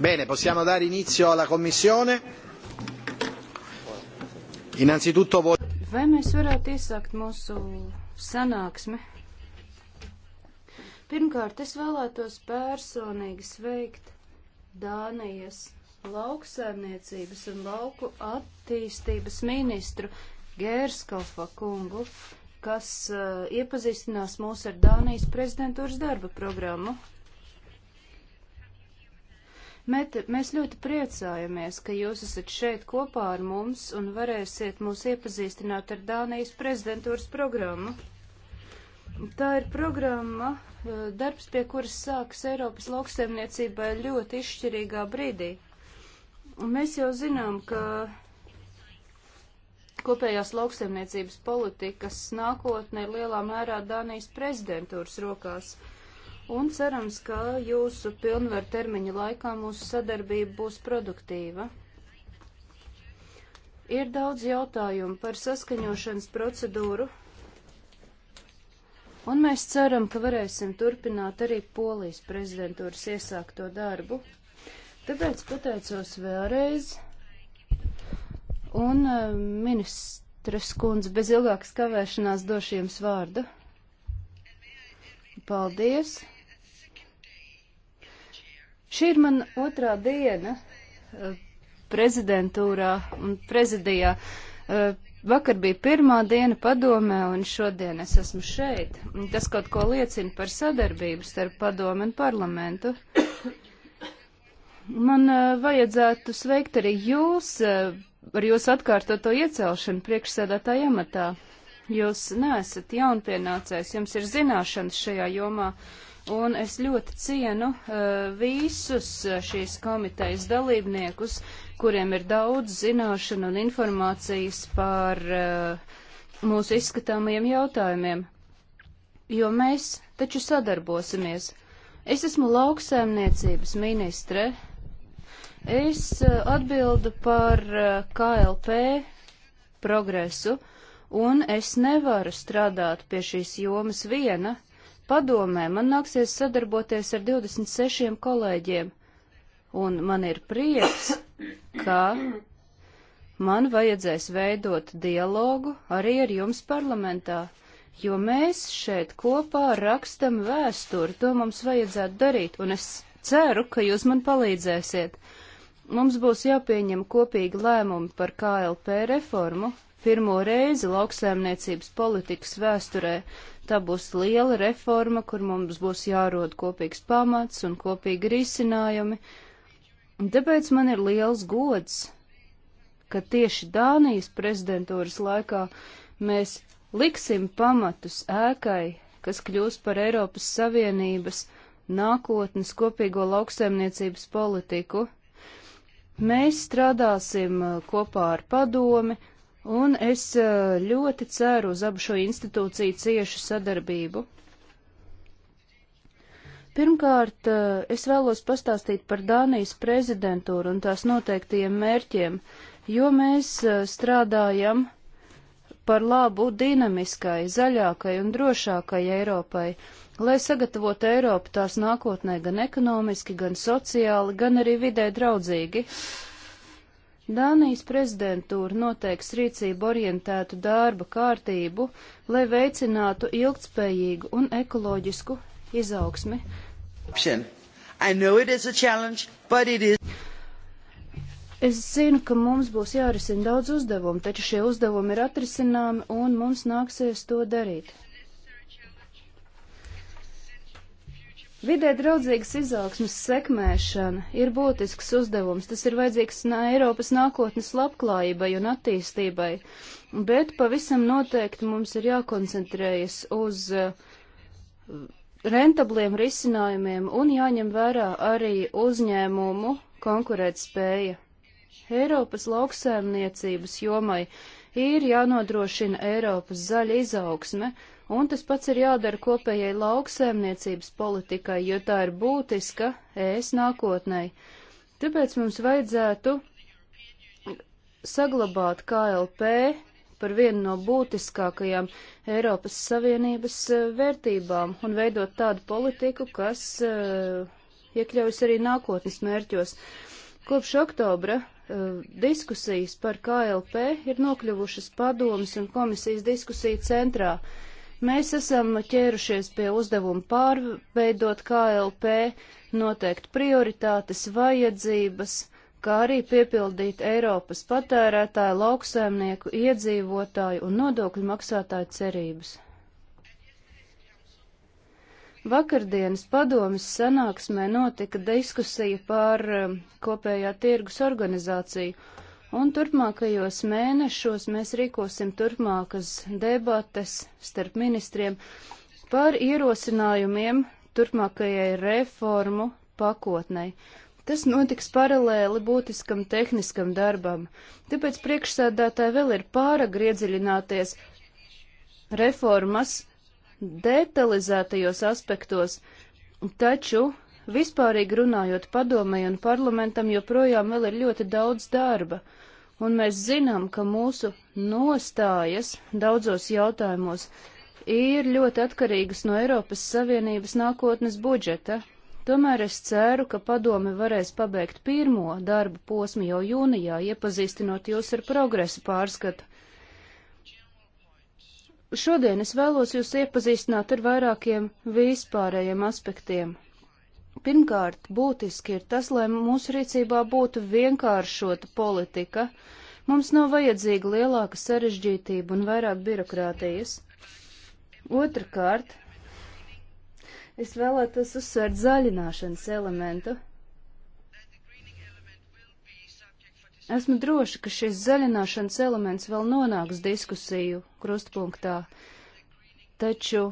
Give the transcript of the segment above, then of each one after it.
Bene, possiamo dare inizio alla Commissione. Innanzitutto voi. Vai mēs varētu iesākt mūsu sanāksmi? Pirmkārt, es vēlētos personīgi sveikt Dānijas lauksaimniecības un lauku attīstības ministru Gērskofa kungu, kas uh, iepazīstinās mūs ar Dānijas prezidentūras darba programmu. Mete, mēs ļoti priecājamies, ka jūs esat šeit kopā ar mums un varēsiet mūs iepazīstināt ar Dānijas prezidentūras programmu. Tā ir programma, eh, darbs pie kuras sākas Eiropas lauksaimniecībai ļoti izšķirīgā brīdī. Un mēs jau zinām, ka kopējās lauksaimniecības politikas nākotne ir lielā mērā Dānijas prezidentūras rokās. Uh, un cerams, ka jūsu pilnvaru termiņa laikā mūsu sadarbība būs produktīva. Ir daudz jautājumu par saskaņošanas procedūru, un mēs ceram, ka varēsim turpināt arī Polijas prezidentūras iesākto darbu. Tāpēc pateicos vēlreiz, un eh, ministres kundze bez ilgākas kavēšanās došu jums vārdu. Paldies! Šī ir man otrā diena eh, prezidentūrā un prezidijā. Eh, vakar bija pirmā diena padomē, un šodien es esmu šeit. Tas kaut ko liecina par sadarbību starp padomu un parlamentu. Man eh, vajadzētu sveikt arī jūs ar jūsu atkārtoto iecelšanu priekšsēdētāja amatā. Jūs neesat jaunpienācējs, jums ir zināšanas šajā jomā. Uh, un es ļoti cienu uh, visus uh, šīs komitejas dalībniekus, kuriem ir daudz zināšanu un informācijas par uh, mūsu izskatāmajiem jautājumiem, jo mēs taču sadarbosimies. Es esmu lauksēmniecības ministre. Es uh, atbildu par uh, KLP progresu, un es nevaru strādāt pie šīs jomas viena, Padomē man nāksies sadarboties ar 26 kolēģiem, un man ir prieks, ka man vajadzēs veidot dialogu arī ar jums parlamentā, jo mēs šeit kopā rakstam vēsturi, to mums vajadzētu darīt, un es ceru, ka jūs man palīdzēsiet. Mums būs jāpieņem kopīgi lēmumi par KLP reformu pirmo reizi lauksēmniecības politikas vēsturē, Tā būs liela reforma, kur mums būs jārod kopīgs pamats un kopīgi risinājumi. Un tāpēc man ir liels gods, ka tieši Dānijas prezidentūras laikā mēs liksim pamatus ēkai, kas kļūs par Eiropas Savienības nākotnes kopīgo lauksaimniecības politiku. Mēs strādāsim uh, kopā ar padomi, un es eh, ļoti ceru uz abu šo institūciju ciešu sadarbību. Pirmkārt, eh, es vēlos pastāstīt par Dānijas prezidentūru un tās noteiktajiem mērķiem, jo mēs eh, strādājam par labu dinamiskai, zaļākai un drošākai Eiropai, lai sagatavotu Eiropu tās nākotnē gan ekonomiski, gan sociāli, gan arī vidē draudzīgi. Dānijas prezidentūra noteiks rīcību orientētu darba kārtību, lai veicinātu ilgtspējīgu un ekoloģisku izaugsmi. Es zinu, ka mums būs jārisina daudz uzdevumu, taču šie uzdevumi ir atrisināmi un mums nāksies to darīt. Vidē draudzīgas izaugsmas sekmēšana ir būtisks uzdevums. Tas ir vajadzīgs nā Eiropas nākotnes labklājībai un attīstībai, bet pavisam noteikti mums ir jākoncentrējas uz eh, rentabliem risinājumiem un jāņem vērā arī uzņēmumu konkurētspēja. Eiropas lauksēmniecības jomai ir jānodrošina Eiropas zaļa izaugsme Un tas pats ir jādara kopējai lauksēmniecības politikai, jo tā ir būtiska ēs nākotnei. Tāpēc mums vajadzētu saglabāt KLP par vienu no būtiskākajām Eiropas Savienības eh, vērtībām un veidot tādu politiku, kas eh, iekļaujas arī nākotnes mērķos. Kopš oktobra eh, diskusijas par KLP ir nokļuvušas padomas un komisijas diskusiju centrā. Mēs esam ķērušies pie uzdevuma pārveidot KLP, noteikt prioritātes, vajadzības, kā arī piepildīt Eiropas patērētāju, lauksaimnieku, iedzīvotāju un nodokļu maksātāju cerības. Vakardienas padomis sanāksmē notika diskusija par um, kopējā tirgus organizāciju Un turpmākajos mēnešos mēs rīkosim turpmākas debates starp ministriem par ierosinājumiem turpmākajai reformu pakotnei. Tas notiks paralēli būtiskam tehniskam darbam, tāpēc priekšsēdētāji vēl ir pārāk griedziļināties reformas detalizētajos aspektos, taču Vispārīgi runājot, padomē un parlamentam joprojām vēl ir ļoti daudz darba, un mēs zinām, ka mūsu nostājas daudzos jautājumos ir ļoti atkarīgas no Eiropas Savienības nākotnes budžeta. Tomēr es ceru, ka padome varēs pabeigt pirmo darbu posmu jau jūnijā, iepazīstinot jūs ar progresu pārskatu. Šodien es vēlos jūs iepazīstināt ar vairākiem vispārējiem aspektiem. Pirmkārt, būtiski ir tas, lai mūsu rīcībā būtu vienkāršota politika. Mums nav vajadzīga lielāka sarežģītība un vairāk birokrātijas. Otrakārt, es vēlētos uzsvērt zaļināšanas elementu. Esmu droši, ka šis zaļināšanas elements vēl nonāks diskusiju krustpunktā, taču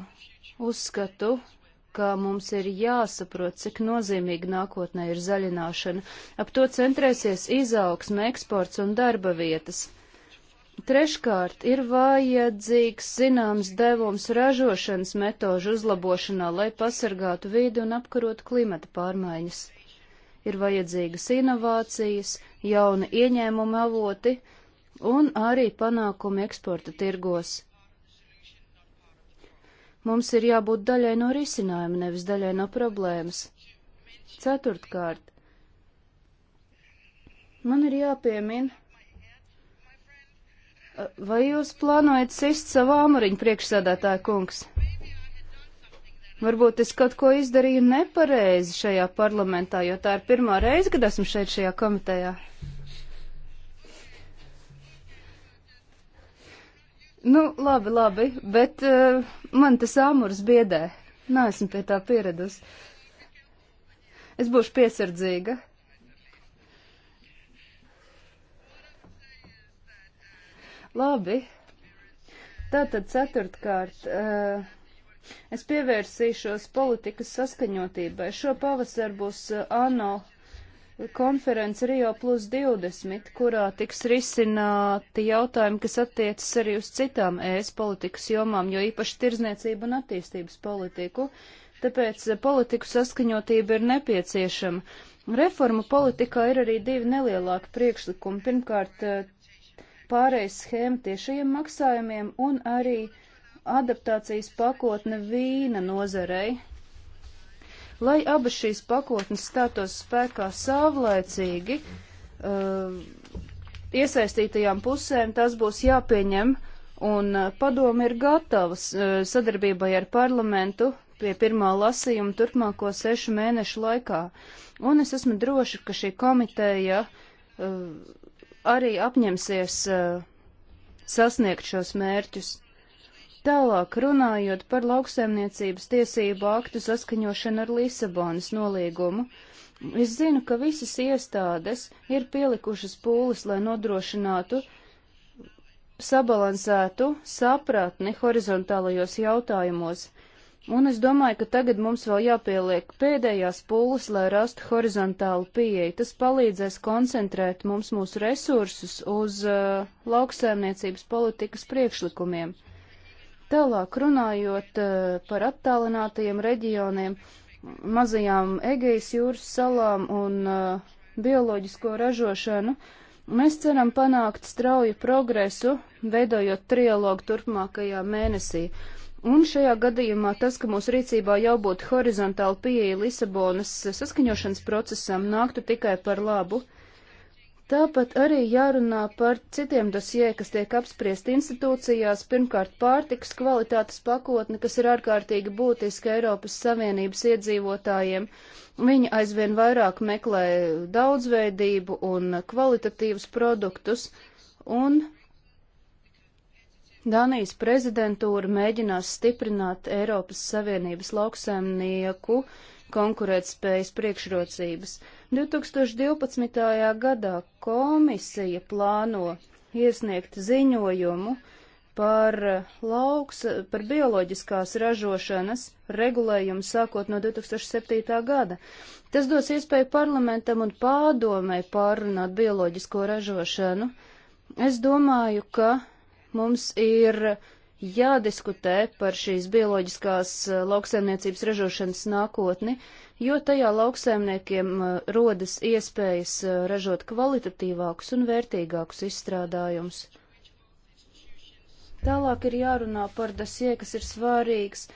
uzskatu, ka mums ir jāsaprot, cik nozīmīgi nākotnē ir zaļināšana. Ap to centrēsies izaugsme, eksports un darba vietas. Treškārt, ir vajadzīgs zināms devums ražošanas metožu uzlabošanā, lai pasargātu vīdu un apkarotu klimata pārmaiņas. Ir vajadzīgas inovācijas, jauni ieņēmuma avoti un arī panākumi eksporta tirgos. Mums ir jābūt daļai no risinājuma, nevis daļai no problēmas. Ceturtkārt, man ir jāpiemina, vai jūs plānojat sist savu āmuriņu priekšsādātāju kungs? Varbūt es kaut ko izdarīju nepareizi šajā parlamentā, jo tā ir pirmā reize, kad esmu šeit šajā komitejā. Nu, labi, labi, bet uh, man tas āmurs biedē. Nē, esmu pie tā pieredusi. Es būšu piesardzīga. Labi. Tātad ceturtkārt, uh, es pievērsīšos politikas saskaņotībai. Šo pavasaru būs uh, ANO konferenci Rio plus 20, kurā tiks risināti jautājumi, kas attiecas arī uz citām ES politikas jomām, jo īpaši tirzniecību un attīstības politiku. Tāpēc eh, politiku saskaņotība ir nepieciešama. Reformu politikā ir arī divi nelielāki priekšlikumi. Pirmkārt, eh, pārējais schēma tiešajiem maksājumiem un arī adaptācijas pakotne vīna nozarei, Lai abas šīs pakotnes stātos spēkā savlaicīgi, uh, iesaistītajām pusēm tas būs jāpieņem, un uh, padomi ir gatavas uh, sadarbībai ar parlamentu pie pirmā lasījuma turpmāko sešu mēnešu laikā. Un es esmu droši, ka šī komiteja uh, arī apņemsies uh, sasniegt šos mērķus. Tālāk runājot par lauksaimniecības tiesību aktu saskaņošanu ar Lisabonas nolīgumu, es zinu, ka visas iestādes ir pielikušas pūles, lai nodrošinātu sabalansētu sapratni horizontālajos jautājumos, un es domāju, ka tagad mums vēl jāpieliek pēdējās pūles, lai rastu horizontālu pieeju. Tas palīdzēs koncentrēt mums mūsu resursus uz uh, lauksaimniecības politikas priekšlikumiem. Tālāk runājot eh, par attālinātajiem reģioniem, mazajām Egejas jūras salām un eh, bioloģisko ražošanu, mēs ceram panākt strauju progresu, veidojot trialogu turpmākajā mēnesī. Un šajā gadījumā tas, ka mūsu rīcībā jau būtu horizontāli pieeja Lisabonas saskaņošanas procesam, nāktu tikai par labu. Tāpat arī jārunā par citiem dosijai, kas tiek apspriesti institūcijās, pirmkārt pārtiks kvalitātes pakotne, kas ir ārkārtīgi būtiska Eiropas Savienības iedzīvotājiem. Viņi aizvien vairāk meklē daudzveidību un kvalitatīvus produktus, un Danijas prezidentūra mēģinās stiprināt Eiropas Savienības lauksēmnieku uh, konkurētspējas priekšrocības. 2012. gadā komisija plāno iesniegt ziņojumu par lauks, par bioloģiskās ražošanas regulējumu sākot no 2007. gada. Tas dos iespēju parlamentam un pārdomai pārunāt bioloģisko ražošanu. Es domāju, ka mums ir uh, jādiskutē par šīs bioloģiskās eh, lauksaimniecības ražošanas nākotni, jo tajā lauksaimniekiem eh, rodas iespējas eh, ražot kvalitatīvākus un vērtīgākus izstrādājumus. Tālāk ir jārunā par dasie, kas ir svarīgs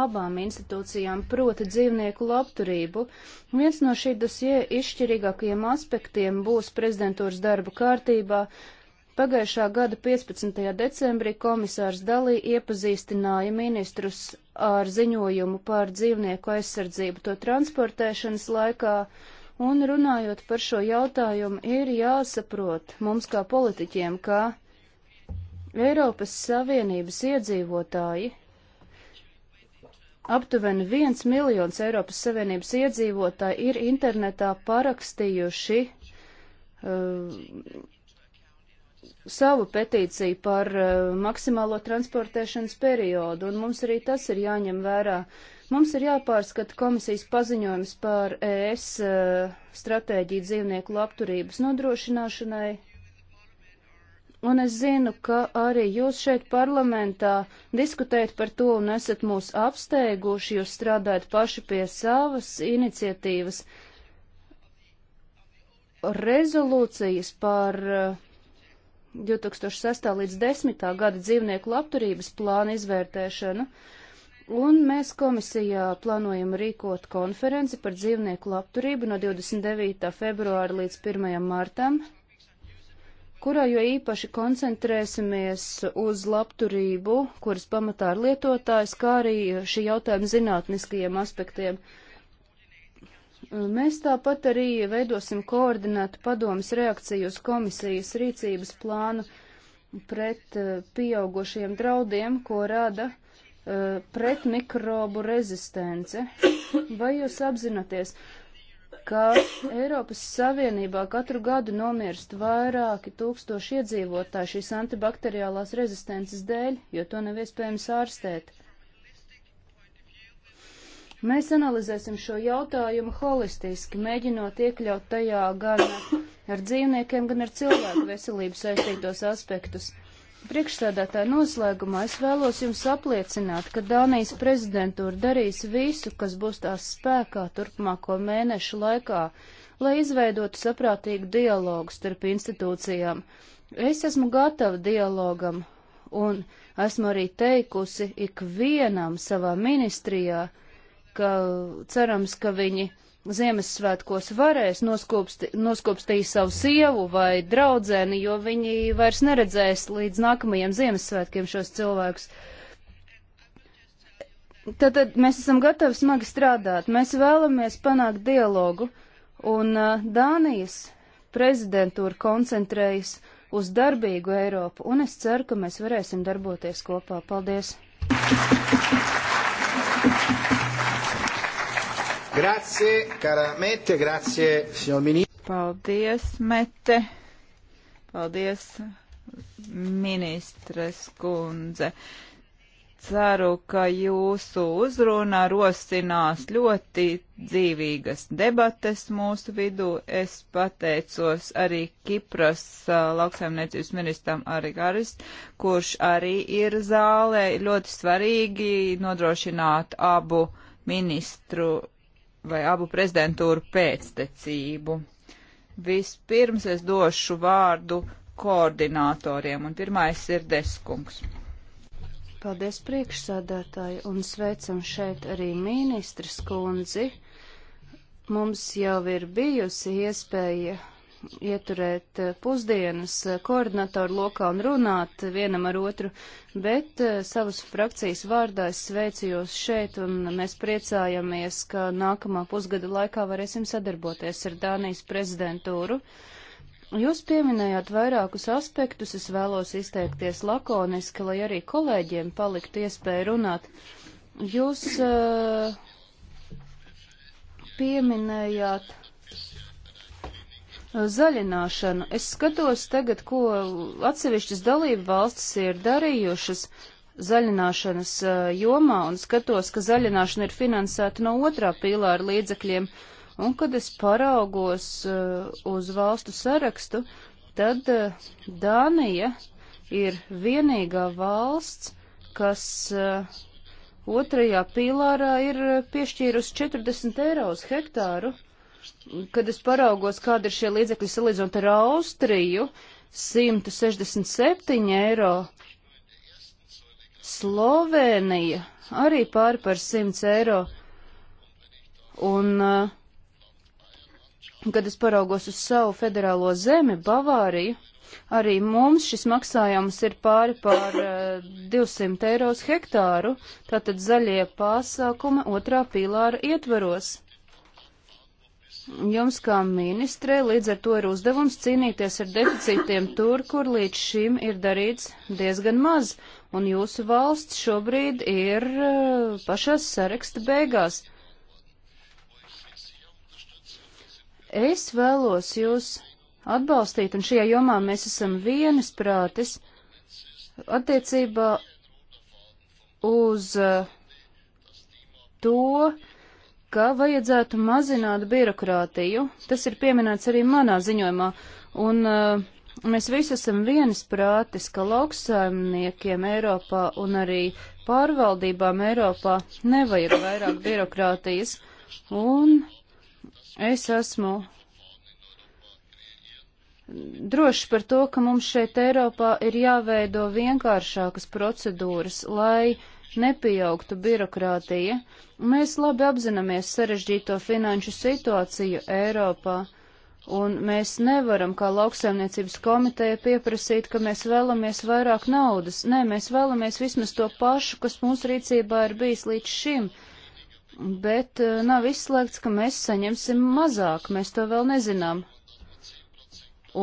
abām institūcijām, proti dzīvnieku labturību. Viens no šī dosie izšķirīgākajiem aspektiem būs prezidentūras darba kārtībā, uh, Pagājušā gada 15. decembrī komisārs Dalī iepazīstināja ministrus ar ziņojumu par dzīvnieku aizsardzību to transportēšanas laikā, un runājot par šo jautājumu, ir jāsaprot mums kā politiķiem, ka Eiropas Savienības iedzīvotāji aptuveni viens miljons Eiropas Savienības iedzīvotāji ir internetā parakstījuši uh, savu petīciju par eh, maksimālo transportēšanas periodu, un mums arī tas ir jāņem vērā. Mums ir jāpārskata komisijas paziņojums par ES eh, stratēģiju dzīvnieku labturības nodrošināšanai. Un es zinu, ka arī jūs šeit parlamentā diskutējat par to un esat mūs apsteiguši, jūs strādājat paši pie savas iniciatīvas rezolūcijas par uh, 2006. līdz 10. gada dzīvnieku labturības plāna izvērtēšanu, un mēs komisijā plānojam rīkot konferenci par dzīvnieku labturību no 29. februāra līdz 1. martam, kurā jo īpaši koncentrēsimies uz labturību, kuras pamatā ir lietotājs, kā arī šī jautājuma zinātniskajiem aspektiem. Uh, Mēs tāpat arī veidosim koordinētu padomas reakciju uz komisijas rīcības plānu pret uh, pieaugušiem draudiem, ko rada uh, pret mikrobu rezistence. Vai jūs apzināties, ka Eiropas Savienībā katru gadu nomirst vairāki tūkstoši iedzīvotāji šīs antibakteriālās rezistences dēļ, jo to nav iespējams ārstēt? Mēs analizēsim šo jautājumu holistiski, mēģinot iekļaut tajā gan ar dzīvniekiem, gan ar cilvēku veselību saistītos aspektus. Priekšsēdētāja noslēgumā es vēlos jums apliecināt, ka Dānijas prezidentūra darīs visu, kas būs tās spēkā turpmāko mēnešu laikā, lai izveidotu saprātīgu dialogu starp institūcijām. Es esmu gatava dialogam un esmu arī teikusi ikvienam savā ministrijā, ka cerams, ka viņi Ziemassvētkos varēs noskopstīt savu sievu vai draudzēni, jo viņi vairs neredzēs līdz nākamajiem Ziemassvētkiem šos cilvēkus. Tad, tad mēs esam gatavi smagi strādāt. Mēs vēlamies panākt dialogu, un uh, Dānijas prezidentūra koncentrējas uz darbīgu Eiropu, un es ceru, ka mēs varēsim darboties kopā. Paldies! Thank you. Grazie, cara Mete, grazie, signor ministro. Paldies, Mete. Paldies, ministres kundze. Ceru, ka jūsu uzruna rosinās ļoti dzīvīgas debates mūsu vidū. Es pateicos arī Kipras uh, lauksaimniecības ministram Arigaris, kurš arī ir zālē. Ļoti svarīgi nodrošināt abu ministru vai abu prezidentūru pēctecību. Vispirms es došu vārdu koordinatoriem, un pirmais ir Deskungs. Paldies priekšsādātāji un sveicam šeit arī ministras kundzi. Mums jau ir bijusi iespēja ieturēt eh, pusdienas eh, koordinatoru lokā un runāt vienam ar otru, bet eh, savas frakcijas vārdā es sveicu jūs šeit un mēs priecājamies, ka nākamā pusgada laikā varēsim sadarboties ar Dānijas prezidentūru. Jūs pieminējāt vairākus aspektus, es vēlos izteikties lakoniski, lai arī kolēģiem paliktu iespēja runāt. Jūs uh, pieminējāt zaļināšanu. Es skatos tagad, ko atsevišķas dalību valstis ir darījušas zaļināšanas jomā un skatos, ka zaļināšana ir finansēta no otrā pīlāra līdzekļiem. Un, kad es paraugos uz valstu sarakstu, tad Dānija ir vienīgā valsts, kas otrajā pīlārā ir piešķīrusi 40 eiro uz hektāru kad es paraugos, kāda ir šie līdzekļi salīdzinot ar Austriju, 167 eiro. Slovenija arī pāri par 100 eiro. Un, uh, kad es paraugos uz savu federālo zemi, Bavāriju, arī mums šis maksājums ir pāri par 200 uh, eiro uz hektāru, tātad zaļie pasākumi otrā pīlāra ietvaros. Jums kā ministrē līdz ar to ir uzdevums cīnīties ar deficītiem tur, kur līdz šim ir darīts diezgan maz, un jūsu valsts šobrīd ir eh, pašās saraksta beigās. Es vēlos jūs atbalstīt, un šajā jomā mēs esam vienas prātes attiecībā uz eh, to, ka vajadzētu mazināt birokrātiju. Tas ir pieminēts arī manā ziņojumā. Un uh, mēs visi esam vienisprātis, ka lauksaimniekiem Eiropā un arī pārvaldībām Eiropā nevajag vairāk birokrātijas. Un es esmu droši par to, ka mums šeit Eiropā ir jāveido vienkāršākas procedūras, lai uh, nepieaugtu birokrātija. Mēs labi apzināmies sarežģīto finanšu situāciju Eiropā, un mēs nevaram kā lauksaimniecības komiteja pieprasīt, ka mēs vēlamies vairāk naudas. Nē, mēs vēlamies vismaz to pašu, kas mūsu rīcībā ir bijis līdz šim. Bet eh, nav izslēgts, ka mēs saņemsim mazāk, mēs to vēl nezinām.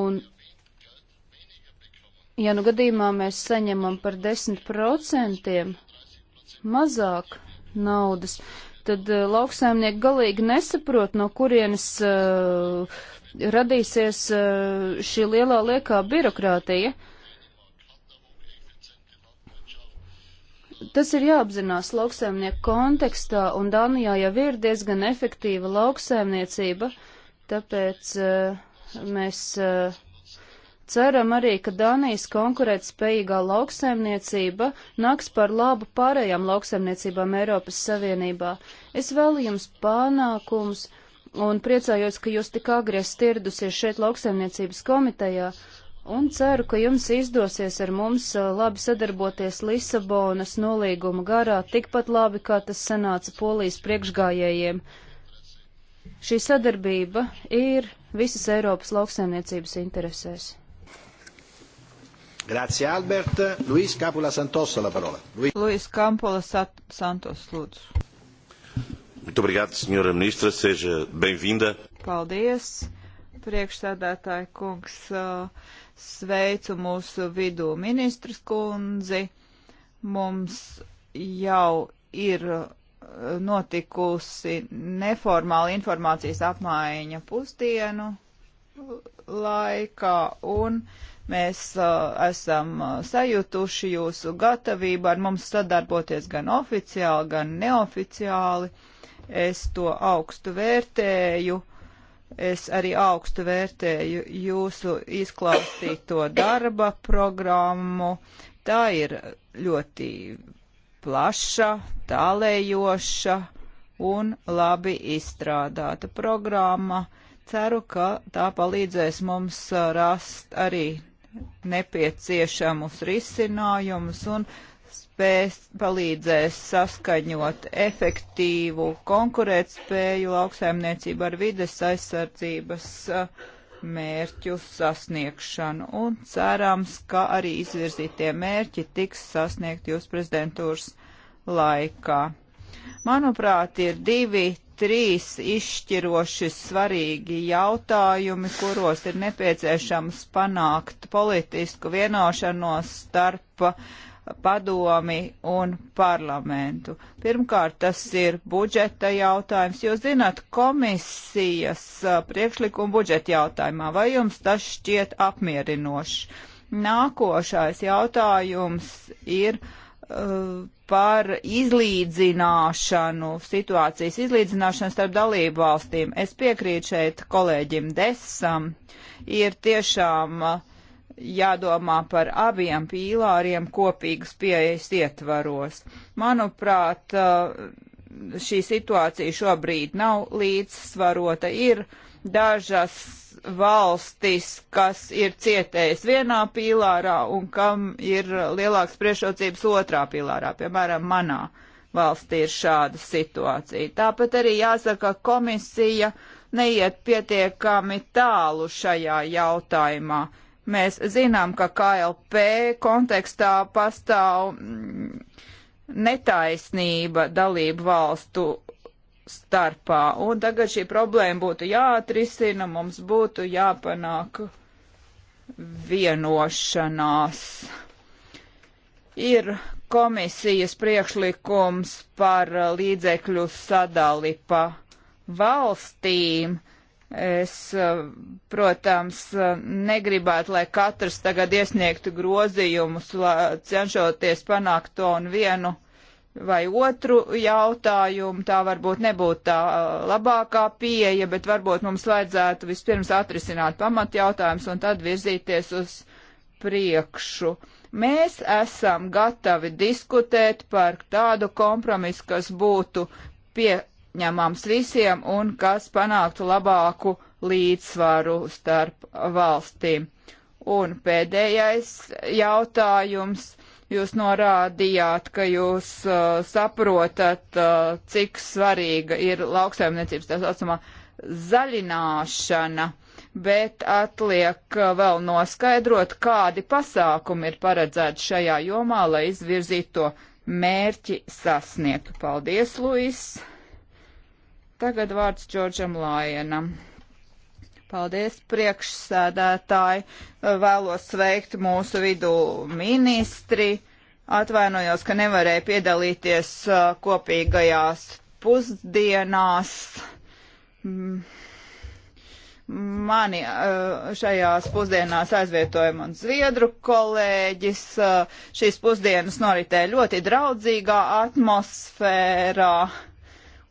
Un ja nu gadījumā mēs saņemam par 10%, mazāk naudas, tad uh, lauksaimnieki galīgi nesaprot, no kurienes uh, radīsies uh, šī lielā liekā birokrātija. Tas ir jāapzinās lauksaimnieku kontekstā, un Dānijā jau ir diezgan efektīva lauksaimniecība, tāpēc uh, mēs. Uh, Ceram arī, ka Dānijas konkurētspējīgā lauksaimniecība nāks par labu pārējām lauksaimniecībām Eiropas Savienībā. Es vēlu jums panākums un priecājos, ka jūs tik agri esat ieradusies šeit lauksaimniecības komitejā un ceru, ka jums izdosies ar mums labi sadarboties Lisabonas nolīguma garā tikpat labi, kā tas sanāca polijas priekšgājējiem. Šī sadarbība ir visas Eiropas lauksaimniecības interesēs. Grazie Albert. Luis Capula Santos la parola. Luis, Luis Campola Santos, lūdzu. Muito obrigado, senhora ministra. Seja bem-vinda. Paldies, priekšsēdētāji kungs. Uh, sveicu mūsu vidū ministras kundzi. Mums jau ir uh, notikusi neformāla informācijas apmaiņa pusdienu laikā un uh, Mēs uh, esam uh, sajutuši jūsu gatavību ar mums sadarboties gan oficiāli, gan neoficiāli. Es to augstu vērtēju. Es arī augstu vērtēju jūsu izklāstīto darba programmu. Tā ir ļoti plaša, tālējoša un labi izstrādāta programma. Ceru, ka tā palīdzēs mums uh, rast arī nepieciešamus risinājumus un spēs palīdzēs saskaņot efektīvu konkurētspēju lauksaimniecību ar vides aizsardzības uh, mērķu sasniegšanu. Un cerams, ka arī izvirzītie mērķi tiks sasniegt jūs prezidentūras laikā. Manuprāt, ir divi trīs izšķiroši svarīgi jautājumi, kuros ir nepieciešams panākt politisku vienošanos starp padomi un parlamentu. Pirmkārt, tas ir budžeta jautājums. Jūs zināt, komisijas priekšlikuma budžeta jautājumā, vai jums tas šķiet apmierinošs? Nākošais jautājums ir Eh, par izlīdzināšanu, situācijas izlīdzināšanu starp dalību valstīm. Es piekrītu šeit kolēģim Desam. Ir tiešām eh, jādomā par abiem pīlāriem kopīgas pieejas ietvaros. Manuprāt, eh, šī situācija šobrīd nav līdzsvarota. Ir uh, dažas valstis, kas ir cietējis vienā pīlārā un kam ir lielāks priešrocības otrā pīlārā, piemēram, manā valstī ir šāda situācija. Tāpat arī jāsaka, komisija neiet pietiekami tālu šajā jautājumā. Mēs zinām, ka KLP kontekstā pastāv mm, netaisnība dalību valstu starpā. Un tagad šī problēma būtu jāatrisina, mums būtu jāpanāk vienošanās. Ir komisijas priekšlikums par līdzekļu sadali pa valstīm. Es, protams, negribētu, lai katrs tagad iesniegtu grozījumus, cenšoties panākt to un vienu vai otru jautājumu. Tā varbūt nebūtu tā labākā pieeja, bet varbūt mums vajadzētu vispirms atrisināt pamatjautājumus un tad virzīties uz priekšu. Mēs esam gatavi diskutēt par tādu kompromisu, kas būtu pieņemams visiem un kas panāktu labāku līdzsvaru starp valstīm. Un pēdējais jautājums Jūs norādījāt, ka jūs uh, saprotat, uh, cik svarīga ir lauksaimniecības tā saucamā zaļināšana, bet atliek uh, vēl noskaidrot, kādi pasākumi ir paredzēti šajā jomā, lai izvirzītu to mērķi sasniegtu. Paldies, Luis! Tagad vārds Džordžam Lājenam. Paldies, priekšsēdētāji. Vēlos sveikt mūsu vidū ministri. Atvainojos, ka nevarēju piedalīties uh, kopīgajās pusdienās. Mm. Mani uh, šajās pusdienās aizvietoja man zviedru kolēģis. Uh, šīs pusdienas noritēja ļoti draudzīgā atmosfērā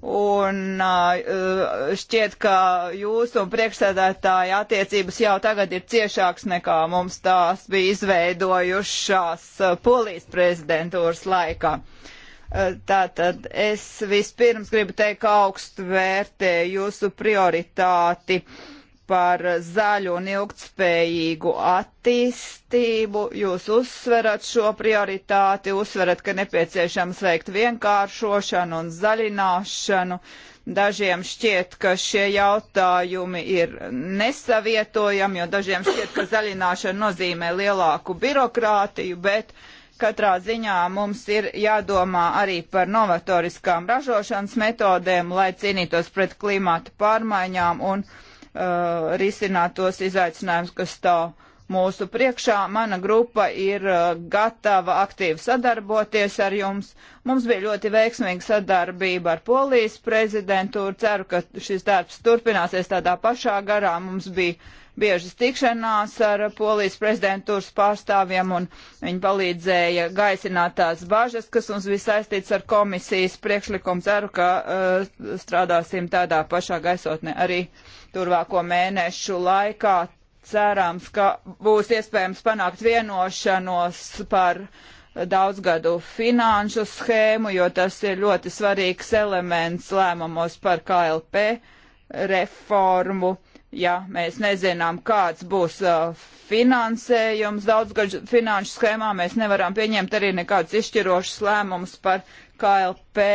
Un šķiet, ka jūsu un priekšsēdētāja attiecības jau tagad ir ciešāks nekā mums tās bija izveidojušās polijas prezidentūras laikā. Tātad es vispirms gribu teikt, ka augstu vērtēju jūsu prioritāti uh, par zaļu un ilgtspējīgu attīstību. Jūs uzsverat šo prioritāti, uzsverat, ka nepieciešams veikt vienkāršošanu un zaļināšanu. Dažiem šķiet, ka šie jautājumi ir nesavietojami, jo dažiem šķiet, ka zaļināšana nozīmē lielāku birokrātiju, bet katrā ziņā mums ir jādomā arī par novatoriskām ražošanas metodēm, lai cīnītos pret klimatu pārmaiņām un uh, uh, risināt tos izaicinājumus, kas stāv mūsu priekšā. Mana grupa ir uh, gatava aktīvi sadarboties ar jums. Mums bija ļoti veiksmīga sadarbība ar Polijas prezidentūru. Ceru, ka šis darbs turpināsies tādā pašā garā. Mums bija biežas tikšanās ar polijas prezidentūras pārstāvjiem, un viņi palīdzēja gaisināt tās bažas, kas mums bija saistīts ar komisijas priekšlikumu. Ceru, ka uh, strādāsim tādā pašā gaisotnē arī turvāko mēnešu laikā. Cerams, ka būs iespējams panākt vienošanos par daudzgadu finanšu schēmu, jo tas ir ļoti svarīgs elements lēmumos par KLP reformu ja mēs nezinām, kāds būs uh, finansējums daudzgaļu finanšu schēmā, mēs nevaram pieņemt arī nekādus izšķirošus lēmumus par KLP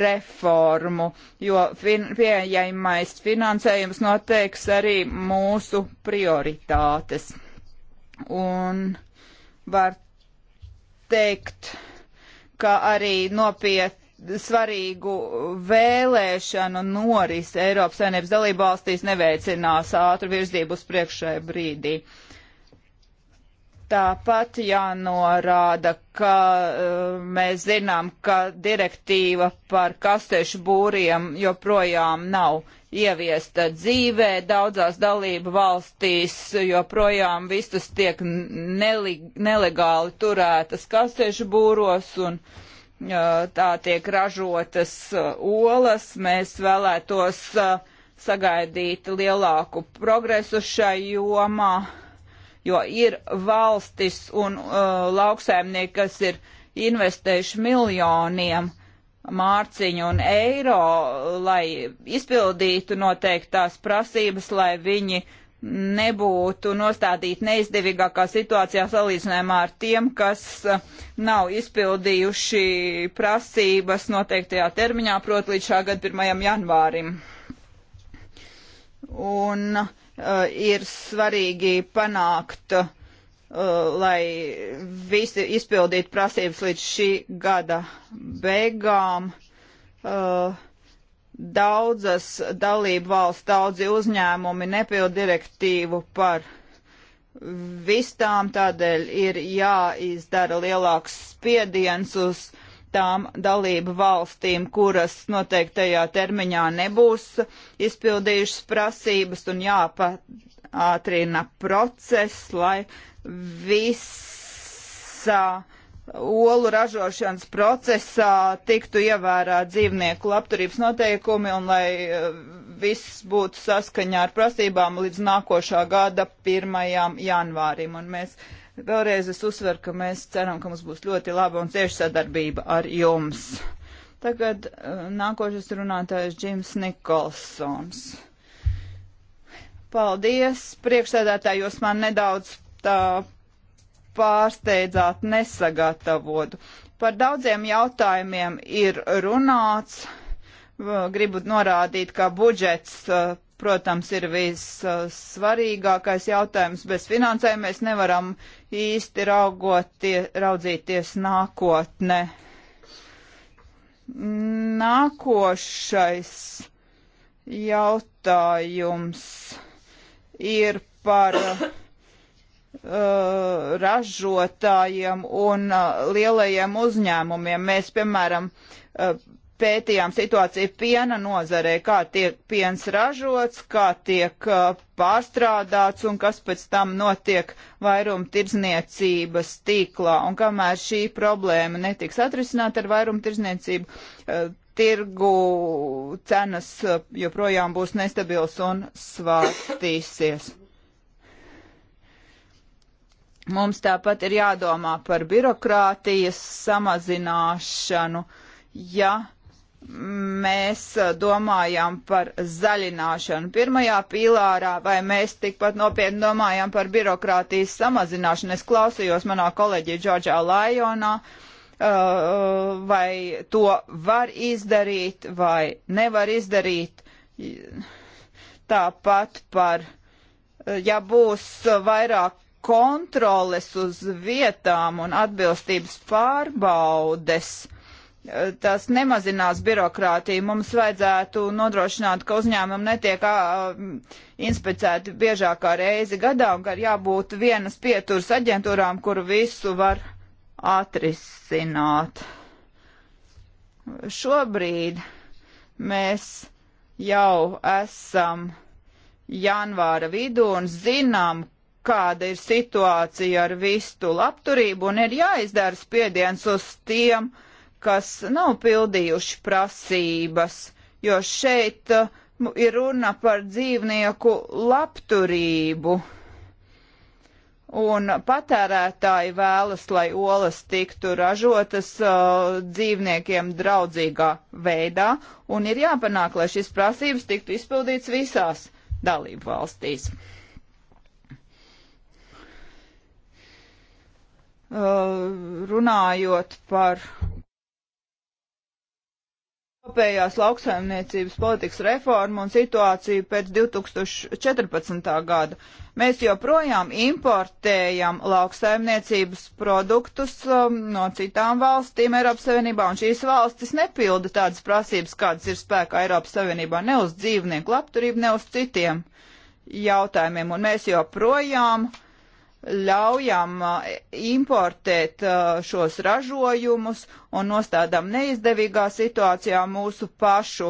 reformu, jo fin pieejamais finansējums noteiks arī mūsu prioritātes. Un var teikt, ka arī nopietni svarīgu vēlēšanu noris Eiropas Savienības dalībvalstīs neveicinās ātru virzību uz priekšējā brīdī. Tāpat jānorāda, ka uh, mēs zinām, ka direktīva par kastešu būriem joprojām nav ieviesta dzīvē. Daudzās dalību valstīs joprojām vistas tiek nelegāli turētas kastešu būros un uh, tā tiek ražotas uh, olas. Mēs vēlētos uh, sagaidīt lielāku progresu šai jomā, jo ir valstis un uh, lauksēmnieki, kas ir investējuši miljoniem mārciņu un eiro, lai izpildītu noteiktās prasības, lai viņi nebūtu nostādīti neizdevīgākā situācijā salīdzinājumā ar tiem, kas uh, nav izpildījuši prasības noteiktajā termiņā, proti līdz šā gada 1. janvārim. Un uh, ir svarīgi panākt, uh, lai visi izpildītu prasības līdz šī gada beigām. Uh, Daudzas dalību valsts, daudzi uzņēmumi nepild direktīvu par vistām, tādēļ ir jāizdara lielāks spiediens uz tām dalību valstīm, kuras noteiktajā termiņā nebūs izpildījušas prasības un jāpātrina process, lai visa olu ražošanas procesā tiktu ievērāt dzīvnieku labturības noteikumi un lai eh, viss būtu saskaņā ar prasībām līdz nākošā gada 1. janvārim. Un mēs vēlreiz es uzsveru, ka mēs ceram, ka mums būs ļoti laba un cieša sadarbība ar jums. Tagad eh, nākošais runātājs Džims Nikolsons. Paldies, priekšsēdētāji, jūs man nedaudz tā pārsteidzāt nesagatavotu. Par daudziem jautājumiem ir runāts. Gribu norādīt, ka budžets, uh, protams, ir vissvarīgākais jautājums. Bez finansējuma mēs nevaram īsti raugotie, raudzīties nākotne. Nākošais jautājums ir par Uh, ražotājiem un uh, lielajiem uzņēmumiem. Mēs, piemēram, uh, pētījām situāciju piena nozarē, kā tiek piens ražots, kā tiek pārstrādāts un kas pēc tam notiek vairuma tirzniecības tīklā. Un kamēr šī problēma netiks atrisināta ar vairuma tirzniecību, tirgu cenas joprojām būs nestabils un svārstīsies. Mums tāpat ir jādomā par birokrātijas samazināšanu, ja mēs domājam par zaļināšanu pirmajā pīlārā, vai mēs tikpat nopietni domājam par birokrātijas samazināšanu. Es klausījos manā kolēģī Džordžā Lajonā, vai to var izdarīt vai nevar izdarīt. Tāpat par, ja būs vairāk kontroles uz vietām un atbilstības pārbaudes. Eh, tas nemazinās birokrātiju. Mums vajadzētu nodrošināt, ka uzņēmumi netiek inspicēti biežākā reizi gadā un ka ir jābūt vienas pieturas aģentūrām, kuru visu var atrisināt. Šobrīd mēs jau esam janvāra vidū un zinām, kāda ir situācija ar vistu labturību un ir jāizdara spiediens uz tiem, kas nav pildījuši prasības, jo šeit uh, ir runa par dzīvnieku labturību. Un patērētāji vēlas, lai olas tiktu ražotas uh, dzīvniekiem draudzīgā veidā, un ir jāpanāk, lai šis prasības tiktu izpildīts visās dalību valstīs. Uh, runājot par kopējās lauksaimniecības politikas reformu un situāciju pēc 2014. gada. Mēs joprojām importējam lauksaimniecības produktus um, no citām valstīm Eiropas Savienībā, un šīs valstis nepilda tādas prasības, kādas ir spēkā Eiropas Savienībā, ne uz dzīvnieku labturību, ne uz citiem jautājumiem, un mēs joprojām uh, ļaujam importēt šos ražojumus un nostādām neizdevīgā situācijā mūsu pašu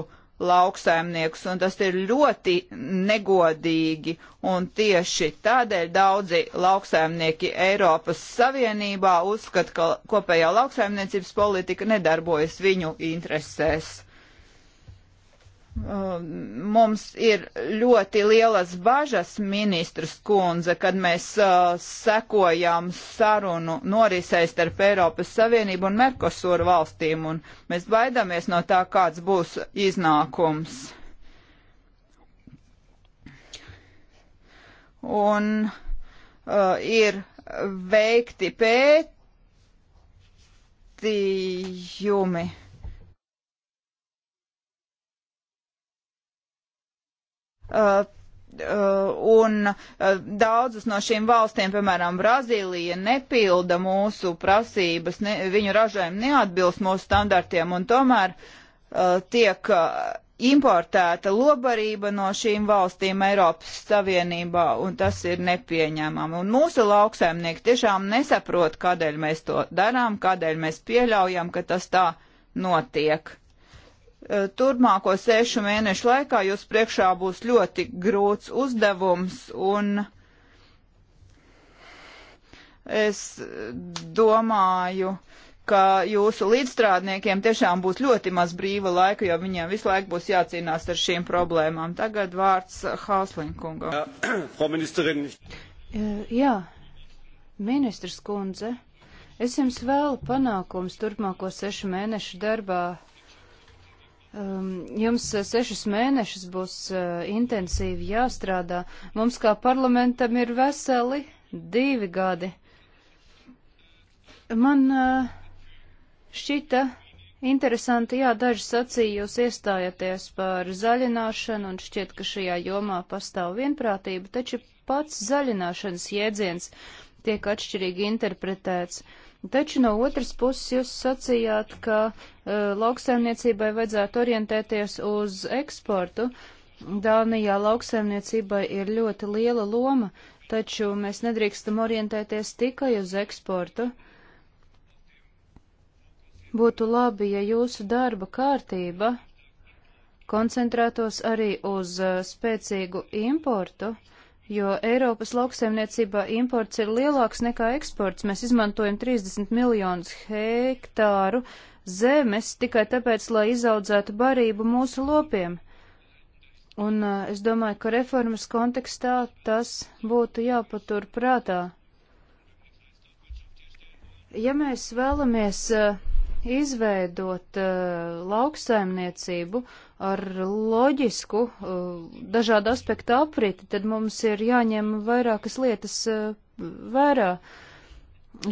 lauksaimniekus, un tas ir ļoti negodīgi, un tieši tādēļ daudzi lauksaimnieki Eiropas Savienībā uzskata, ka kopējā lauksaimniecības politika nedarbojas viņu interesēs. Um, mums ir ļoti lielas bažas, ministrs kundze, kad mēs uh, sekojām sarunu norisēs starp Eiropas Savienību un Merkosūru valstīm, un mēs baidamies no tā, kāds būs iznākums. Un uh, ir veikti pētījumi Uh, uh, un uh, daudzas no šīm valstīm, piemēram, Brazīlija, nepilda mūsu prasības, ne, viņu ražojumi neatbilst mūsu standartiem, un tomēr uh, tiek importēta lobarība no šīm valstīm Eiropas Savienībā, un tas ir nepieņēmami. Un mūsu lauksaimnieki tiešām nesaprot, kādēļ mēs to darām, kādēļ mēs pieļaujam, ka tas tā notiek. Eh, turpmāko sešu mēnešu laikā jūs priekšā būs ļoti grūts uzdevums un es domāju, ka jūsu līdzstrādniekiem tiešām būs ļoti maz brīva laika, jo viņiem visu laiku būs jācīnās ar šīm problēmām. Tagad vārds Hauslinkungam. Eh, jā, ministrs kundze, es jums vēlu panākums turpmāko sešu mēnešu darbā Um, jums eh, sešus mēnešus būs eh, intensīvi jāstrādā. Mums kā parlamentam ir veseli divi gadi. Man eh, šķita interesanti, jā, daži sacīja, jūs iestājaties par zaļināšanu un šķiet, ka šajā jomā pastāv vienprātība, taču pats zaļināšanas jēdziens tiek atšķirīgi interpretēts. Uh, Taču no otras puses jūs sacījāt, ka uh, lauksaimniecībai vajadzētu orientēties uz eksportu. Dānijā lauksaimniecībai ir ļoti liela loma, taču mēs nedrīkstam orientēties tikai uz eksportu. Būtu labi, ja jūsu darba kārtība koncentrētos arī uz uh, spēcīgu importu. Uh, jo Eiropas lauksaimniecībā imports ir lielāks nekā eksports. Mēs izmantojam 30 miljonus hektāru zemes tikai tāpēc, lai izaudzētu barību mūsu lopiem. Un uh, es domāju, ka reformas kontekstā tas būtu jāpatur prātā. Ja mēs vēlamies uh, izveidot uh, lauksaimniecību, uh, ar loģisku uh, dažādu aspektu apriti, tad mums ir jāņem vairākas lietas uh, vērā.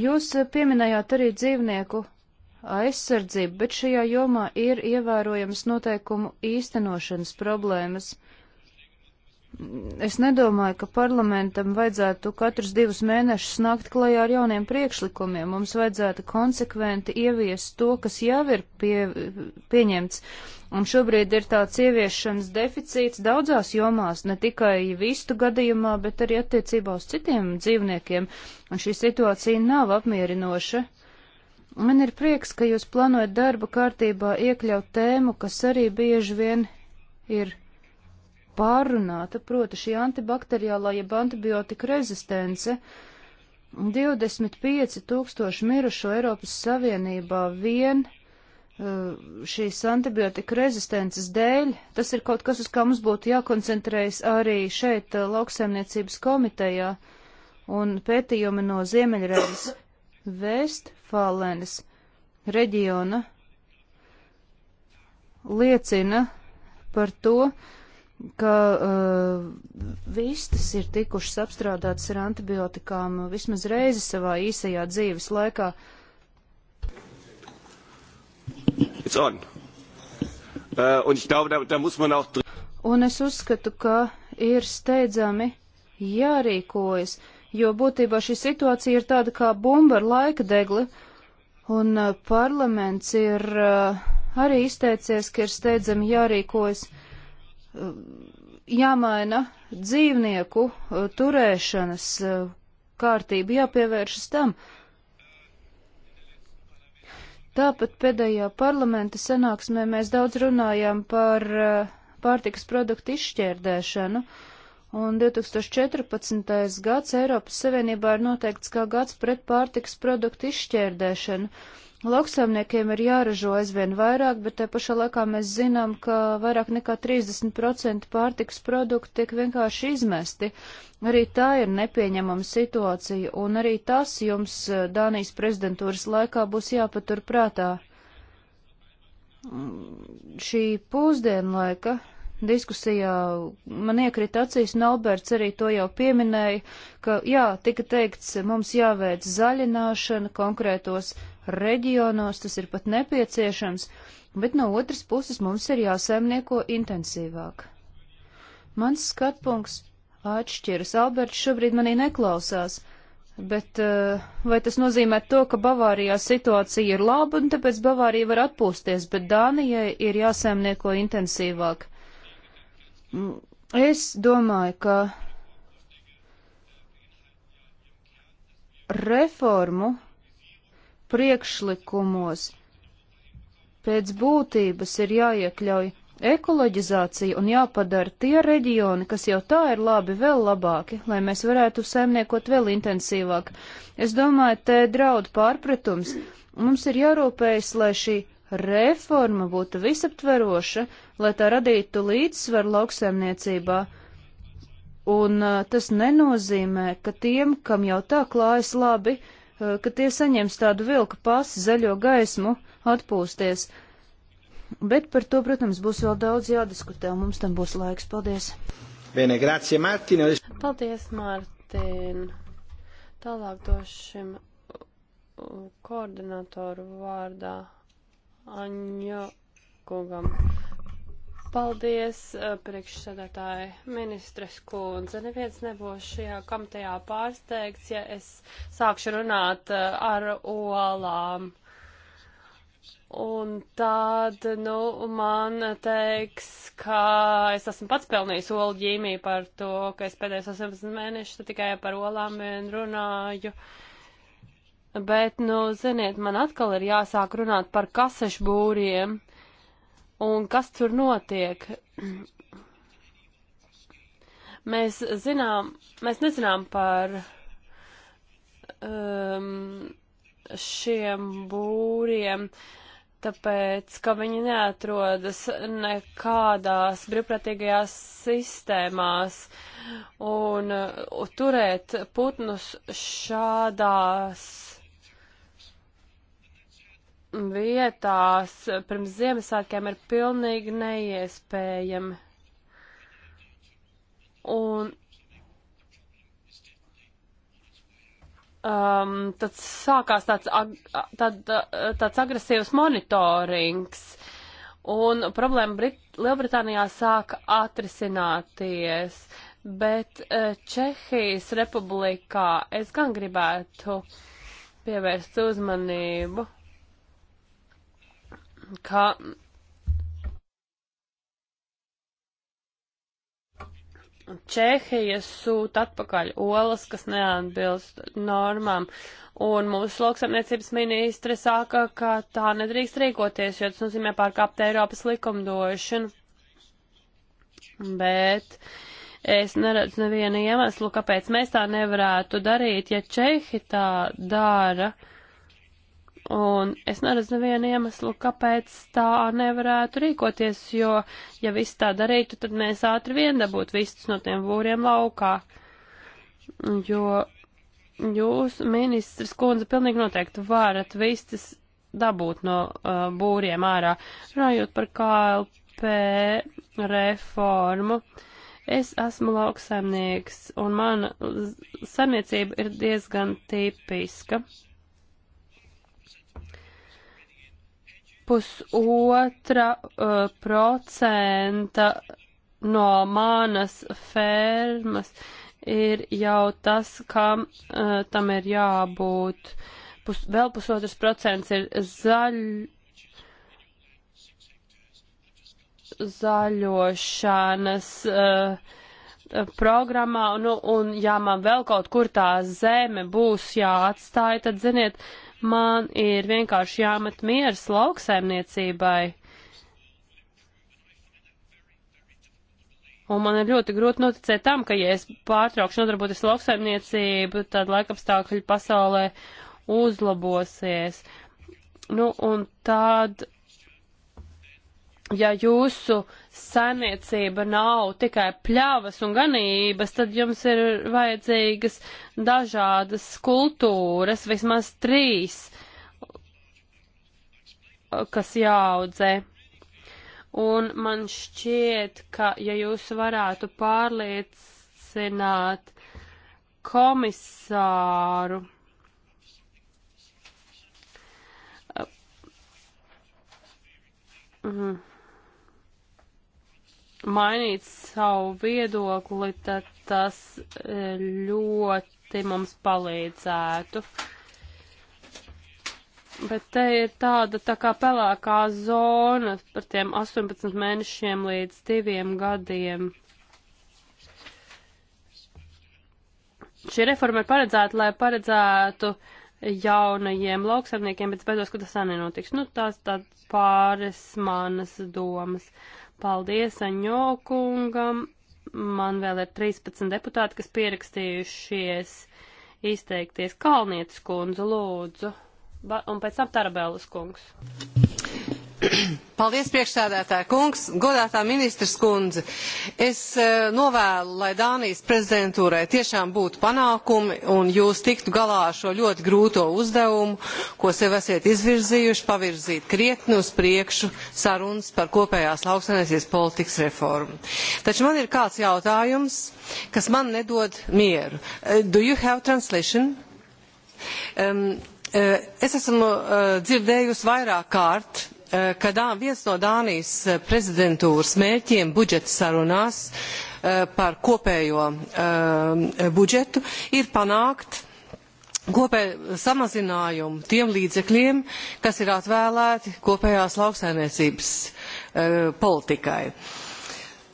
Jūs uh, pieminējāt arī dzīvnieku aizsardzību, bet šajā jomā ir ievērojams noteikumu īstenošanas problēmas. Es nedomāju, ka parlamentam vajadzētu katrus divus mēnešus nākt klajā ar jauniem priekšlikumiem. Mums vajadzētu konsekventi ieviest to, kas jau ir pie, pieņemts. Un šobrīd ir tāds ieviešanas deficīts daudzās jomās, ne tikai vistu gadījumā, bet arī attiecībā uz citiem dzīvniekiem. Un šī situācija nav apmierinoša. Man ir prieks, ka jūs plānojat darba kārtībā iekļaut tēmu, kas arī bieži vien ir pārunāta, proti šī antibakteriālā jeb antibiotika rezistence. 25 tūkstoši mirušo Eiropas Savienībā vien uh, šīs antibiotika rezistences dēļ. Tas ir kaut kas, uz kā mums būtu jākoncentrējas arī šeit uh, lauksaimniecības komitejā un pētījumi no Ziemeļreiz Vēstfālēnes reģiona liecina par to, ka uh, vistas ir tikušas apstrādātas ar antibiotikām vismaz reizi savā īsajā dzīves laikā. It's on. Uh, un, ich glaube, da, da muss man auch... un es uzskatu, ka ir steidzami jārīkojas, jo būtībā šī situācija ir tāda kā bumba ar laika degli, un uh, parlaments ir uh, arī izteicies, ka ir steidzami jārīkojas. Uh, jāmaina dzīvnieku uh, turēšanas uh, kārtība, jāpievēršas tam. Tāpat pēdējā parlamenta sanāksmē mēs daudz runājām par uh, pārtikas produktu izšķērdēšanu, un 2014. gads Eiropas Savienībā ir noteikts kā gads pret pārtikas produktu izšķērdēšanu. Lauksaimniekiem ir jāražo aizvien vairāk, bet te pašā laikā mēs zinām, ka vairāk nekā 30% pārtiks produktu tiek vienkārši izmesti. Arī tā ir nepieņemama situācija, un arī tas jums eh, Dānijas prezidentūras laikā būs jāpatur prātā. Mm, šī pūzdienlaika diskusijā man iekrita acīs, un Alberts arī to jau pieminēja, ka jā, tika teikts, mums jāveic zaļināšana konkrētos reģionos tas ir pat nepieciešams, bet no otras puses mums ir jāsaimnieko intensīvāk. Mans skatpunkts atšķiras. Alberts šobrīd manī neklausās, bet eh, vai tas nozīmē to, ka Bavārijā situācija ir laba un tāpēc Bavārija var atpūsties, bet Dānijai ir jāsaimnieko intensīvāk? Mm, es domāju, ka reformu priekšlikumos pēc būtības ir jāiekļauj ekoloģizācija un jāpadara tie reģioni, kas jau tā ir labi, vēl labāki, lai mēs varētu saimniekot vēl intensīvāk. Es domāju, te draud pārpratums. Mums ir jārūpējas, lai šī reforma būtu visaptveroša, lai tā radītu līdzsvaru lauksaimniecībā. Un uh, tas nenozīmē, ka tiem, kam jau tā klājas labi, uh, Eh, ka tie saņems tādu vilka pasi, zaļo gaismu, atpūsties. Bet par to, protams, būs vēl daudz jādiskutē, un mums tam būs laiks. Paldies! Bene, grazie, Mārtiņa! Paldies, Mārtiņ! Tālāk došim koordinatoru vārdā Aņo Kungam. Paldies, eh, priekšsēdētāji ministres kundze. Neviens nebūs šajā komitejā pārsteigts, ja es sākšu runāt eh, ar olām. Un tad, nu, man teiks, ka es esmu pats pelnījis olu ģīmī par to, ka es pēdējos 18 mēnešus tikai par olām vien runāju. Bet, nu, ziniet, man atkal ir jāsāk runāt par kasešbūriem. būriem un kas tur notiek. Mēs zinām, mēs nezinām par um, šiem būriem, tāpēc, ka viņi neatrodas nekādās brīvprātīgajās sistēmās, un uh, turēt putnus šādās vietās pirms Ziemassvētkiem ir pilnīgi neiespējami. Un um, tad sākās tāds, ag, tād, tāds agresīvs monitorings, un problēma Brit Lielbritānijā sāka atrisināties. Bet e, Čehijas republikā es gan gribētu pievērst uzmanību ka Čehija sūta atpakaļ olas, kas neatbilst normām, un mūsu lauksamniecības ministre saka, ka tā nedrīkst rīkoties, jo tas nozīmē pārkāpt Eiropas likumdošanu. Bet es neredzu nevienu iemeslu, kāpēc mēs tā nevarētu darīt, ja Čehi tā dara. Uh, Un es neredzu nevienu iemeslu, kāpēc tā nevarētu rīkoties, jo, ja viss tā darītu, tad mēs ātri vien dabūtu visus no tiem būriem laukā. Jo jūs, ministrs kundze, pilnīgi noteikti varat vistas dabūt no uh, būriem ārā. Runājot par KLP reformu, es esmu lauksaimnieks, un mana saimniecība ir diezgan tipiska. Uh, pusotra uh, procenta no manas fermas ir jau tas, kam uh, tam ir jābūt. Pus, vēl pusotras procents ir zaļ, zaļošanas. Uh, programmā, nu, un ja man vēl kaut kur tā zeme būs jāatstāja, tad, ziniet, man ir vienkārši jāmet miers lauksaimniecībai. Un man ir ļoti grūti noticēt tam, ka, ja es pārtraukšu nodarboties lauksaimniecību, tad laikapstākļi pasaulē uzlabosies. Nu, un tad ja jūsu saimniecība nav tikai pļavas un ganības, tad jums ir vajadzīgas dažādas kultūras, vismaz trīs, kas jāaudzē. Un man šķiet, ka ja jūs varētu pārliecināt komisāru, Mm-hmm mainīt savu viedokli, tad tas e, ļoti mums palīdzētu. Bet te ir tāda tā kā pelēkā zona par tiem 18 mēnešiem līdz diviem gadiem. Šī reforma ir paredzēta, lai paredzētu jaunajiem lauksaimniekiem, bet es baidos, ka tas tā nenotiks. Nu, tās tādas pāris manas domas. Uh, Paldies Aņo kungam. Man vēl ir 13 deputāti, kas pierakstījušies izteikties. Kalnietis kundze, lūdzu. Ba un pēc tam Tarabēlas kungs. Paldies, priekšsēdētāja kungs, godātā ministrs kundze. Es e, novēlu, lai Dānijas prezidentūrai tiešām būtu panākumi un jūs tiktu galā ar šo ļoti grūto uzdevumu, ko sev esat izvirzījuši, pavirzīt krietni uz priekšu sarunas par kopējās lauksainiesies politikas reformu. Taču man ir kāds jautājums, kas man nedod mieru. E, do you have translation? Um, es esmu uh, dzirdējusi vairāk kārt Eh, ka dā, viens no Dānijas eh, prezidentūras mērķiem budžeta sarunās eh, par kopējo budžetu ir panākt kopēju samazinājumu tiem līdzekļiem, kas ir atvēlēti kopējās lauksainiecības politikai. Uh,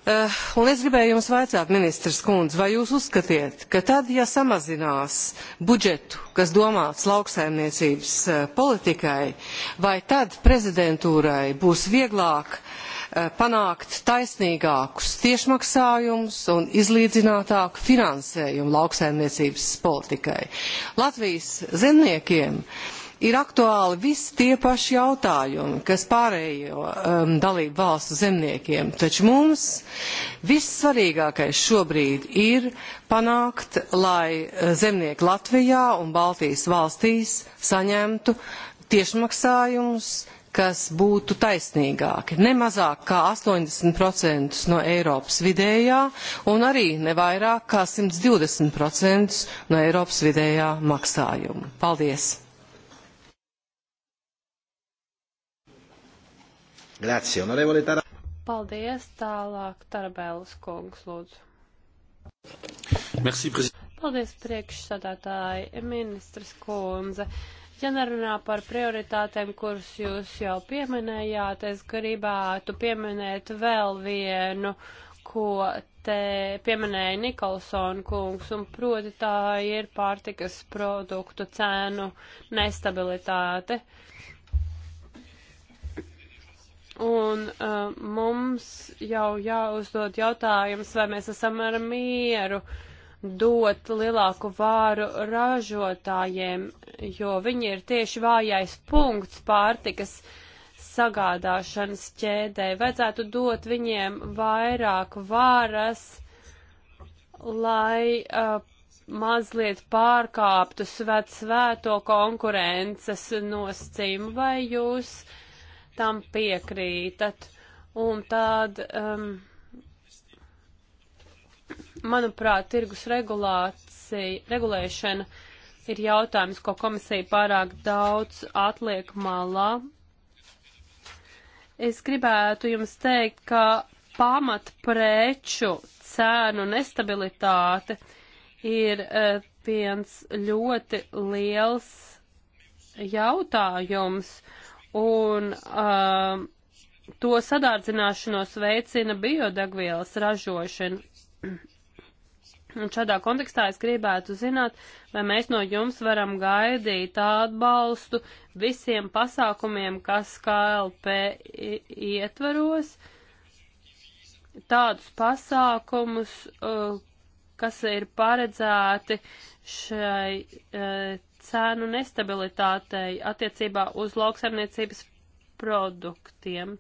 Uh, un es gribēju jums vaicāt, ministrs kundze, vai jūs uzskatiet, ka tad, ja samazinās budžetu, kas domāts lauksaimniecības uh, politikai, vai tad prezidentūrai būs vieglāk uh, panākt taisnīgākus tiešmaksājumus un izlīdzinātāku finansējumu lauksaimniecības politikai? Latvijas zemniekiem uh, ir aktuāli visi tie paši jautājumi, kas pārējo um, dalību valstu zemniekiem. Taču mums vissvarīgākais šobrīd ir panākt, lai uh, zemnieki Latvijā un Baltijas valstīs saņemtu tiešmaksājumus, kas būtu taisnīgāki, ne mazāk kā 80% no Eiropas vidējā un arī ne vairāk kā 120% no Eiropas vidējā maksājuma. Paldies! Grazie, onorevole Tarabella. Paldies, tālāk Tarabēlas kungs, lūdzu. Merci, Paldies, priekšsādātāji, ministrs kundze. Ja nerunā par prioritātēm, kuras jūs jau pieminējāt, es gribētu pieminēt vēl vienu, ko te pieminēja Nikolsona kungs, un proti tā ir pārtikas produktu cēnu nestabilitāte. Uh, Un uh, mums jau jāuzdod jautājums, vai mēs esam ar mieru dot lielāku vāru ražotājiem, jo viņi ir tieši vājais punkts pārtikas sagādāšanas ķēdē. Vajadzētu dot viņiem vairāk vāras, lai uh, mazliet pārkāptu svēt svēto konkurences nosacījumu, vai jūs uh, tam piekrītat. Un tād, um, manuprāt, tirgus regulēšana ir jautājums, ko komisija pārāk daudz atliek malā. Es gribētu jums teikt, ka pamatpreču cēnu nestabilitāte ir uh, viens ļoti liels jautājums. Uh, un uh, to sadārdzināšanos veicina biodegvielas ražošana. Un šādā kontekstā es gribētu zināt, vai mēs no jums varam gaidīt atbalstu visiem pasākumiem, kas KLP ietveros, tādus pasākumus, uh, kas ir paredzēti šai uh, cēnu nestabilitātei attiecībā uz lauksaimniecības produktiem.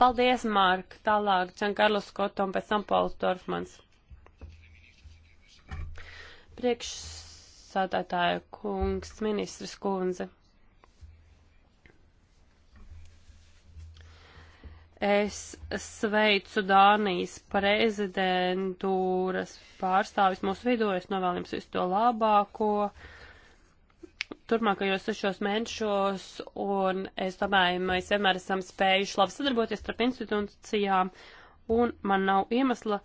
Paldies, Mārk! Tālāk Čankarlos Skoto un pēc tam Pauls Dorfmans. Priekšsādātāja kungs, ministrs kundze. Es sveicu Dānijas prezidentūras pārstāvis mūsu vidū, es novēlu jums visu to labāko turmākajos sešos mēnešos, un es domāju, mēs vienmēr esam spējuši labi sadarboties starp institūcijām, un man nav iemesla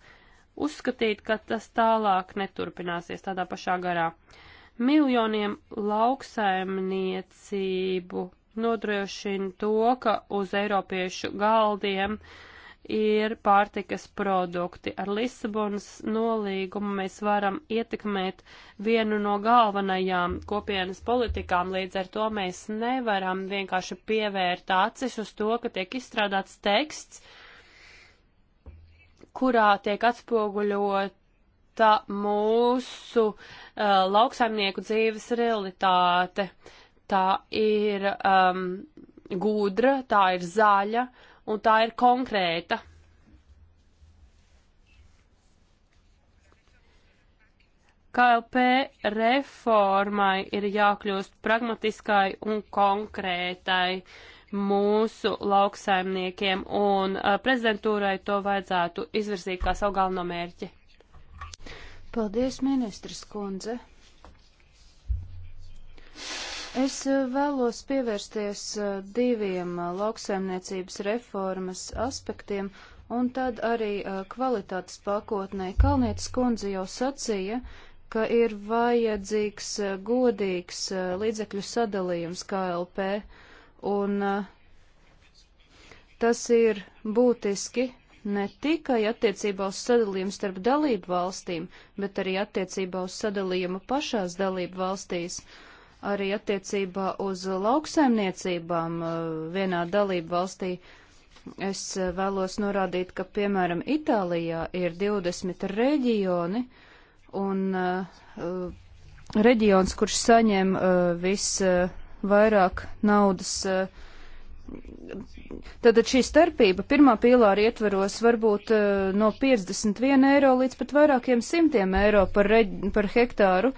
uzskatīt, ka tas tālāk neturpināsies tādā pašā garā. Miljoniem lauksaimniecību nodrošina to, ka uz Eiropiešu galdiem ir pārtikas produkti. Ar Lisabonas nolīgumu mēs varam ietekmēt vienu no galvenajām kopienas politikām, līdz ar to mēs nevaram vienkārši pievērt acis uz to, ka tiek izstrādāts teksts, kurā tiek atspoguļota mūsu uh, lauksaimnieku dzīves realitāte. Uh, tā ir um, gudra, tā ir zaļa un tā ir konkrēta. KLP reformai ir jākļūst pragmatiskai un konkrētai mūsu lauksaimniekiem, un uh, prezidentūrai to vajadzētu izvirzīt kā savu galveno mērķi. Paldies, ministrs kundze! Es eh, vēlos pievērsties eh, diviem eh, lauksaimniecības reformas aspektiem un tad arī kvalitātes pakotnē. Kalnietis kundze jau sacīja, ka ir vajadzīgs godīgs līdzekļu sadalījums KLP, un tas ir būtiski ne tikai attiecībā uz sadalījumu starp dalību valstīm, bet arī attiecībā uz sadalījumu pašās dalību valstīs arī attiecībā uz lauksaimniecībām uh, vienā dalību valstī. Es uh, vēlos norādīt, ka, piemēram, Itālijā ir 20 reģioni, un uh, reģions, kurš saņem uh, visvairāk uh, naudas uh, Tātad šī starpība pirmā pīlāra ietveros varbūt eh, no 51 eiro līdz pat vairākiem simtiem eiro par, reģ, par hektāru,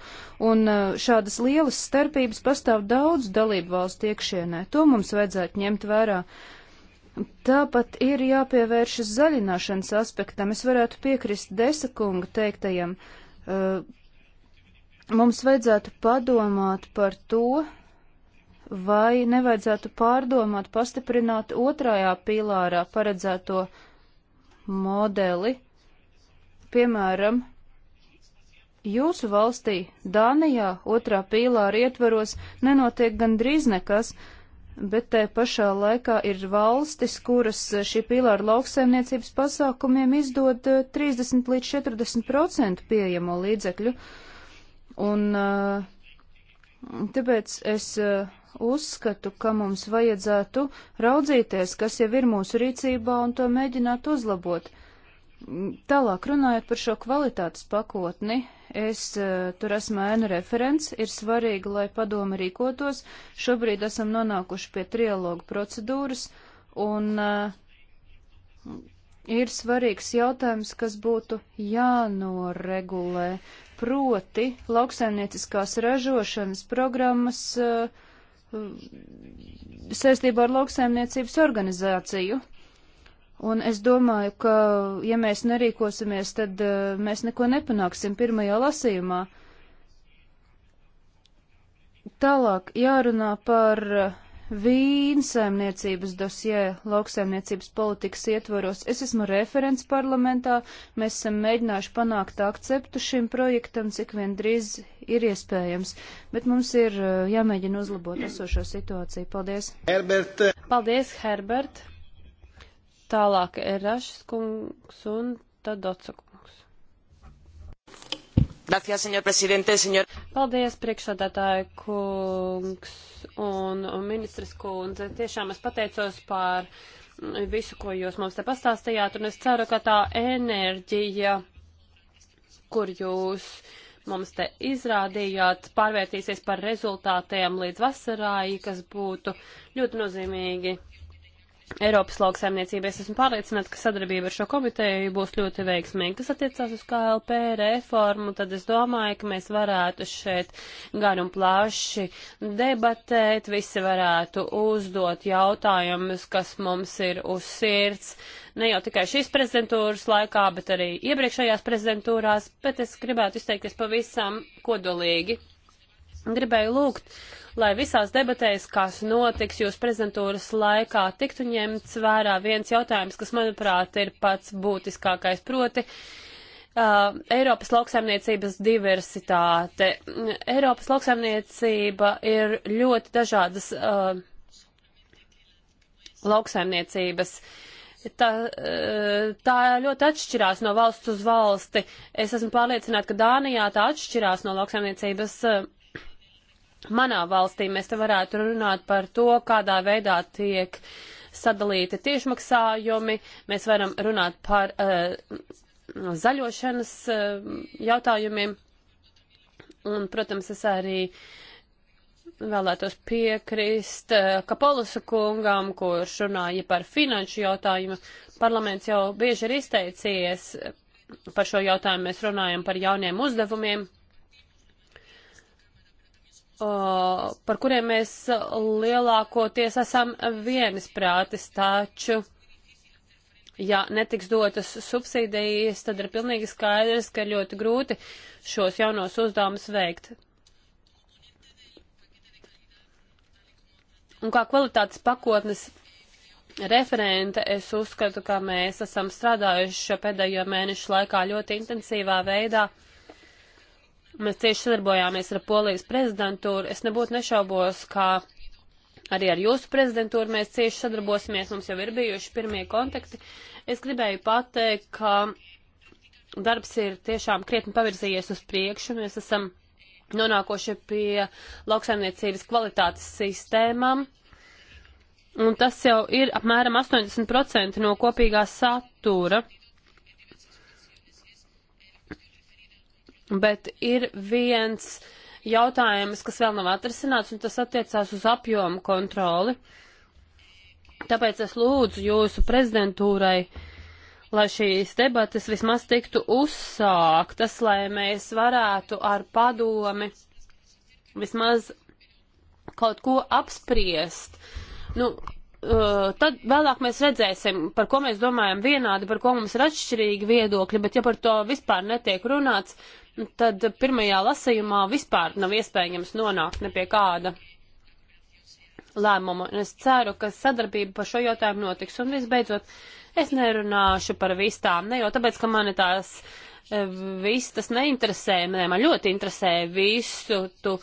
un eh, šādas lielas starpības pastāv daudz dalību valstu iekšienē. To mums vajadzētu ņemt vērā. Tāpat ir jāpievēršas zaļināšanas aspektam. Es varētu piekrist desakunga teiktajam. Eh, mums vajadzētu padomāt par to, vai nevajadzētu pārdomāt, pastiprināt otrajā pīlārā paredzēto modeli. Piemēram, jūsu valstī, Dānijā, otrā pīlāra ietvaros nenotiek gandrīz nekas, bet te pašā laikā ir valstis, kuras šī pīlāra lauksaimniecības pasākumiem izdod 30 eh, līdz 40 procentu pieejamo līdzekļu. Un eh, tāpēc es eh, uzskatu, ka mums vajadzētu raudzīties, kas jau ir mūsu rīcībā un to mēģināt uzlabot. Tālāk runājot par šo kvalitātes pakotni, es eh, tur esmu ēnu referents, ir svarīgi, lai padome rīkotos. Šobrīd esam nonākuši pie trialogu procedūras un eh, ir svarīgs jautājums, kas būtu jānoregulē, proti lauksaimnieciskās ražošanas programmas uh, saistībā ar lauksaimniecības organizāciju. Un es domāju, ka, ja mēs nerīkosimies, tad uh, mēs neko nepanāksim pirmajā lasījumā. Tālāk jārunā par uh, vīnsaimniecības dosjē lauksaimniecības politikas ietvaros. Es esmu referents parlamentā, mēs esam mēģinājuši panākt akceptu šim projektam, cik vien drīz ir iespējams, bet mums ir uh, jāmēģina uzlabot esošo situāciju. Paldies! Herbert! Paldies, Herbert! Tālāk ir Rašs kungs un tad Otsakungs. Paldies, priekšsādātāja kungs un ministras kundze. Tiešām es pateicos par visu, ko jūs mums te pastāstījāt, un es ceru, ka tā enerģija, kur jūs mums te izrādījāt, pārvērtīsies par rezultātiem līdz vasarāji, kas būtu ļoti nozīmīgi Eiropas lauksaimniecība. Es esmu pārliecināta, ka sadarbība ar šo komiteju būs ļoti veiksmīga. Kas attiecās uz KLP reformu, tad es domāju, ka mēs varētu šeit gan un plaši debatēt, visi varētu uzdot jautājumus, kas mums ir uz sirds. Ne jau tikai šīs prezidentūras laikā, bet arī iepriekšējās prezidentūrās, bet es gribētu izteikties pavisam kodolīgi Gribēju lūgt, lai visās debatēs, kas notiks jūsu prezentūras laikā, tiktu ņemts vērā viens jautājums, kas, manuprāt, ir pats būtiskākais, proti, Uh, Eiropas lauksaimniecības diversitāte. Eiropas lauksaimniecība ir ļoti dažādas uh, lauksaimniecības. Tā, uh, tā ļoti atšķirās no valsts uz valsti. Es esmu pārliecināta, ka Dānijā tā atšķirās no lauksaimniecības uh, Manā valstī mēs te varētu runāt par to, kādā veidā tiek sadalīti tiešmaksājumi. Mēs varam runāt par uh, zaļošanas uh, jautājumiem. Un, protams, es arī vēlētos piekrist uh, eh, Kapolusa kungam, kurš runāja par finanšu jautājumu. Parlaments jau bieži ir izteicies par šo jautājumu. Mēs runājam par jauniem uzdevumiem Uh, par kuriem mēs lielākoties esam vienisprātis, taču, ja netiks dotas subsīdijas, tad ir pilnīgi skaidrs, ka ļoti grūti šos jaunos uzdevumus veikt. Un kā kvalitātes pakotnes referente, es uzskatu, ka mēs esam strādājuši šo pēdējo mēnešu laikā ļoti intensīvā veidā. Uh, Mēs cieši sadarbojāmies ar Polijas prezidentūru. Es nebūtu nešaubos, ka arī ar jūsu prezidentūru mēs cieši sadarbosimies, mums jau ir bijuši pirmie kontakti. Es gribēju pateikt, ka darbs ir tiešām krietni pavirzījies uz priekšu, mēs esam nonākoši pie lauksaimniecības kvalitātes sistēmām, un tas jau ir apmēram 80% no kopīgā satura. Bet ir viens jautājums, kas vēl nav atrisināts, un tas attiecās uz apjomu kontroli. Tāpēc es lūdzu jūsu prezidentūrai, lai šīs debates vismaz tiktu uzsāktas, lai mēs varētu ar padomi vismaz kaut ko apspriest. Nu, eh, tad vēlāk mēs redzēsim, par ko mēs domājam vienādi, par ko mums ir atšķirīgi viedokļi, bet ja par to vispār netiek runāts, tad pirmajā lasījumā vispār nav iespējams nonākt ne pie kāda lēmumu. Un es ceru, ka sadarbība par šo jautājumu notiks. Un visbeidzot, es nerunāšu par vistām, ne jau tāpēc, ka mani tās e, vistas neinteresē, ne, man ļoti interesē visu tu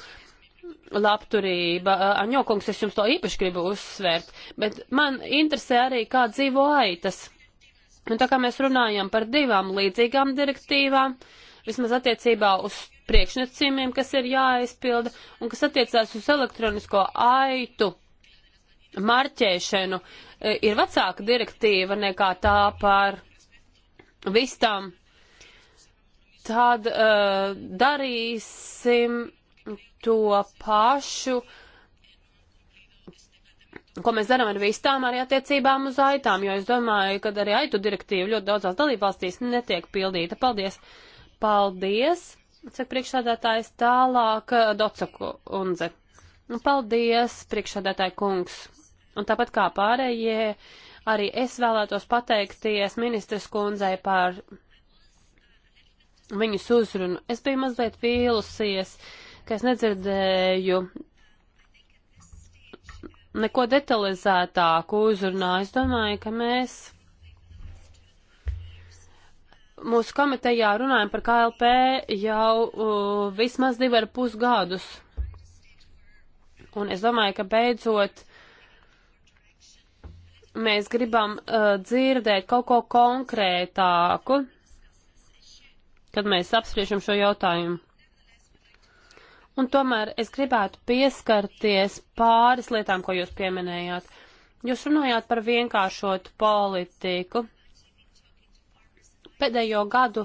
labturība. Aņokungs, es jums to īpaši gribu uzsvērt, bet man interesē arī, kā dzīvo aitas. Un tā kā mēs runājam par divām līdzīgām direktīvām, uh, vismaz attiecībā uz priekšnacījumiem, kas ir jāaizpilda, un kas attiecās uz elektronisko aitu marķēšanu, e, ir vecāka direktīva nekā tā par vistām. Tad uh, darīsim to pašu uh, ko mēs darām ar vistām, arī attiecībām uz aitām, jo es domāju, ka arī aitu direktīva ļoti daudzās dalībvalstīs netiek pildīta. Paldies! Paldies! Cik priekšsādātājs tālāk eh, Docaku undze. Nu, paldies, priekšsādātāji kungs! Un tāpat kā pārējie, arī es vēlētos pateikties ministres kundzei par viņas uzrunu. Es biju mazliet vīlusies, ka es nedzirdēju neko detalizētāku uzrunā. Es domāju, ka mēs mūsu komitejā runājam par KLP jau uh, vismaz divi ar pus gadus. Un es domāju, ka beidzot mēs gribam uh, dzirdēt kaut ko konkrētāku, kad mēs apspriešam šo jautājumu. Un tomēr es gribētu pieskarties pāris lietām, ko jūs pieminējāt. Jūs runājāt par vienkāršotu politiku, Pēdējo gadu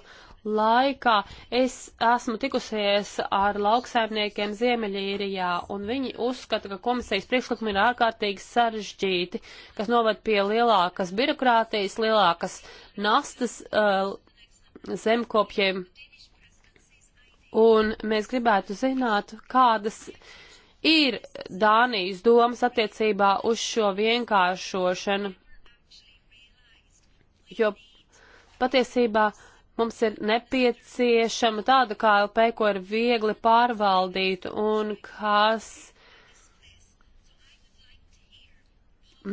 laikā es esmu tikusies ar lauksaimniekiem Ziemeļīrijā, un viņi uzskata, ka komisijas priekšlikumi ir ārkārtīgi sarežģīti, kas novad pie lielākas birokrātijas, lielākas nastas uh, zemkopjiem. Un mēs gribētu zināt, kādas ir Dānijas domas attiecībā uz šo vienkāršošanu. Jo Patiesībā mums ir nepieciešama tāda KLP, ko ir viegli pārvaldīt un kas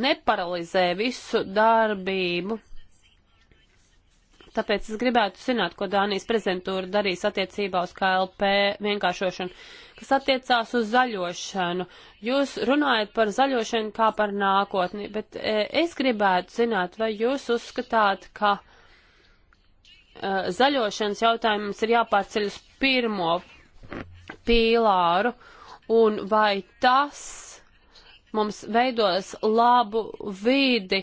neparalizē visu darbību. Tāpēc es gribētu zināt, ko Dānijas prezidentūra darīs attiecībā uz KLP vienkāršošanu, kas attiecās uz zaļošanu. Jūs runājat par zaļošanu kā par nākotni, bet e, es gribētu zināt, vai jūs uzskatāt, ka. Uh, Eh, zaļošanas jautājums ir jāpārceļ uz pirmo pīlāru, un vai tas mums veidos labu vīdi,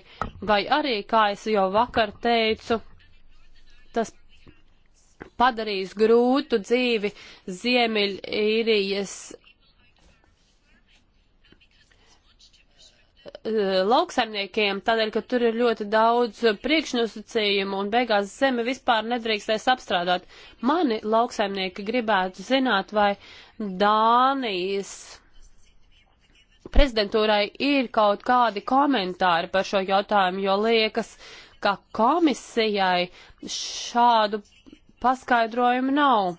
vai arī, kā es jau vakar teicu, tas padarīs grūtu dzīvi Ziemeļīrijas lauksaimniekiem, tādēļ, ka tur ir ļoti daudz priekšnosacījumu un beigās zeme vispār nedrīkstēs apstrādāt. Mani lauksaimnieki gribētu zināt, vai Dānijas prezidentūrai ir kaut kādi komentāri par šo jautājumu, jo liekas, ka komisijai šādu paskaidrojumu nav.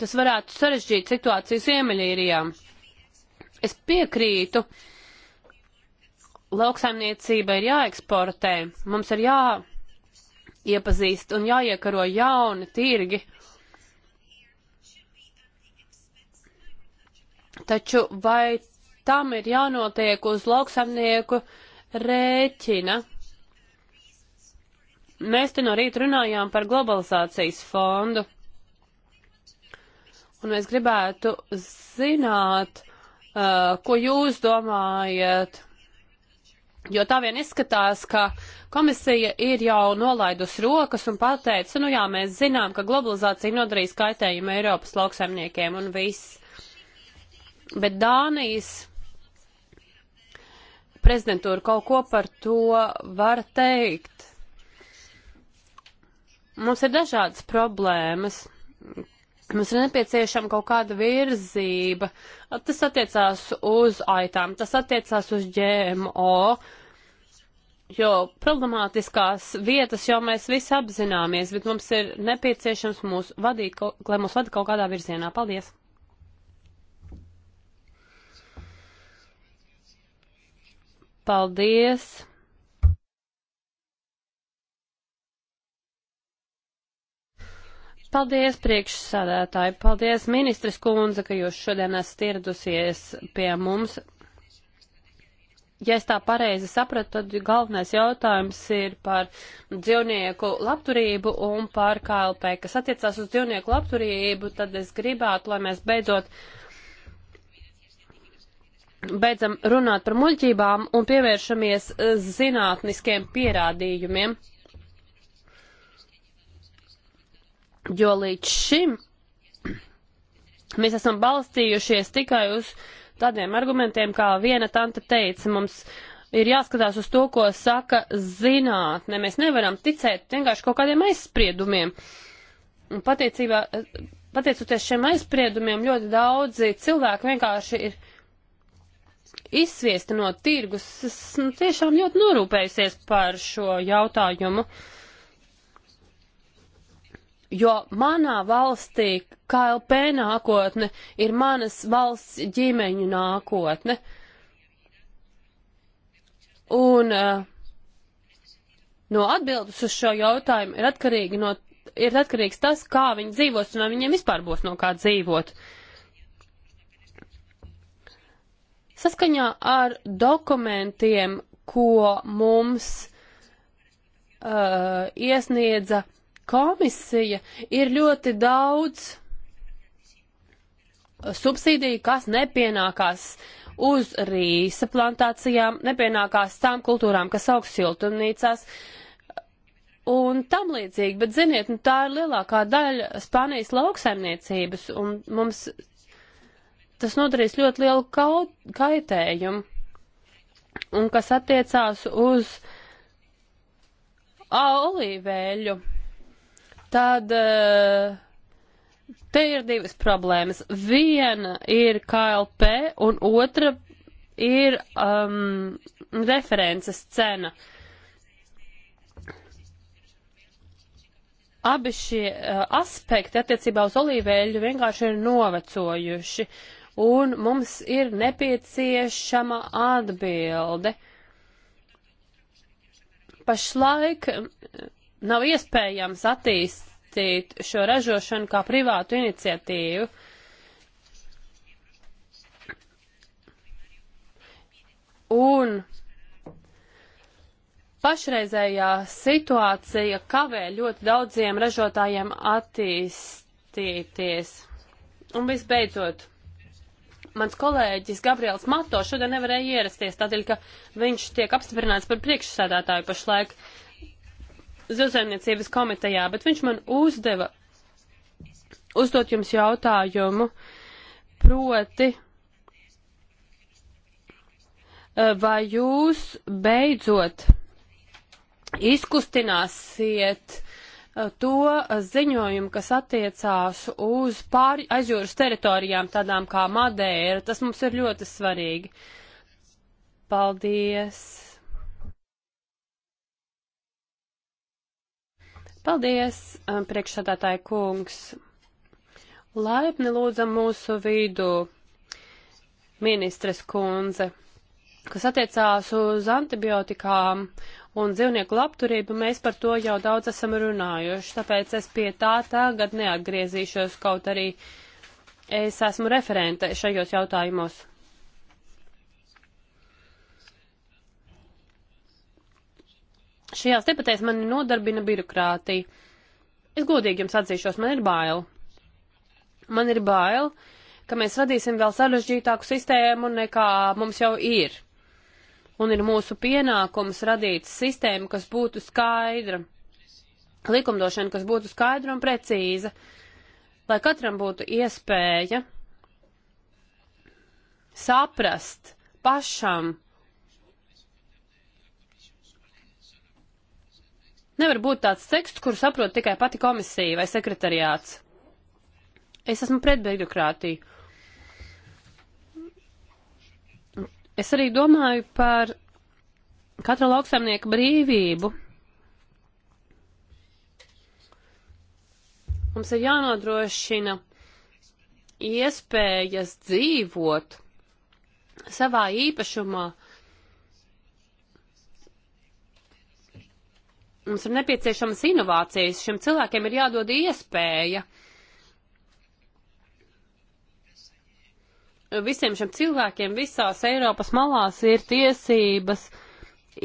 Tas varētu sarežģīt situāciju Ziemeļīrijā. Es piekrītu, lauksaimniecība ir jāeksportē, mums ir jāiepazīst un jāiekaro jauni tirgi. Taču vai tam ir jānotiek uz lauksaimnieku rēķina? Mēs te no rīta runājām par globalizācijas fondu. Un mēs gribētu zināt, uh, ko jūs domājat. Jo tā vien izskatās, ka komisija ir jau nolaidus rokas un pateica, nu jā, mēs zinām, ka globalizācija nodarīs kaitējumu Eiropas lauksaimniekiem un viss. Bet Dānijas prezidentūra kaut ko par to var teikt. Mums ir dažādas problēmas, Mums ir nepieciešama kaut kāda virzība. Tas attiecās uz aitām, tas attiecās uz GMO, jo problemātiskās vietas jau mēs visi apzināmies, bet mums ir nepieciešams mūs vadīt, lai mūs vada kaut kādā virzienā. Paldies! Paldies! Paldies, priekšsādētāji, paldies, ministres kundze, ka jūs šodien esat ieradusies pie mums. Ja es tā pareizi sapratu, tad galvenais jautājums ir par dzīvnieku labturību un par KLP. Kas attiecās uz dzīvnieku labturību, tad es gribētu, lai mēs beidzot beidzam runāt par muļķībām un pievēršamies zinātniskiem pierādījumiem. jo līdz šim mēs esam balstījušies tikai uz tādiem argumentiem, kā viena tante teica, mums ir jāskatās uz to, ko saka zinātne. Mēs nevaram ticēt vienkārši kaut kādiem aizspriedumiem. Un patiecībā, pateicoties šiem aizspriedumiem, ļoti daudzi cilvēki vienkārši ir izsviesti no tirgus. Es nu, tiešām ļoti norūpējusies par šo jautājumu. Uh, jo manā valstī KLP nākotne ir manas valsts ģimeņu nākotne. Un eh, no atbildes uz šo jautājumu ir, atkarīgi no, ir atkarīgs tas, kā viņi dzīvos un vai viņiem vispār būs no kā dzīvot. Saskaņā ar dokumentiem, ko mums uh, iesniedza Komisija ir ļoti daudz subsīdiju, kas nepienākās uz rīsa plantācijām, nepienākās tām kultūrām, kas aug siltumnīcās un tam līdzīgi, bet ziniet, nu, tā ir lielākā daļa Spānijas lauksaimniecības, un mums tas nodarīs ļoti lielu kaut, kaitējumu. Un kas attiecās uz olīvēļu tad eh, te ir divas problēmas. Viena ir KLP un otra ir um, references cena. Abi šie uh, aspekti attiecībā uz olīveļu vienkārši ir novecojuši, un mums ir nepieciešama atbilde. Pašlaik nav iespējams attīstīt šo ražošanu kā privātu iniciatīvu. Un pašreizējā situācija kavē ļoti daudziem ražotājiem attīstīties. Un visbeidzot, mans kolēģis Gabriels Mato šodien nevarēja ierasties, tādēļ, ka viņš tiek apstiprināts par priekšsēdētāju pašlaik. Uh, Zilzēmniecības komitejā, bet viņš man uzdeva uzdot jums jautājumu, proti, eh, vai jūs beidzot izkustināsiet eh, to ziņojumu, kas attiecās uz pār, aizjūras teritorijām, tādām kā Madeira. Tas mums ir ļoti svarīgi. Paldies! Paldies, um, priekšsādātāja kungs. Laipni lūdzam mūsu vidu ministres kundze, kas attiecās uz antibiotikām un dzīvnieku labturību, mēs par to jau daudz esam runājuši, tāpēc es pie tā tagad neatgriezīšos, kaut arī es esmu referente šajos jautājumos. Šajās debatēs mani nodarbina birokrātija. Es godīgi jums atzīšos, man ir bail. Man ir bail, ka mēs radīsim vēl sarežģītāku sistēmu nekā mums jau ir. Un ir mūsu pienākums radīt sistēmu, kas būtu skaidra, likumdošana, kas būtu skaidra un precīza, lai katram būtu iespēja saprast pašam, Nevar būt tāds teksts, kuru saprot tikai pati komisija vai sekretariāts. Es esmu pret birokrātiju. Es arī domāju par katra lauksaimnieka brīvību. Mums ir jānodrošina iespējas dzīvot savā īpašumā, Mums ir nepieciešamas inovācijas, šiem cilvēkiem ir jādod iespēja. Visiem šiem cilvēkiem visās Eiropas malās ir tiesības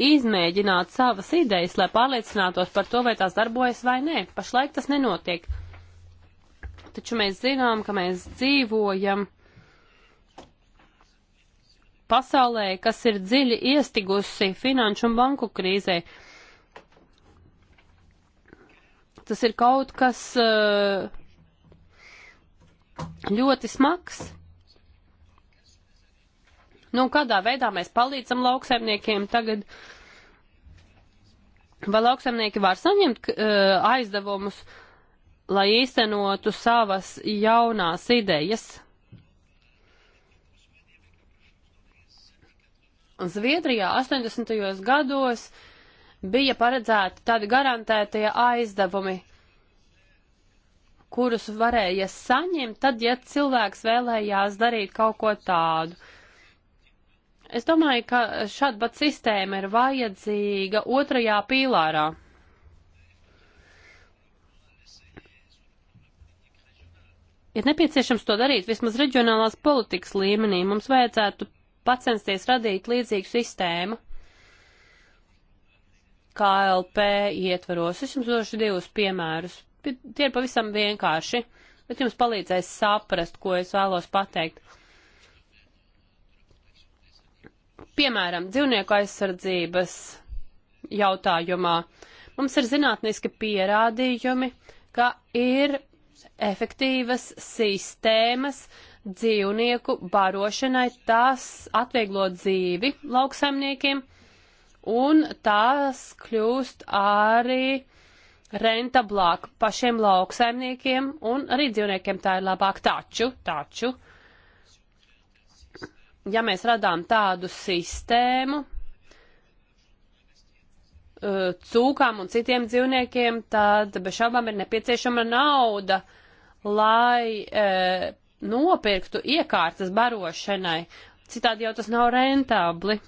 izmēģināt savas idejas, lai pārliecinātos par to, vai tās darbojas vai nē. Pašlaik tas nenotiek. Taču mēs zinām, ka mēs dzīvojam pasaulē, kas ir dziļi iestigusi finanšu un banku krīzē. Uh, tas ir kaut kas eh, ļoti smags. Nu, kādā veidā mēs palīdzam lauksaimniekiem tagad? Vai lauksaimnieki var saņemt eh, aizdevumus, lai īstenotu savas jaunās idejas? Zviedrijā 80. gados uh, bija paredzēti tādi garantētie aizdevumi, kurus varēja saņemt, tad, ja cilvēks vēlējās darīt kaut ko tādu. Es domāju, ka šāda pat sistēma ir vajadzīga otrajā pīlārā. Ir nepieciešams to darīt vismaz reģionālās politikas līmenī. Mums vajadzētu pacensties radīt līdzīgu sistēmu. KLP ietvaros. Es jums došu divus piemērus. Tie ir pavisam vienkārši, bet jums palīdzēs saprast, ko es vēlos pateikt. Piemēram, dzīvnieku aizsardzības jautājumā mums ir zinātniski pierādījumi, ka ir efektīvas sistēmas dzīvnieku barošanai, tas atvieglo dzīvi lauksaimniekiem un tās kļūst arī rentablāk pašiem lauksaimniekiem un arī dzīvniekiem tā ir labāk. Taču, taču, ja mēs radām tādu sistēmu, eh, cūkām un citiem dzīvniekiem, tad bez šaubām ir nepieciešama nauda, lai e, nopirktu iekārtas barošanai. Citādi jau tas nav rentabli.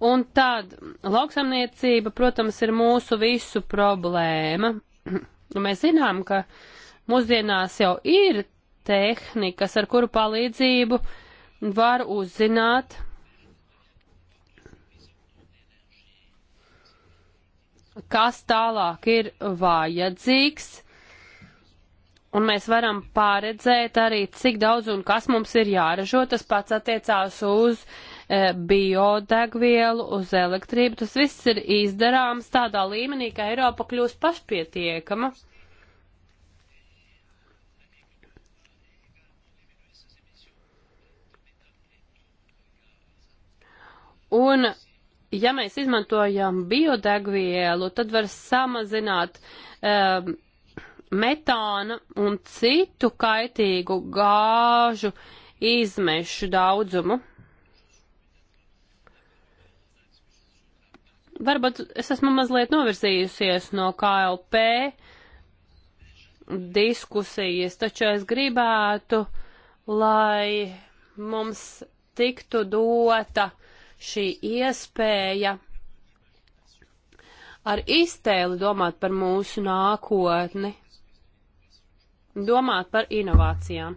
Un tad lauksamniecība, protams, ir mūsu visu problēma. Nu, mēs zinām, ka mūsdienās jau ir tehnikas, ar kuru palīdzību var uzzināt, kas tālāk ir vajadzīgs, un mēs varam pārredzēt arī, cik daudz un kas mums ir jāražo. Tas pats attiecās uz uh, Eh, biodegvielu, uz elektrību. Tas viss ir izdarāms tādā līmenī, ka Eiropa kļūs pašpietiekama. Un, ja mēs izmantojam biodegvielu, tad var samazināt um, metāna un citu kaitīgu gāžu izmešu daudzumu. Varbūt es esmu mazliet novirzījusies no KLP diskusijas, taču es gribētu, lai mums tiktu dota šī iespēja ar iztēli domāt par mūsu nākotni, domāt par inovācijām.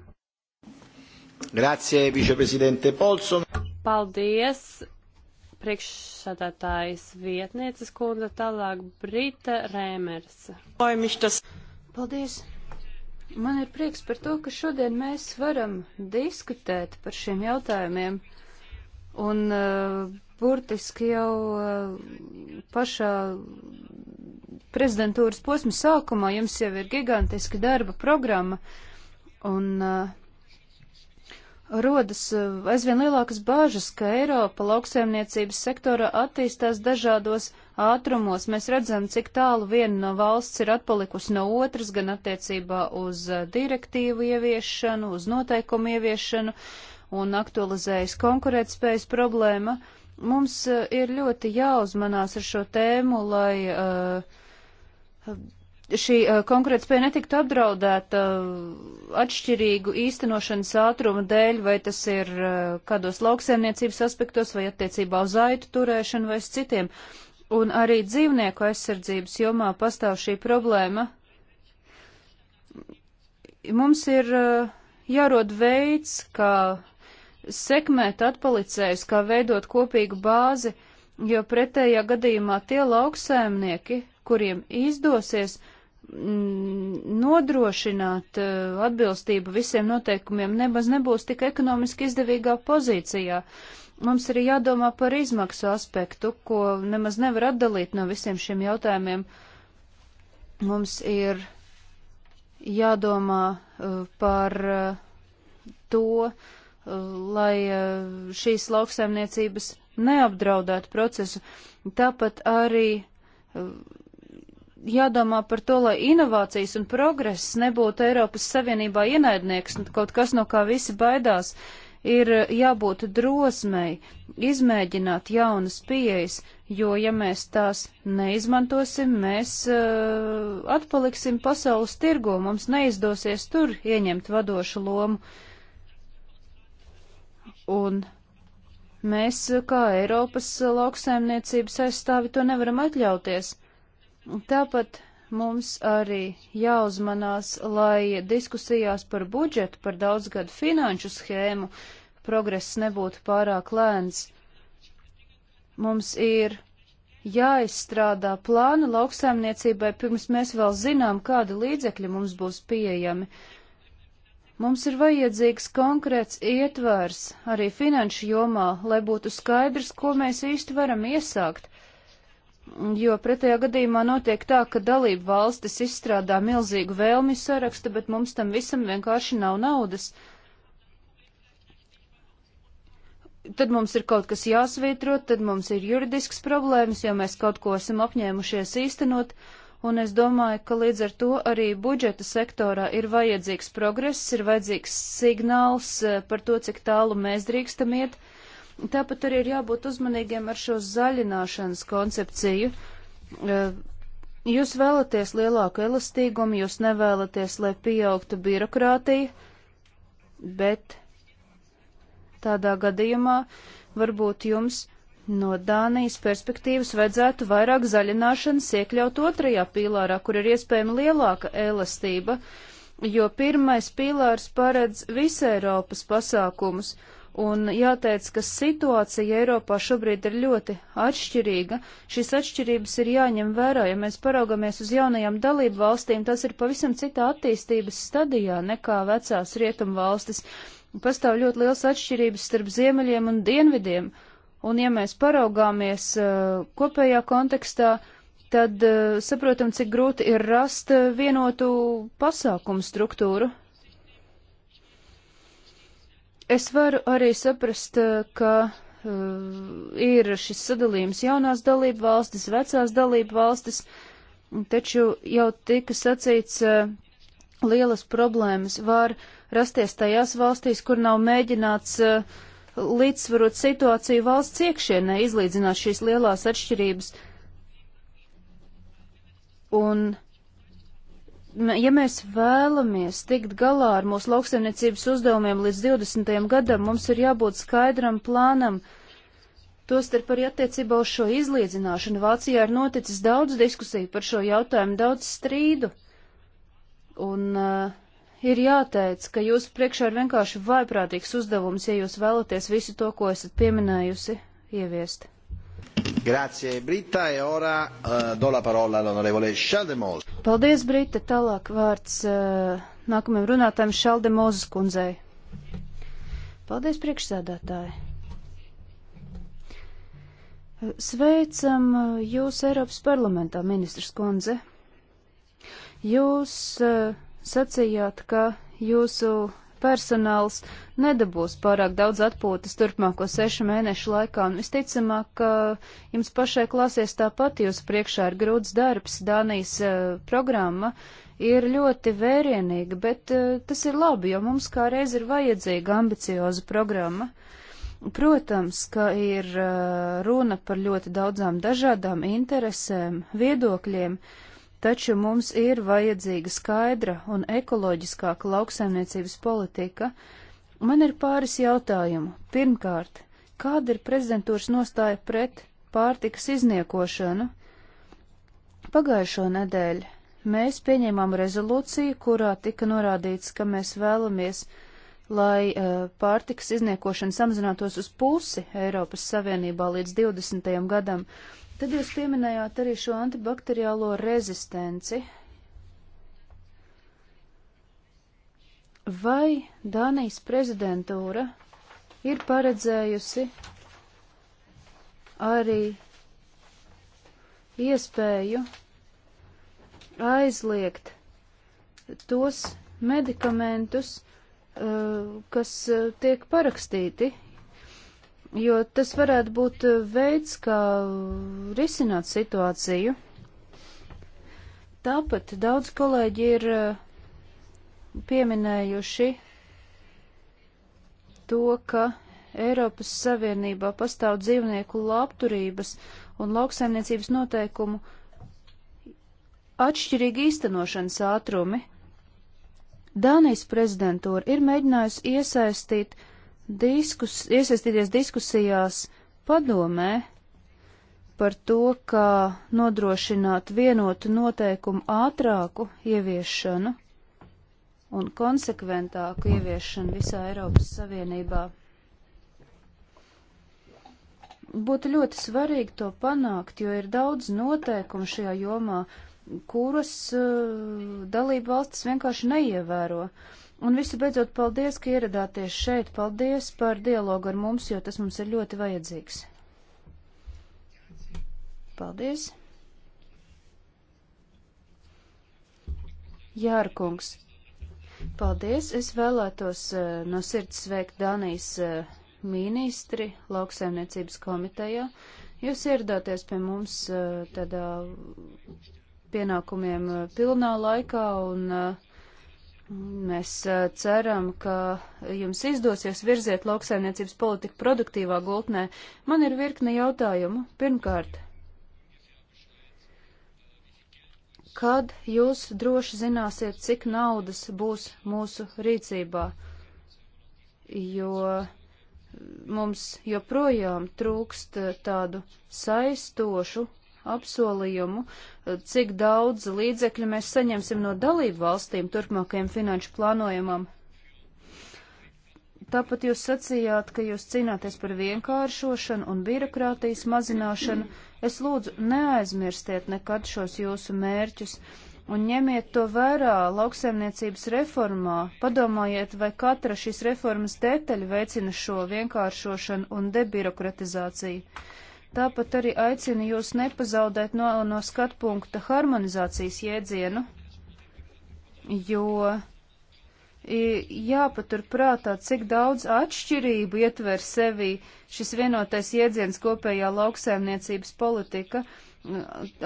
Grazie, viceprezidente Polson. Paldies, priekšsādātājas vietnieces kundze, tālāk Brita Rēmers. Paldies! Man ir prieks par to, ka šodien mēs varam diskutēt par šiem jautājumiem. Un uh, burtiski jau uh, pašā prezidentūras posma sākumā jums jau ir gigantiska darba programma. Un uh, rodas eh, aizvien lielākas bāžas, ka Eiropa lauksaimniecības sektora attīstās dažādos ātrumos. Mēs redzam, cik tālu viena no valsts ir atpalikusi no otras, gan attiecībā uz eh, direktīvu ieviešanu, uz noteikumu ieviešanu un aktualizējas konkurētspējas problēma. Mums eh, ir ļoti jāuzmanās ar šo tēmu, lai uh, šī eh, konkurētspēja netiktu apdraudēta eh, atšķirīgu īstenošanas ātrumu dēļ, vai tas ir eh, kādos lauksēmniecības aspektos, vai attiecībā uz aitu turēšanu, vai uz citiem. Un arī dzīvnieku aizsardzības jomā pastāv šī problēma. Mums ir jārod veids, kā sekmēt atpalicējus, kā veidot kopīgu bāzi, jo pretējā gadījumā tie lauksēmnieki, kuriem izdosies, uh, Mm, nodrošināt eh, atbilstību visiem noteikumiem nebaz nebūs tik ekonomiski izdevīgā pozīcijā. Mums ir jādomā par izmaksu aspektu, ko nemaz nevar atdalīt no visiem šiem jautājumiem. Mums ir jādomā eh, par eh, to, lai šīs lauksaimniecības neapdraudētu procesu. Tāpat arī jādomā par to, lai inovācijas un progress nebūtu Eiropas Savienībā ienaidnieks, kaut kas, no kā visi baidās, ir jābūt drosmei izmēģināt jaunas pieejas, jo, ja mēs tās neizmantosim, mēs uh, atpaliksim pasaules tirgo, mums neizdosies tur ieņemt vadošu lomu. Un mēs, kā Eiropas lauksaimniecības aizstāvi, to nevaram atļauties. Tāpat mums arī jāuzmanās, lai diskusijās par budžetu, par daudzgadu finanšu schēmu progress nebūtu pārāk lēns. Mums ir jāizstrādā plāni lauksaimniecībai, pirms mēs vēl zinām, kāda līdzekļa mums būs pieejami. Mums ir vajadzīgs konkrēts ietvers arī finanšu jomā, lai būtu skaidrs, ko mēs īsti varam iesākt Jo pretējā gadījumā notiek tā, ka dalību valstis izstrādā milzīgu vēlmi sarakstu, bet mums tam visam vienkārši nav naudas. Tad mums ir kaut kas jāsvītro, tad mums ir juridisks problēmas, jo mēs kaut ko esam apņēmušies īstenot, un es domāju, ka līdz ar to arī budžeta sektorā ir vajadzīgs progress, ir vajadzīgs signāls eh, par to, cik tālu mēs drīkstam iet. Uh, Tāpat arī ir jābūt uzmanīgiem ar šo zaļināšanas koncepciju. E, jūs vēlaties lielāku elastīgumu, jūs nevēlaties, lai pieaugtu birokrātija, bet tādā gadījumā varbūt jums no Dānijas perspektīvas vajadzētu vairāk zaļināšanas iekļaut otrajā pīlārā, kur ir iespējama lielāka elastība, jo pirmais pīlārs paredz visu Eiropas pasākumus, Un jāteic, ka situācija Eiropā šobrīd ir ļoti atšķirīga. Šīs atšķirības ir jāņem vērā. Ja mēs paraugamies uz jaunajām dalību valstīm, tas ir pavisam citā attīstības stadijā nekā vecās rietumu valstis. Pastāv ļoti liels atšķirības starp ziemeļiem un dienvidiem. Un ja mēs paraugāmies uh, kopējā kontekstā, tad uh, saprotam, cik grūti ir rast uh, vienotu pasākumu struktūru Es varu arī saprast, eh, ka uh, ir šis sadalījums jaunās dalību valstis, vecās dalību valstis, taču jau tika sacīts, uh, lielas problēmas var rasties tajās valstīs, kur nav mēģināts uh, līdzsvarot situāciju valsts iekšienē, izlīdzināt šīs lielās atšķirības. Un ja mēs vēlamies tikt galā ar mūsu lauksaimniecības uzdevumiem līdz 20. gadam, mums ir jābūt skaidram plānam. Tostarp arī attiecībā uz šo izlīdzināšanu Vācijā ir noticis daudz diskusiju par šo jautājumu, daudz strīdu. Un uh, ir jāteic, ka jūsu priekšā ir vienkārši vaiprātīgs uzdevums, ja jūs vēlaties visu to, ko esat pieminējusi, ieviest. Grazie, Brita, e ora uh, do la parola all'onorevole Šaldemozes. Paldies, Brita. Tālāk vārds uh, nākamajam runātājam Šaldemozes kundzei. Paldies, priekšsēdētāji. Sveicam eh, jūs Eiropas parlamentā, ministrs kundze. Jūs uh, sacījāt, ka jūsu personāls nedabūs pārāk daudz atpūtas turpmāko sešu mēnešu laikā, un visticamāk, ka jums pašai klāsies tāpat, jūs priekšā ir grūts darbs, Dānijas uh, programma ir ļoti vērienīga, bet uh, tas ir labi, jo mums kā reiz ir vajadzīga ambicioza programma. Protams, ka ir uh, runa par ļoti daudzām dažādām interesēm, viedokļiem, uh, taču mums ir vajadzīga skaidra un ekoloģiskāka lauksaimniecības politika. Man ir pāris jautājumu. Pirmkārt, kāda ir prezidentūras nostāja pret pārtikas izniekošanu? Pagājušo nedēļu mēs pieņēmām rezolūciju, kurā tika norādīts, ka mēs vēlamies, lai uh, pārtikas izniekošana samazinātos uz pusi Eiropas Savienībā līdz 20. gadam. Uh, Tad jūs pieminējāt arī šo antibakteriālo rezistenci. Vai Dānijas prezidentūra ir paredzējusi arī iespēju aizliegt tos medikamentus, uh, kas uh, tiek parakstīti jo tas varētu būt eh, veids, kā risināt situāciju. Tāpat daudz kolēģi ir eh, pieminējuši to, ka Eiropas Savienībā pastāv dzīvnieku labturības un lauksaimniecības noteikumu atšķirīgi īstenošanas ātrumi. Dānijas prezidentūra ir mēģinājusi iesaistīt uh, diskus, iesaistīties diskusijās padomē par to, kā nodrošināt vienotu noteikumu ātrāku ieviešanu un konsekventāku ieviešanu visā Eiropas Savienībā. Būtu ļoti svarīgi to panākt, jo ir daudz noteikumu šajā jomā, kuras uh, eh, dalību valstis vienkārši neievēro. Uh, Un visu beidzot, paldies, ka ieradāties šeit. Paldies par dialogu ar mums, jo tas mums ir ļoti vajadzīgs. Paldies. Jārkungs. Paldies. Es vēlētos uh, no sirds sveikt Danijas uh, ministri lauksaimniecības komitejā. Jūs ieradāties pie mums uh, tādā pienākumiem uh, pilnā laikā un uh, Mēs ceram, ka jums izdosies virziet lauksaimniecības politiku produktīvā gultnē. Man ir virkne jautājumu. Pirmkārt, kad jūs droši zināsiet, cik naudas būs mūsu rīcībā? Jo mums joprojām trūkst tādu saistošu apsolījumu, cik daudz līdzekļu mēs saņemsim no dalību valstīm turpmākajam finanšu plānojumam. Tāpat jūs sacījāt, ka jūs cīnāties par vienkāršošanu un birokrātijas mazināšanu. Es lūdzu, neaizmirstiet nekad šos jūsu mērķus un ņemiet to vērā lauksaimniecības reformā. Padomājiet, vai katra šīs reformas detaļa veicina šo vienkāršošanu un debirokratizāciju. Tāpat arī aicinu jūs nepazaudēt no, no skatu punkta harmonizācijas jēdzienu, jo jāpatur prātā, cik daudz atšķirību ietver sevi šis vienotais jēdziens kopējā lauksēmniecības politika,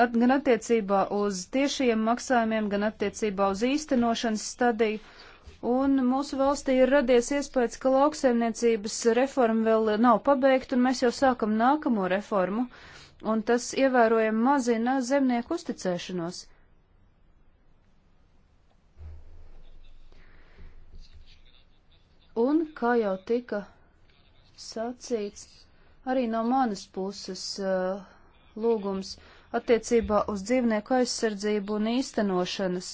gan attiecībā uz tiešajiem maksājumiem, gan attiecībā uz īstenošanas stadiju. Un mūsu valstī ir radies iespējas, ka lauksaimniecības reforma vēl nav pabeigta, un mēs jau sākam nākamo reformu, un tas ievērojami mazina zemnieku uzticēšanos. Un, kā jau tika sacīts, arī no manas puses uh, lūgums attiecībā uz dzīvnieku aizsardzību un īstenošanas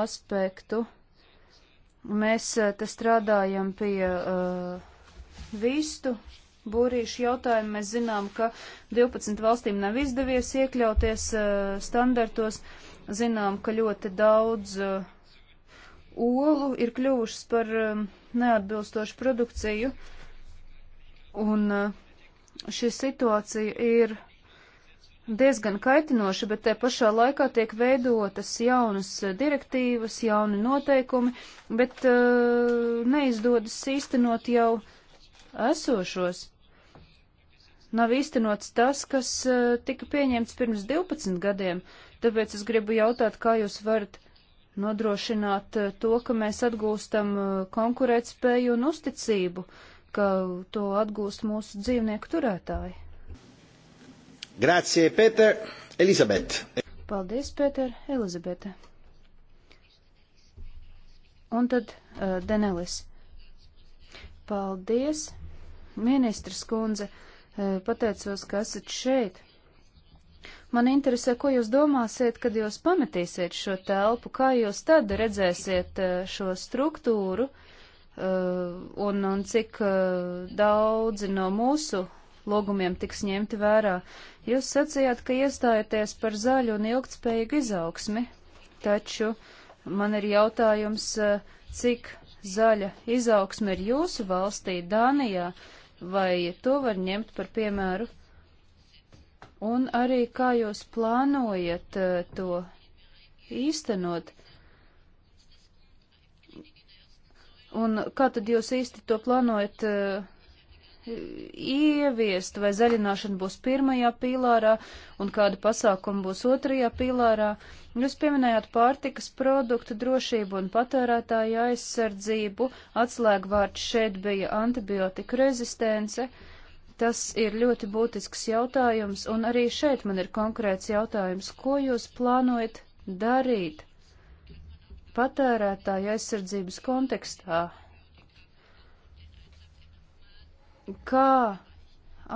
aspektu. Mēs eh, te strādājam pie uh, vistu būrīšu jautājumu. Mēs zinām, ka 12 valstīm nav izdevies iekļauties uh, standartos. Zinām, ka ļoti daudz uh, olu ir kļuvušas par um, neatbilstošu produkciju. Un uh, šī situācija ir diezgan kaitinoši, bet te pašā laikā tiek veidotas jaunas eh, direktīvas, jauni noteikumi, bet uh, neizdodas īstenot jau esošos. Nav īstenots tas, kas uh, tika pieņemts pirms 12 gadiem, tāpēc es gribu jautāt, kā jūs varat nodrošināt uh, to, ka mēs atgūstam uh, konkurētspēju un uzticību, ka to atgūst mūsu dzīvnieku turētāji. Grazie, Pēter. Elizabete. Paldies, Pēter. Elizabete. Un tad uh, Denelis. Paldies, ministrs kundze. Uh, pateicos, ka esat šeit. Man interesē, ko jūs domāsiet, kad jūs pametīsiet šo telpu, kā jūs tad redzēsiet uh, šo struktūru uh, un, un cik uh, daudzi no mūsu logumiem tiks ņemti vērā. Jūs sacījāt, ka iestājaties par zaļu un ilgtspējīgu izaugsmi, taču man ir jautājums, eh, cik zaļa izaugsme ir jūsu valstī, Dānijā, vai to var ņemt par piemēru? Un arī kā jūs plānojat eh, to īstenot? Un kā tad jūs īsti to plānojat uh, ieviest, vai zaļināšana būs pirmajā pīlārā un kāda pasākuma būs otrajā pīlārā. Jūs pieminējāt pārtikas produktu drošību un patērētāju aizsardzību, atslēgvārds šeit bija antibiotika rezistence. Tas ir ļoti būtisks jautājums, un arī šeit man ir konkrēts jautājums, ko jūs plānojat darīt patērētāju aizsardzības kontekstā, kā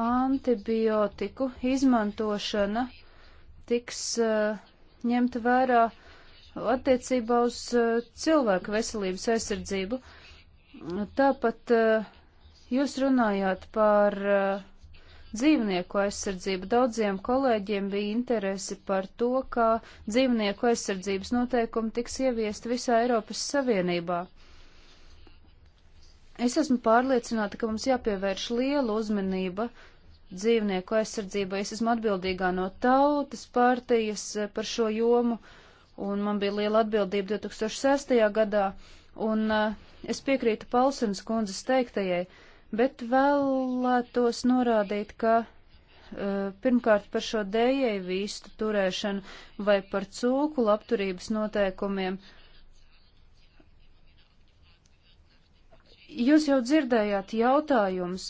antibiotiku izmantošana tiks uh, ņemta vērā attiecībā uz uh, cilvēku veselības aizsardzību. Tāpat uh, jūs runājāt par dzīvnieku aizsardzību. Daudziem kolēģiem bija interesi par to, kā dzīvnieku aizsardzības noteikumi tiks ieviest visā Eiropas Savienībā. Es esmu pārliecināta, ka mums jāpievērš liela uzmanība dzīvnieku aizsardzībai. Es esmu atbildīgā no tautas partijas eh, par šo jomu, un man bija liela atbildība 2006. gadā, un uh, es piekrītu Paulsens kundzes teiktajai, bet vēlētos norādīt, ka uh, pirmkārt par šo dējēju vīstu turēšanu vai par cūku labturības noteikumiem. Uh, Jūs jau dzirdējāt jautājums.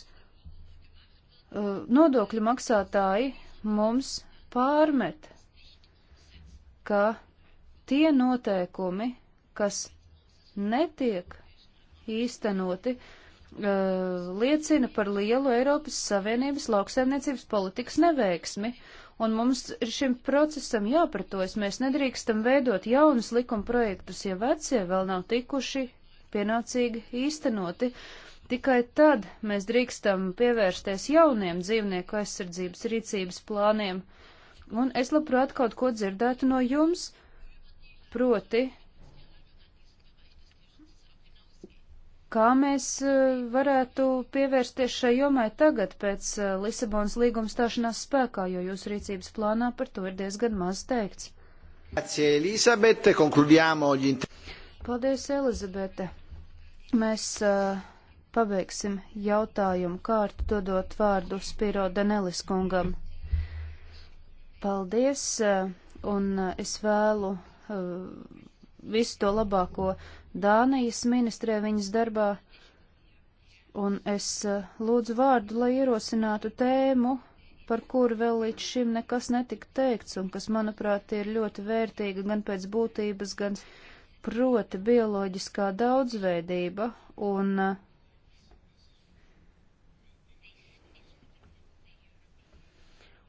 Uh, nodokļu maksātāji mums pārmet, ka tie noteikumi, kas netiek īstenoti, uh, liecina par lielu Eiropas Savienības lauksaimniecības politikas neveiksmi, un mums ir šim procesam jāpratojas. Mēs nedrīkstam veidot jaunus likuma projektus, ja vecie vēl nav tikuši pienācīgi īstenoti. Tikai tad mēs drīkstam pievērsties jauniem dzīvnieku aizsardzības rīcības plāniem. Un es labprāt kaut ko dzirdētu no jums, proti, kā mēs eh, varētu pievērsties šai jomai tagad pēc eh, Lisabonas līguma stāšanās spēkā, jo jūsu rīcības plānā par to ir diezgan maz teikts. Paldies, Elizabete! Mēs uh, pabeigsim jautājumu kārtu, dodot vārdu Spiro Danelis kungam. Paldies, uh, un uh, es vēlu uh, visu to labāko Dānijas ministrē viņas darbā, un es uh, lūdzu vārdu, lai ierosinātu tēmu, par kuru vēl līdz šim nekas netika teikts, un kas, manuprāt, ir ļoti vērtīga gan pēc būtības, gan. Uh, proti bioloģiskā daudzveidība un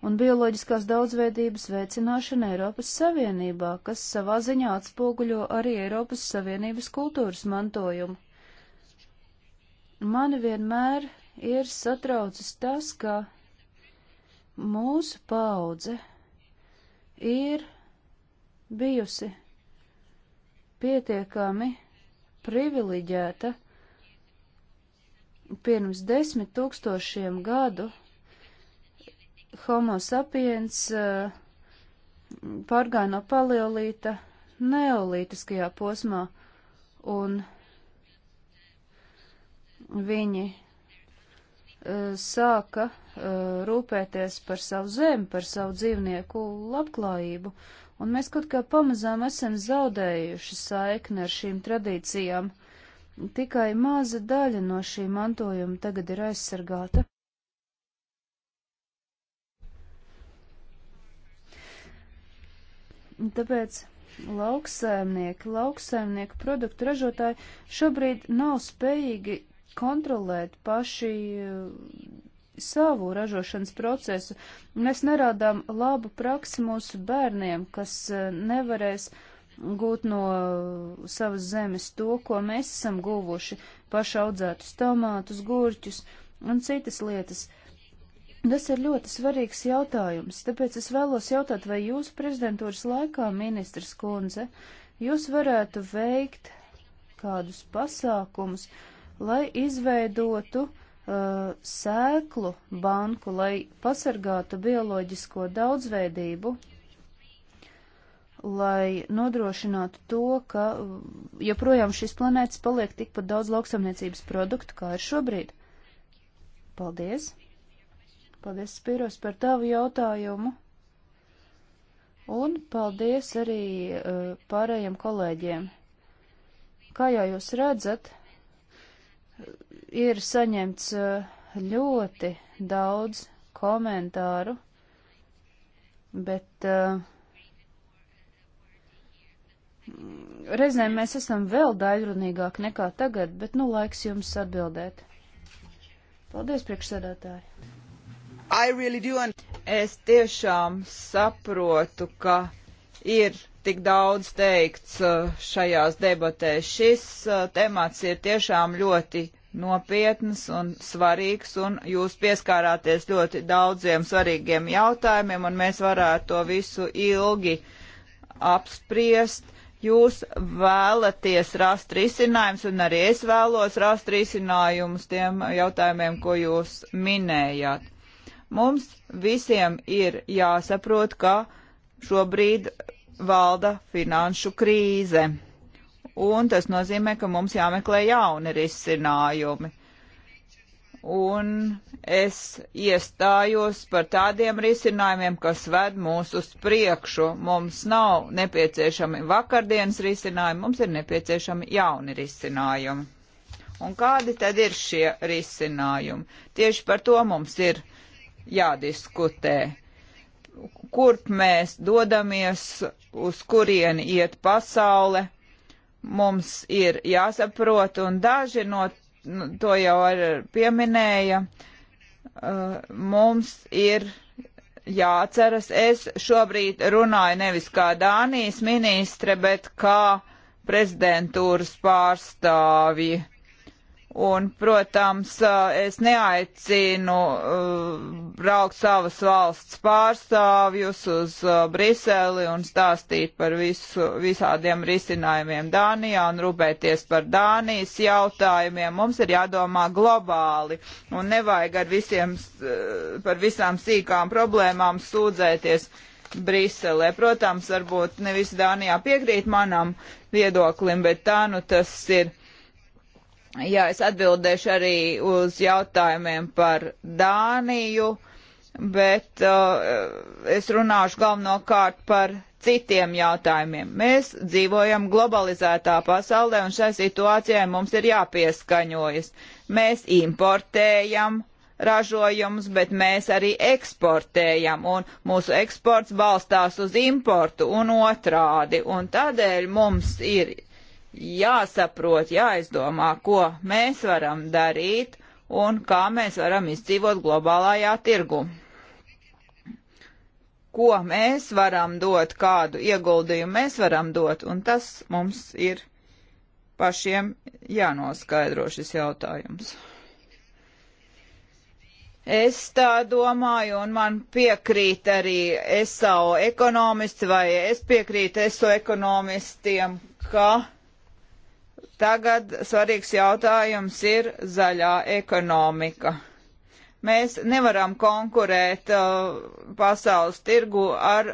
un bioloģiskās daudzveidības veicināšana Eiropas Savienībā, kas savā ziņā atspoguļo arī Eiropas Savienības kultūras mantojumu. Mani vienmēr ir satraucis tas, ka mūsu paudze ir bijusi pietiekami privileģēta pirms desmit tūkstošiem gadu homo sapiens uh, pārgāja no paleolīta neolītiskajā posmā, un viņi uh, sāka uh, rūpēties par savu zemi, par savu dzīvnieku labklājību, un mēs kaut kā pamazām esam zaudējuši saikni ar šīm tradīcijām. Tikai maza daļa no šī mantojuma tagad ir aizsargāta. Tāpēc lauksēmnieki, lauksēmnieku produktu ražotāji šobrīd nav spējīgi kontrolēt paši savu ražošanas procesu. Mēs nerādām labu praksi mūsu bērniem, kas e, nevarēs gūt no savas zemes to, ko mēs esam guvuši - pašaudzētus tomātus, gurķus un citas lietas. Tas ir ļoti svarīgs jautājums, tāpēc es vēlos jautāt, vai jūs prezidentūras laikā, ministrs kundze, jūs varētu veikt kādus pasākumus, lai izveidotu uh, uh, sēklu banku, lai pasargātu bioloģisko daudzveidību, lai nodrošinātu to, ka uh, joprojām šis planētas paliek tikpat daudz lauksamniecības produktu, kā ir šobrīd. Paldies! Paldies, Spiros, par tavu jautājumu! Un paldies arī uh, pārējiem kolēģiem. Kā jau jūs redzat, ir saņemts eh, ļoti daudz komentāru, bet uh, reizēm mēs esam vēl daļrunīgāki nekā tagad, bet nu laiks jums atbildēt. Paldies, priekšsēdētāji! Really do... es tiešām saprotu, ka ir tik daudz teikts uh, šajās debatēs. Šis uh, temats ir tiešām ļoti nopietns un svarīgs, un jūs pieskārāties ļoti daudziem svarīgiem jautājumiem, un mēs varētu to visu ilgi apspriest. Jūs vēlaties rast risinājums, un arī es vēlos rast risinājumus tiem jautājumiem, ko jūs minējāt. Mums visiem ir jāsaprot, ka šobrīd valda finanšu krīze. Un tas nozīmē, ka mums jāmeklē jauni risinājumi. Un es iestājos par tādiem risinājumiem, kas ved mūs uz priekšu. Mums nav nepieciešami vakardienas risinājumi, mums ir nepieciešami jauni risinājumi. Un kādi tad ir šie risinājumi? Tieši par to mums ir jādiskutē kurp mēs dodamies, uz kurieni iet pasaule, mums ir jāsaprot, un daži no nu, to jau ar pieminēja, uh, mums ir jāatceras, es šobrīd runāju nevis kā Dānijas ministre, bet kā prezidentūras pārstāvji. Un, protams, es neaicinu uh, braukt savas valsts pārstāvjus uz uh, Briseli un stāstīt par visu, visādiem risinājumiem Dānijā un rūpēties par Dānijas jautājumiem. Mums ir jādomā globāli un nevajag ar visiem, uh, par visām sīkām problēmām sūdzēties. Briselē. Protams, varbūt nevis Dānijā piekrīt manam viedoklim, bet tā nu tas ir Jā, es atbildēšu arī uz jautājumiem par Dāniju, bet uh, es runāšu galvenokārt par citiem jautājumiem. Mēs dzīvojam globalizētā pasaulē un šai situācijai mums ir jāpieskaņojas. Mēs importējam ražojumus, bet mēs arī eksportējam, un mūsu eksports balstās uz importu un otrādi. Un tādēļ mums ir jāsaprot, jāizdomā, ko mēs varam darīt un kā mēs varam izdzīvot globālajā tirgu. Ko mēs varam dot, kādu ieguldījumu mēs varam dot, un tas mums ir pašiem jānoskaidro šis jautājums. Es tā domāju, un man piekrīt arī SAO ekonomisti, vai es piekrītu SO ekonomistiem, ka Tagad svarīgs jautājums ir zaļā ekonomika. Mēs nevaram konkurēt uh, pasaules tirgu ar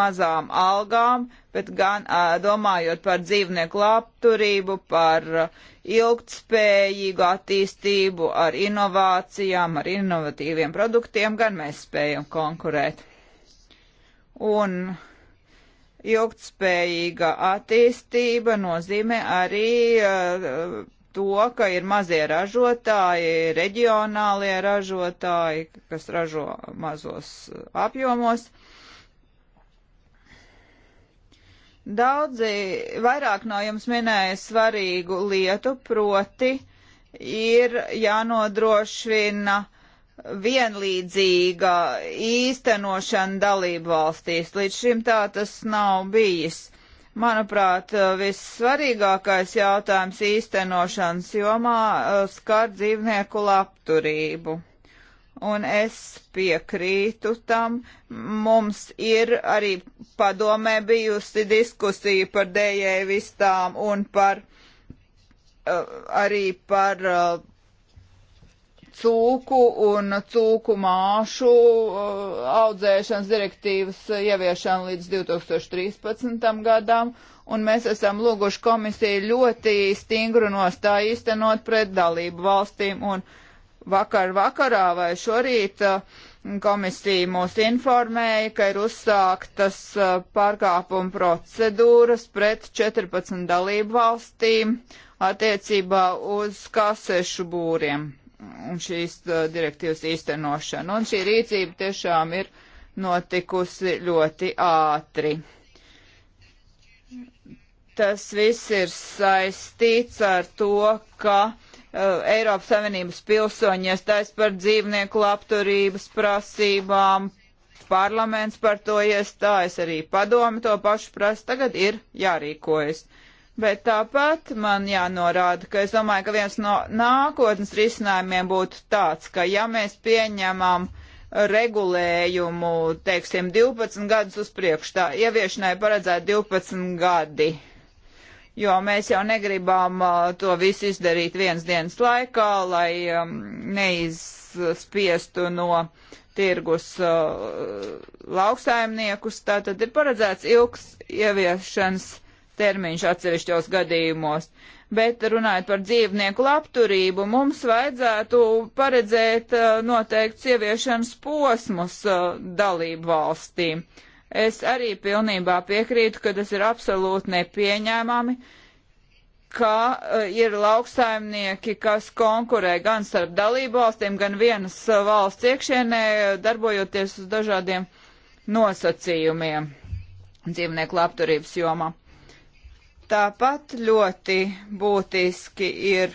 mazām algām, bet gan uh, domājot par dzīvnieku labturību, par uh, ilgtspējīgu attīstību, ar inovācijām, ar inovatīviem produktiem, gan mēs spējam konkurēt. Un uh, Ilgtspējīga attīstība nozīmē arī uh, to, ka ir mazie ražotāji, reģionālie ražotāji, kas ražo mazos uh, apjomos. Daudzi vairāk no jums minēja svarīgu lietu, proti ir jānodrošina uh, vienlīdzīga īstenošana dalību valstīs. Līdz šim tā tas nav bijis. Manuprāt, vissvarīgākais jautājums īstenošanas jomā eh, skar dzīvnieku labturību. Un es piekrītu tam. Mums ir arī padomē bijusi diskusija par dējēju vistām un par, eh, arī par eh, cūku un cūku māšu uh, audzēšanas direktīvas ieviešanu līdz 2013. gadam, un mēs esam lūguši komisiju ļoti stingru nostāju īstenot pret dalību valstīm, un vakar vakarā vai šorīt uh, komisija mūs informēja, ka ir uzsāktas uh, pārkāpuma procedūras pret 14 dalību valstīm attiecībā uz kasešu būriem un šīs uh, direktīvas īstenošanu. Un šī rīcība tiešām ir notikusi ļoti ātri. Tas viss ir saistīts ar to, ka uh, Eiropas Savienības pilsoņi iestājas par dzīvnieku labturības prasībām, parlaments par to iestājas, arī padomi to pašu prasa, tagad ir jārīkojas. Uh, Bet tāpat man jānorāda, ka es domāju, ka viens no nākotnes risinājumiem būtu tāds, ka ja mēs pieņemam regulējumu, teiksim, 12 gadus uz priekšu, tā ieviešanai paredzēt 12 gadi, jo mēs jau negribam uh, to visu izdarīt viens dienas laikā, lai um, neizspiestu no tirgus uh, lauksaimniekus, tā tad ir paredzēts ilgs ieviešanas termiņš atsevišķos gadījumos. Bet runājot par dzīvnieku labturību, mums vajadzētu paredzēt uh, noteikts ieviešanas posmus uh, dalību valstīm. Es arī pilnībā piekrītu, ka tas ir absolūti nepieņēmami, ka uh, ir lauksaimnieki, kas konkurē gan starp dalību valstīm, gan vienas valsts iekšienē, darbojoties uz dažādiem nosacījumiem dzīvnieku labturības jomā. Tāpat ļoti būtiski ir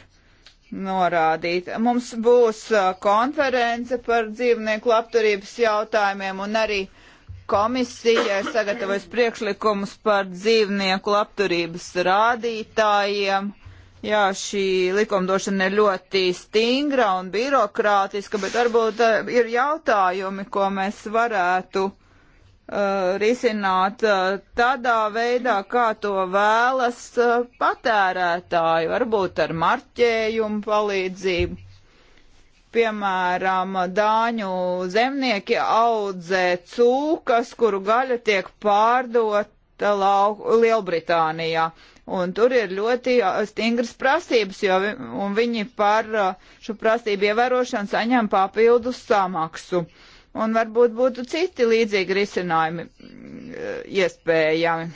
norādīt. Mums būs uh, konference par dzīvnieku labturības jautājumiem un arī komisija ir sagatavojusi priekšlikumus par dzīvnieku labturības rādītājiem. Jā, šī likumdošana ir ļoti stingra un birokrātiska, bet varbūt uh, ir jautājumi, ko mēs varētu Uh, risināt uh, tādā veidā, kā to vēlas uh, patērētāji, varbūt ar marķējumu palīdzību. Piemēram, dāņu zemnieki audzē cūkas, kuru gaļa tiek pārdota Lielbritānijā. Un tur ir ļoti stingras prasības, jo vi viņi par šo prasību ievērošanu saņem papildus samaksu. Uh, un varbūt būtu citi līdzīgi risinājumi mm, iespējami.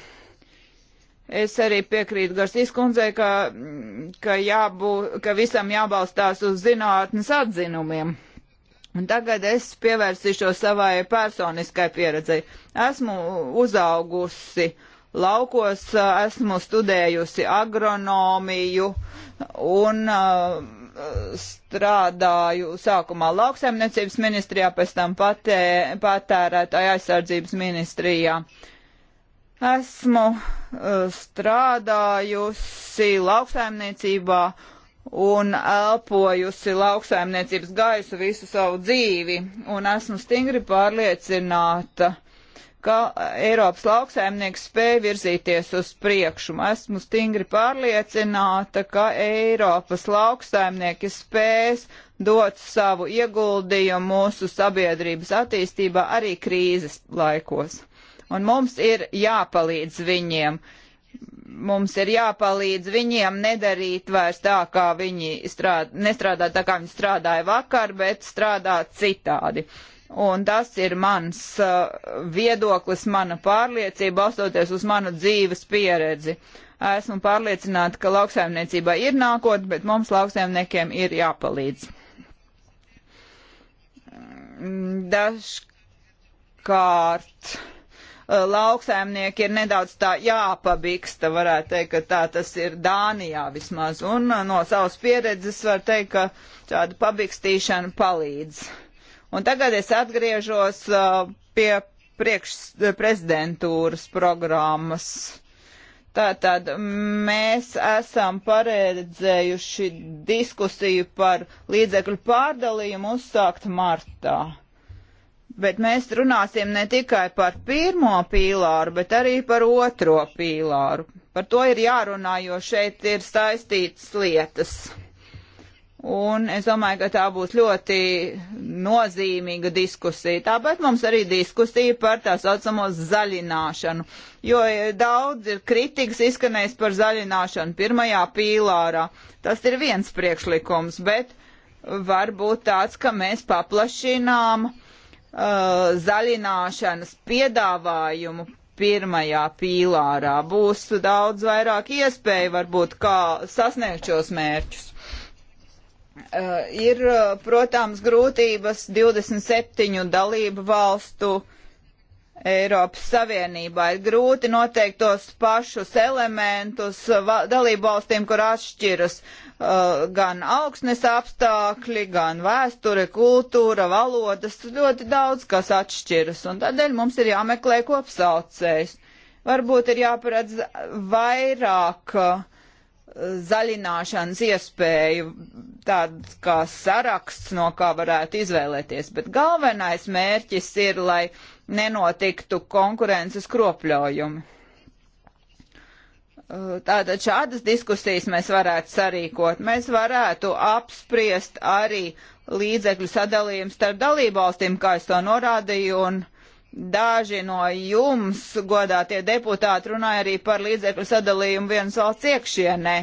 Es arī piekrītu Garstīs kundzei, ka, mm, ka, jābū, ka visam jābalstās uz zinātnes atzinumiem. Un tagad es pievērsīšos savai personiskai pieredzei. Esmu uzaugusi laukos, esmu studējusi agronomiju un uh, Eh, strādāju sākumā lauksaimniecības ministrijā, pēc tam patē, patērētāja aizsardzības ministrijā. Esmu eh, strādājusi lauksaimniecībā un elpojusi lauksaimniecības gaisu visu savu dzīvi, un esmu stingri pārliecināta, ka Eiropas lauksaimnieks spēja virzīties uz priekšu. Esmu stingri pārliecināta, ka Eiropas lauksaimnieki spēs dot savu ieguldījumu mūsu sabiedrības attīstībā arī krīzes laikos. Un mums ir jāpalīdz viņiem. Mums ir jāpalīdz viņiem nedarīt vairs tā, kā viņi strādā, nestrādāt tā, kā viņi strādāja vakar, bet strādāt citādi. Uh, Un tas ir mans uh, viedoklis, mana pārliecība, balstoties uz manu dzīves pieredzi. Esmu pārliecināta, ka lauksaimniecībā ir nākotne, bet mums lauksaimniekiem ir jāpalīdz. Dažkārt uh, lauksaimnieki ir nedaudz tā jāpabiksta, varētu teikt, ka tā tas ir Dānijā vismaz. Un uh, no savas pieredzes var teikt, ka tāda pabikstīšana palīdz. Uh, Un tagad es atgriežos uh, pie priekšprezidentūras eh, programmas. Tātad mēs esam paredzējuši diskusiju par līdzekļu pārdalījumu uzsākt martā. Bet mēs runāsim ne tikai par pirmo pīlāru, bet arī par otro pīlāru. Par to ir jārunā, jo šeit ir saistītas lietas. Un es domāju, ka tā būs ļoti nozīmīga diskusija. Tāpat mums arī diskusija par tā saucamo zaļināšanu, jo daudz ir kritikas izskanējis par zaļināšanu pirmajā pīlārā. Tas ir viens priekšlikums, bet var būt tāds, ka mēs paplašinām uh, zaļināšanas piedāvājumu pirmajā pīlārā. Būs daudz vairāk iespēju varbūt kā sasniegt šos mērķus. Eh, ir, eh, protams, grūtības 27 dalību valstu Eiropas Savienībā. Ir grūti noteikt tos pašus elementus dalību valstīm, kur atšķiras uh, gan augsnes apstākļi, gan vēsture, kultūra, valodas, ļoti daudz kas atšķiras, un tādēļ mums ir jāmeklē kopsaucējs. Varbūt ir jāparedz vairāk uh, zaļināšanas iespēju, tāds kā saraksts, no kā varētu izvēlēties, bet galvenais mērķis ir, lai nenotiktu konkurences kropļojumi. Uh, tātad šādas diskusijas mēs varētu sarīkot. Mēs varētu apspriest arī līdzekļu sadalījumu starp dalībvalstīm, kā es to norādīju, un Daži no jums, godātie deputāti, runāja arī par līdzekļu sadalījumu vienas valsts iekšienē.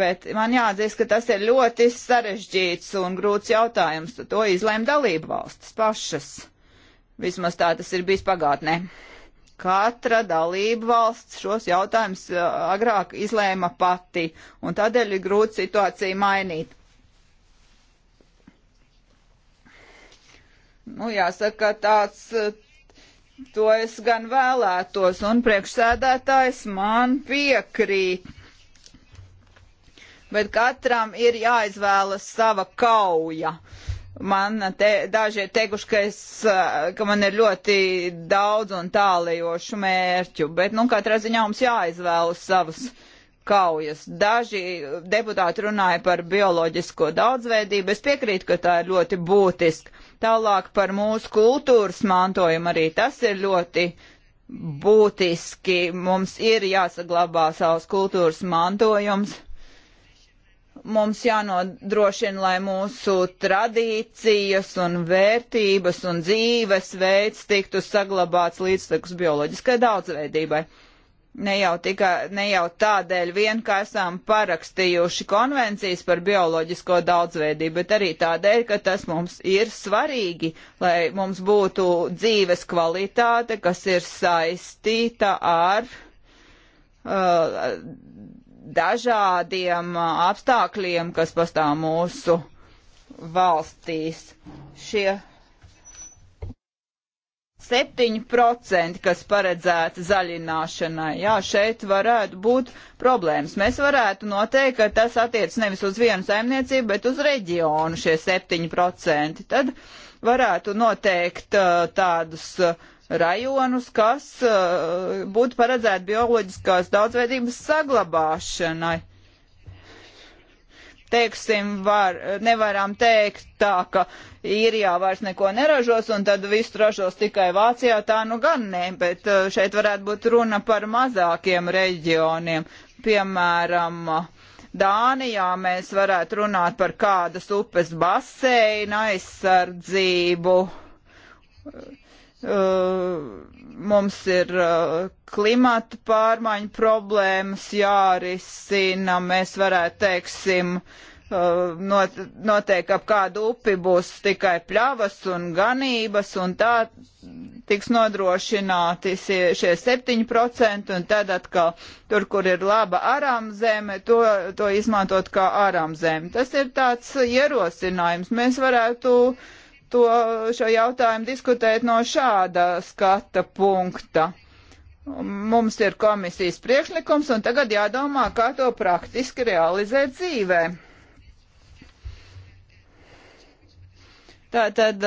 Bet man jāatzīst, ka tas ir ļoti sarežģīts un grūts jautājums. To izlēma dalību valstis pašas. Vismaz tā tas ir bijis pagātnē. Katra dalība valsts šos jautājumus uh, agrāk izlēma pati, un tādēļ ir grūti situāciju mainīt. Nu, jāsaka, tāds uh, To es gan vēlētos, un priekšsēdētājs man piekrīt. Bet katram ir jāizvēlas sava kauja. Man te, daži ir teikuši, ka, es, ka man ir ļoti daudz un tālajošu mērķu, bet nu, katrā ziņā mums jāizvēlas savas kaujas. Daži deputāti runāja par bioloģisko daudzveidību. Es piekrītu, ka tā ir ļoti būtiska Tālāk par mūsu kultūras mantojumu arī tas ir ļoti būtiski. Mums ir jāsaglabā savs kultūras mantojums. Mums jānodrošina, lai mūsu tradīcijas un vērtības un dzīves veids tiktu saglabāts līdztekus bioloģiskai daudzveidībai. Uh, Ne jau, tika, ne jau tādēļ vien, ka esam parakstījuši konvencijas par bioloģisko daudzveidību, bet arī tādēļ, ka tas mums ir svarīgi, lai mums būtu dzīves kvalitāte, kas ir saistīta ar uh, dažādiem uh, apstākļiem, kas pastāv mūsu valstīs. Šie 7%, kas paredzēta zaļināšanai. Jā, šeit varētu būt problēmas. Mēs varētu noteikt, ka tas attiec nevis uz vienu saimniecību, bet uz reģionu šie 7%. Tad varētu noteikt uh, tādus uh, rajonus, kas uh, būtu paredzēti bioloģiskās daudzveidības saglabāšanai teiksim, var, nevaram teikt tā, ka īrijā vairs neko neražos un tad viss ražos tikai Vācijā, tā nu gan ne, bet eh, šeit varētu būt runa par mazākiem reģioniem. Piemēram, Dānijā mēs varētu runāt par kādas upes baseina aizsardzību Uh, mums ir uh, klimata pārmaiņu problēmas jārisina, mēs varētu, teiksim, uh, not, noteik ap kādu upi būs tikai pļavas un ganības, un tā tiks nodrošināti šie 7%, un tad atkal tur, kur ir laba aramzeme, to, to izmantot kā aramzeme. Tas ir tāds ierosinājums. Mēs varētu uh, to, šo jautājumu diskutēt no šāda skata punkta. Mums ir komisijas priekšlikums, un tagad jādomā, kā to praktiski realizēt dzīvē. Tātad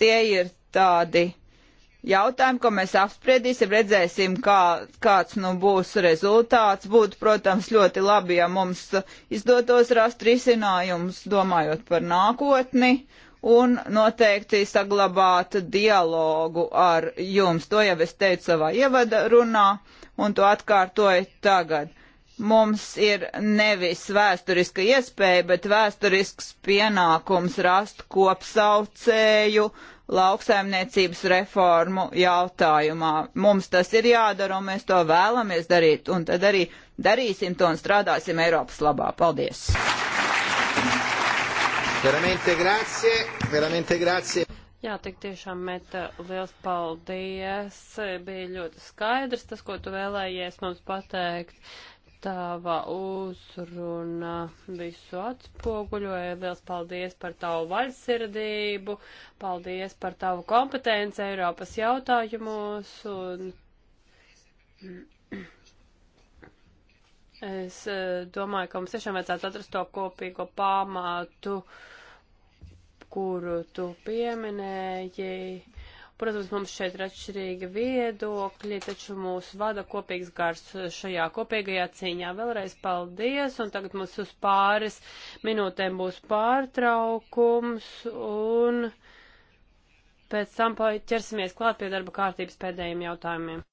tie ir tādi jautājumi, ko mēs apspriedīsim, redzēsim, kā, kāds nu būs rezultāts. Būtu, protams, ļoti labi, ja mums izdotos rast risinājumus, domājot par nākotni un noteikti saglabāt dialogu ar jums. To jau es teicu savā ievada runā un to atkārtoju tagad. Mums ir nevis vēsturiska iespēja, bet vēsturisks pienākums rast kopsaucēju lauksaimniecības reformu jautājumā. Mums tas ir jādara un mēs to vēlamies darīt, un tad arī darīsim to un strādāsim Eiropas labā. Paldies! Veramente grazie, veramente grazie. Jā, tik tiešām, Meta, liels paldies. Bija ļoti skaidrs tas, ko tu vēlējies mums pateikt. Tava uzruna visu atspoguļoja. Liels paldies par tavu vaļsirdību, paldies par tavu kompetenci Eiropas jautājumos. Un... Es e, domāju, ka mums tiešām vajadzētu atrast to kopīgo pamatu, kuru tu pieminēji. Protams, mums šeit ir atšķirīgi viedokļi, taču mūs vada kopīgs gars šajā kopīgajā cīņā. Vēlreiz paldies, un tagad mums uz pāris minūtēm būs pārtraukums, un pēc tam ķersimies klāt pie darba kārtības pēdējiem jautājumiem.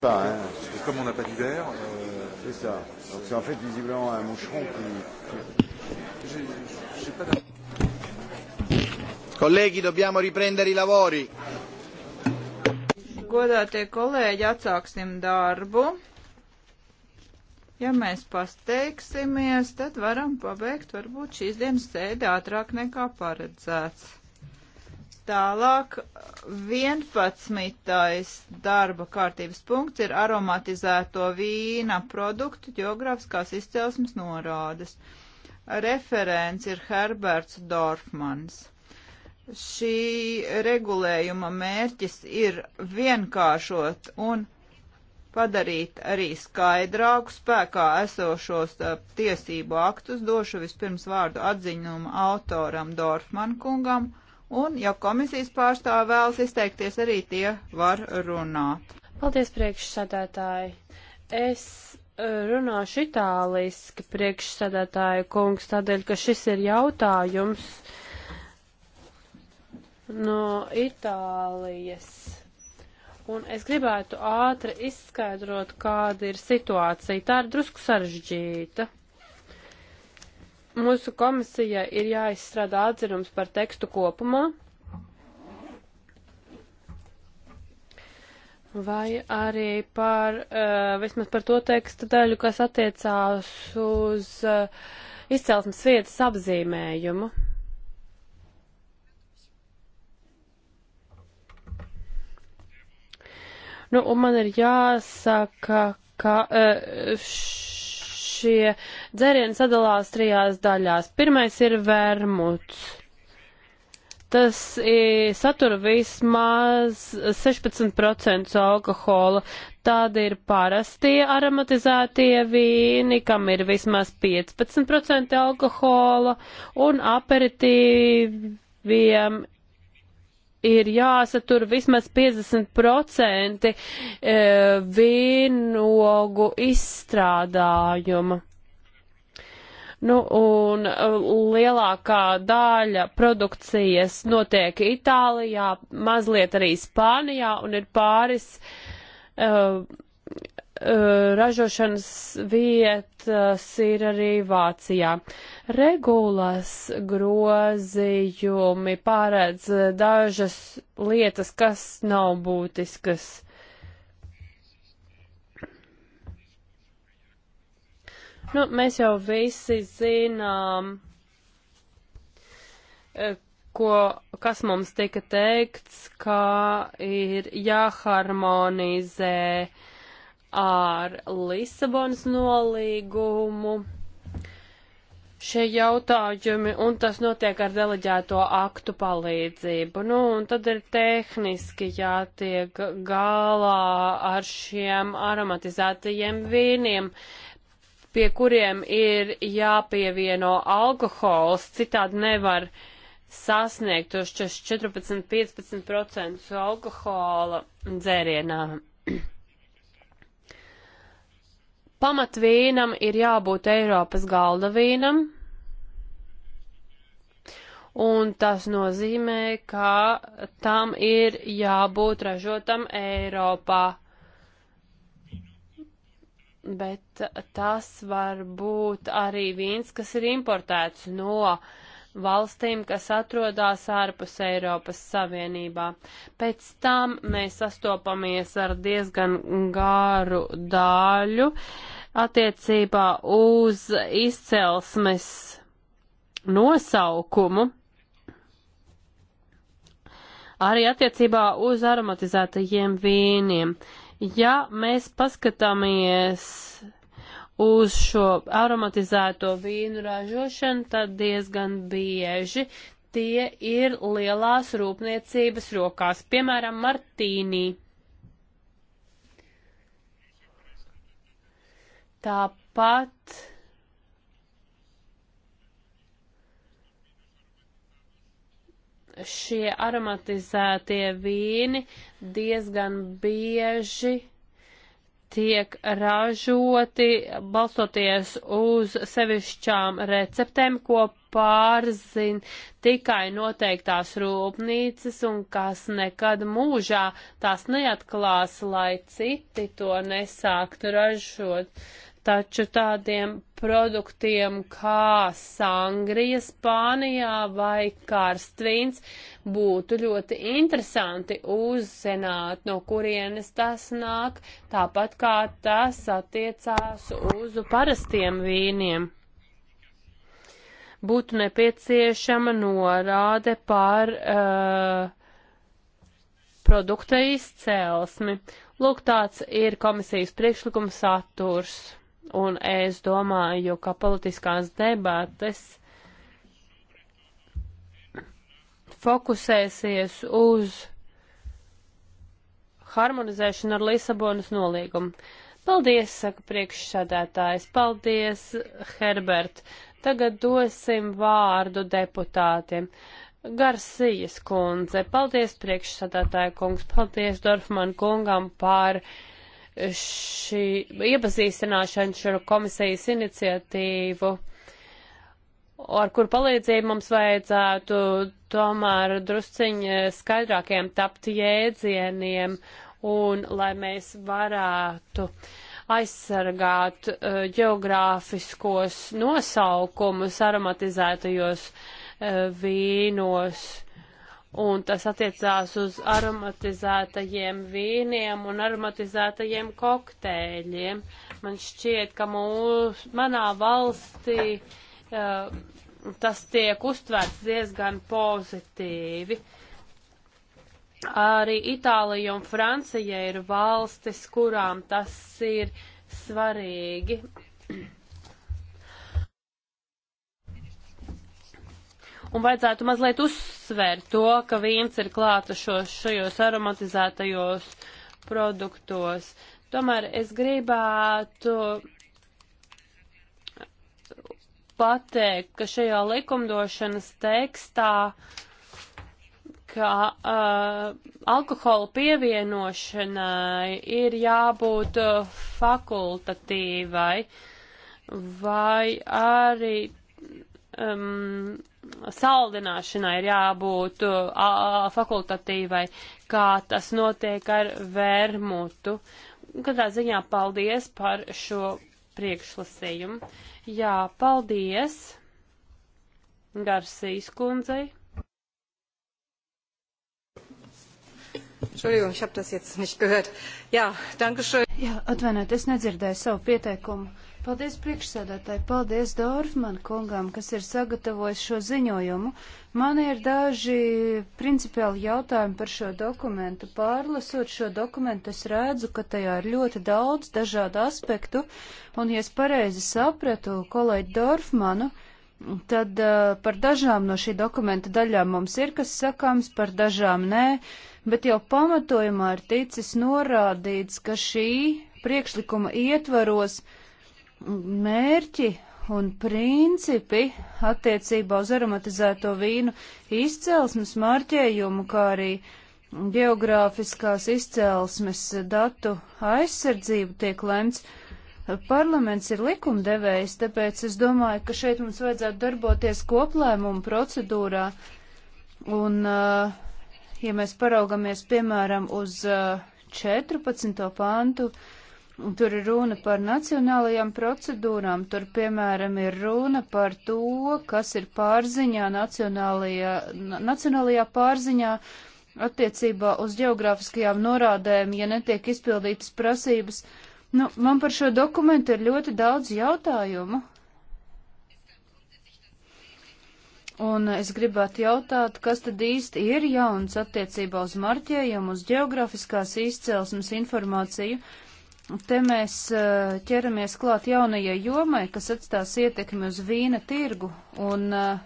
Pas, hein. Parce que comme on n'a pas d'hiver. Euh... C'est ça. Donc c'est en fait visiblement un moucheron qui. J'ai pas Colleghi, dobbiamo riprendere i lavori. Godātie kolēģi, atsāksim darbu. Ja mēs pasteiksimies, tad varam pabeigt varbūt šīs dienas sēdi ātrāk nekā paredzēts. Tālāk 11. darba kārtības punkts ir aromatizēto vīna produktu geogrāfiskās izcelsmes norādes. Referents ir Herberts Dorfmans. Šī regulējuma mērķis ir vienkāršot un padarīt arī skaidrāku spēkā esošos tiesību aktus. Došu vispirms vārdu atziņumu autoram Dorfman kungam. Uh, Un, ja komisijas pārstāv vēlas izteikties, arī tie var runāt. Paldies, priekšsādātāji. Es eh, runāšu itāliski, priekšsādātāju kungs, tādēļ, ka šis ir jautājums no Itālijas. Un es gribētu ātri izskaidrot, kāda ir situācija. Tā ir drusku sarežģīta. Mūsu komisija ir jāizstrādā atzinums par tekstu kopumā. Vai arī par, uh, vismaz par to tekstu daļu, kas attiecās uz uh, izcelsmes vietas apzīmējumu. Nu, un man ir jāsaka, ka uh, š šie dzērieni sadalās trijās daļās. Pirmais ir vermuts. Tas i, satura vismaz 16% alkohola. Tādi ir parastie aromatizētie vīni, kam ir vismaz 15% alkohola, un aperitīviem ir jāsatur vismaz 50% e, vīnogu izstrādājuma. Nu, un e, lielākā daļa produkcijas notiek Itālijā, mazliet arī Spānijā, un ir pāris uh, Eh, ražošanas vietas ir arī Vācijā. Regulas grozījumi pārēdz dažas lietas, kas nav būtiskas. Nu, mēs jau visi zinām, eh, ko, kas mums tika teikts, kā ir jāharmonizē uh, ar Lisabonas nolīgumu šie jautājumi, un tas notiek ar deleģēto aktu palīdzību. Nu, un tad ir tehniski jātiek galā ar šiem aromatizētajiem vīniem, pie kuriem ir jāpievieno alkohols, citādi nevar sasniegt tos 14-15% alkohola dzērienā. Pamatvīnam ir jābūt Eiropas galdavīnam, un tas nozīmē, ka tam ir jābūt ražotam Eiropā. Bet tas var būt arī vīns, kas ir importēts no uh, valstīm, kas atrodas ārpus Eiropas Savienībā. Pēc tam mēs sastopamies ar diezgan gāru dāļu attiecībā uz izcelsmes nosaukumu. Arī attiecībā uz aromatizētajiem vīniem. Ja mēs paskatāmies uz šo aromatizēto vīnu ražošanu, tad diezgan bieži tie ir lielās rūpniecības rokās, piemēram, Martīnī. Tāpat šie aromatizētie vīni diezgan bieži tiek ražoti balstoties uz sevišķām receptēm, ko pārzin tikai noteiktās rūpnīcas un kas nekad mūžā tās neatklās, lai citi to nesāktu ražot. Uh, Taču tādiem produktiem kā Sangrija Spānijā vai Karstvīns būtu ļoti interesanti uzzināt, no kurienes tas nāk, tāpat kā tas attiecās uz parastiem vīniem. Būtu nepieciešama norāde par uh, produkta izcēlesmi. Lūk, tāds ir komisijas priekšlikuma saturs. Un es domāju, ka politiskās debates fokusēsies uz harmonizēšanu ar Lisabonas nolīgumu. Paldies, saka priekšsādātājs, paldies, Herbert. Tagad dosim vārdu deputātiem. Garsijas kundze, paldies priekšsādātāja kungs, paldies Dorfman kungam par šī iepazīstināšana šo komisijas iniciatīvu, ar kur palīdzību mums vajadzētu tomēr drusciņi eh, skaidrākiem tapt jēdzieniem un lai mēs varētu aizsargāt uh, geogrāfiskos nosaukumus aromatizētajos uh, vīnos un tas attiecās uz aromatizētajiem vīniem un aromatizētajiem kokteļiem. Man šķiet, ka mūs, manā valstī uh, tas tiek uztverts diezgan pozitīvi. Arī Itālija un Francija ir valstis, kurām tas ir svarīgi. Un vajadzētu mazliet uzsākt uzsver to, ka vīns ir klāta šos, šajos aromatizētajos produktos. Tomēr es gribētu pateikt, ka šajā likumdošanas tekstā, ka uh, alkohola pievienošanai ir jābūt uh, fakultatīvai, vai arī um, saldināšanai ir jābūt uh, fakultatīvai, kā tas notiek ar vermutu. Katrā ziņā paldies par šo priekšlasījumu. Jā, paldies Garsīs kundzei. Entschuldigung, ich habe das jetzt nicht gehört. Ja, danke schön. Ja, atvainojiet, es nedzirdēju savu pieteikumu. Paldies priekšsēdētāji, paldies Dorfman kungam, kas ir sagatavojis šo ziņojumu. Man ir daži principiāli jautājumi par šo dokumentu. Pārlasot šo dokumentu, es redzu, ka tajā ir ļoti daudz dažādu aspektu, un, ja es pareizi sapratu kolēģi Dorfmanu, tad uh, par dažām no šī dokumenta daļām mums ir kas sakāms, par dažām nē, bet jau pamatojumā ir ticis norādīts, ka šī priekšlikuma ietvaros uh, mērķi un principi attiecībā uz aromatizēto vīnu izcelsmes marķējumu, kā arī geogrāfiskās izcelsmes datu aizsardzību tiek lemts. Parlaments ir likumdevējs, tāpēc es domāju, ka šeit mums vajadzētu darboties koplēmumu procedūrā. Un, uh, ja mēs paraugamies, piemēram, uz 14. pantu, uh, Tur ir runa par nacionālajām procedūrām, tur, piemēram, ir runa par to, kas ir pārziņā nacionālajā, nacionālajā pārziņā attiecībā uz geogrāfiskajām norādēm, ja netiek izpildītas prasības. Nu, man par šo dokumentu ir ļoti daudz jautājumu. Un es gribētu jautāt, kas tad īsti ir jauns attiecībā uz marķējumu, uz geogrāfiskās izcelsmes informāciju. Uh, Te mēs eh, ķeramies klāt jaunajai jomai, kas atstās ietekmi uz vīna tirgu, un eh,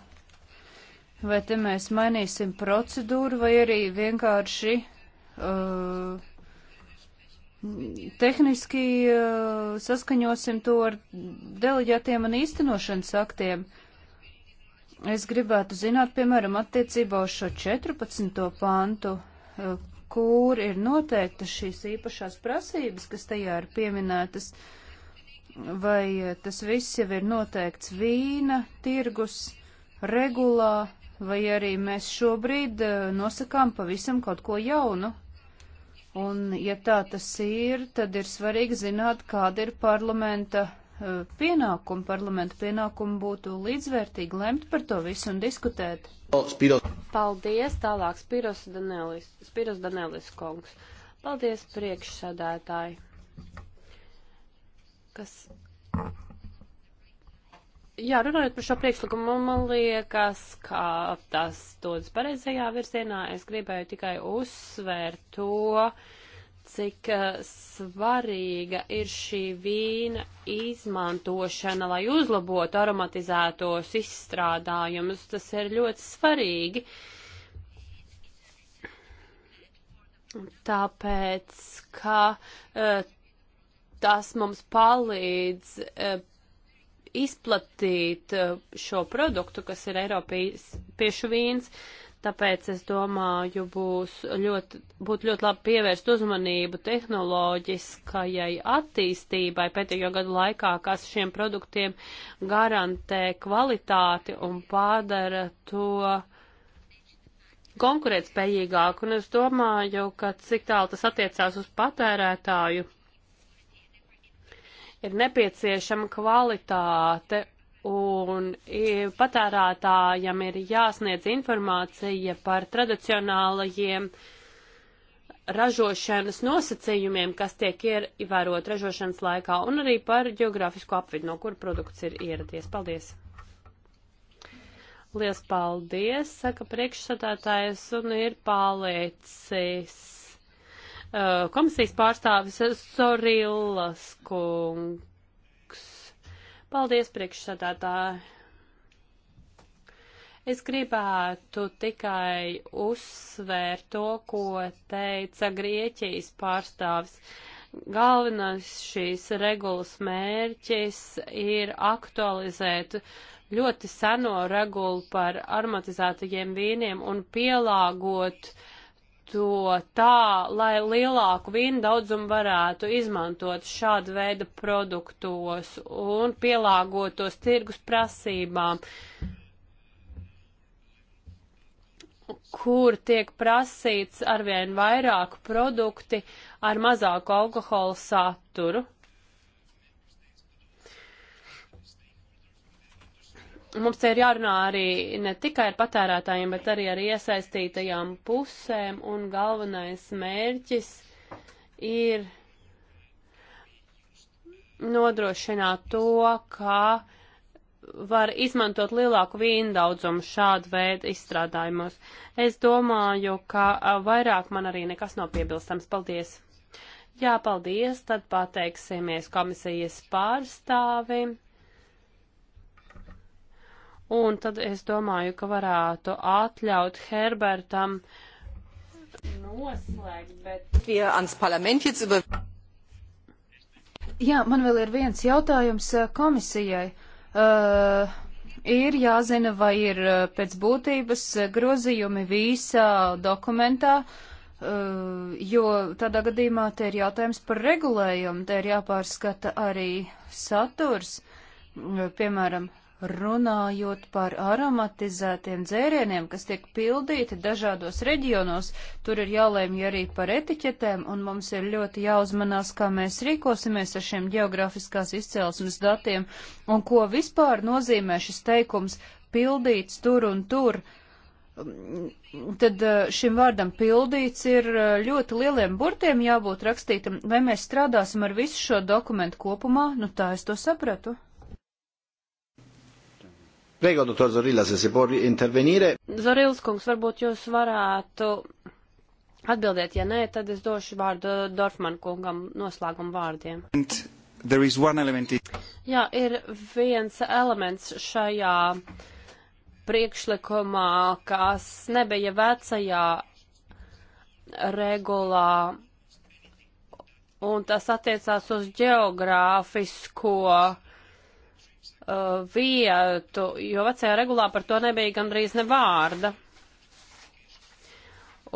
vai te mēs mainīsim procedūru, vai arī vienkārši uh, tehniski uh, saskaņosim to ar deleģētiem un īstenošanas aktiem. Es gribētu zināt, piemēram, attiecībā uz šo 14. pantu, uh, kur ir noteiktas šīs īpašās prasības, kas tajā ir pieminētas, vai eh, tas viss jau ir noteikts vīna, tirgus, regulā, vai arī mēs šobrīd eh, nosakām pavisam kaut ko jaunu. Un, ja tā tas ir, tad ir svarīgi zināt, kāda ir parlamenta Eh, pienākumu, parlamenta pienākumu būtu līdzvērtīgi lemt par to visu un diskutēt. Paldies, tālāk Spiros Danelis, Spiros Danelis kungs. Paldies, priekšsēdētāji. Kas Jā, runājot par šo priekšlikumu, man liekas, ka tas dodas pareizajā virzienā. Es gribēju tikai uzsvērt to, cik uh, svarīga ir šī vīna izmantošana, lai uzlabotu aromatizētos izstrādājumus. Tas ir ļoti svarīgi. Tāpēc, ka uh, tas mums palīdz uh, izplatīt šo produktu, kas ir Eiropiešu vīns. Tāpēc es domāju, būs ļoti, būtu ļoti labi pievērst uzmanību tehnoloģiskajai attīstībai pēdējo gadu laikā, kas šiem produktiem garantē kvalitāti un padara to konkurētspējīgāk. Un es domāju, ka cik tālu tas attiecās uz patērētāju, ir nepieciešama kvalitāte un patērētājam ir jāsniedz informācija par tradicionālajiem ražošanas nosacījumiem, kas tiek ievērot ražošanas laikā, un arī par geogrāfisko apvidu, no kur produkts ir ieradies. Paldies! Lielas paldies, saka priekšsādātājs, un ir palicis uh, komisijas pārstāvis Sorillas kungs Paldies, priekšsādātāji! Es gribētu tikai uzsvērt to, ko teica Grieķijas pārstāvis. Galvenais šīs regulas mērķis ir aktualizēt ļoti seno regulu par aromatizētajiem vīniem un pielāgot uh, to tā, lai lielāku vīnu daudzumu varētu izmantot šāda veida produktos un pielāgotos tirgus prasībām, kur tiek prasīts arvien vairāk produkti ar mazāku alkohola saturu. Mums te ir jārunā arī ne tikai ar patērētājiem, bet arī ar iesaistītajām pusēm, un galvenais mērķis ir nodrošināt to, ka var izmantot lielāku vīnu daudzumu šādu veidu izstrādājumos. Es domāju, ka vairāk man arī nekas nav piebilstams. Paldies! Jā, paldies! Tad pateiksimies komisijas pārstāvim un tad es domāju, ka varētu atļaut Herbertam noslēgt, bet. Jā, man vēl ir viens jautājums eh, komisijai. Uh, ir jāzina, vai ir eh, pēc būtības grozījumi visā dokumentā, jo tādā gadījumā te ir jautājums par regulējumu, te ir jāpārskata arī saturs, piemēram, Runājot par aromatizētiem dzērieniem, kas tiek pildīti dažādos reģionos, tur ir jālēmj arī par etiķetēm, un mums ir ļoti jāuzmanās, kā mēs rīkosimies ar šiem geogrāfiskās izcelsmes datiem, un ko vispār nozīmē šis teikums pildīts tur un tur. Tad eh, šim vārdam pildīts ir eh, ļoti lieliem burtiem jābūt rakstītam, vai mēs strādāsim ar visu šo dokumentu kopumā, nu tā es to sapratu. Prego, doktor Zorilla, se se può intervenire. Zorils kungs, varbūt jūs varētu atbildēt, ja nē, tad es došu vārdu Dorfman kungam noslēgumu vārdiem. Jā, ir viens elements šajā priekšlikumā, kas nebija vecajā regulā, un tas attiecās uz geogrāfisko uh, uh, vietu, jo vecajā regulā par to nebija gandrīz ne vārda.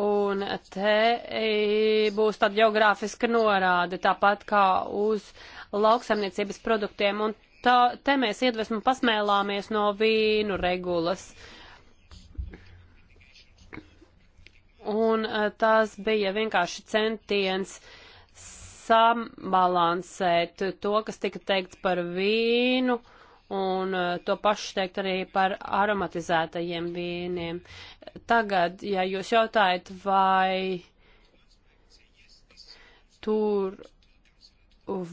Un te būs tāda geogrāfiska norāde, tāpat kā uz lauksaimniecības produktiem. Un tā, te mēs iedvesmu pasmēlāmies no vīnu regulas. Un uh, tas bija vienkārši centiens sabalansēt to, kas tika teikts par vīnu. Uh, Un eh, to pašu teikt arī par aromatizētajiem vīniem. Tagad, ja jūs jautājat, vai tur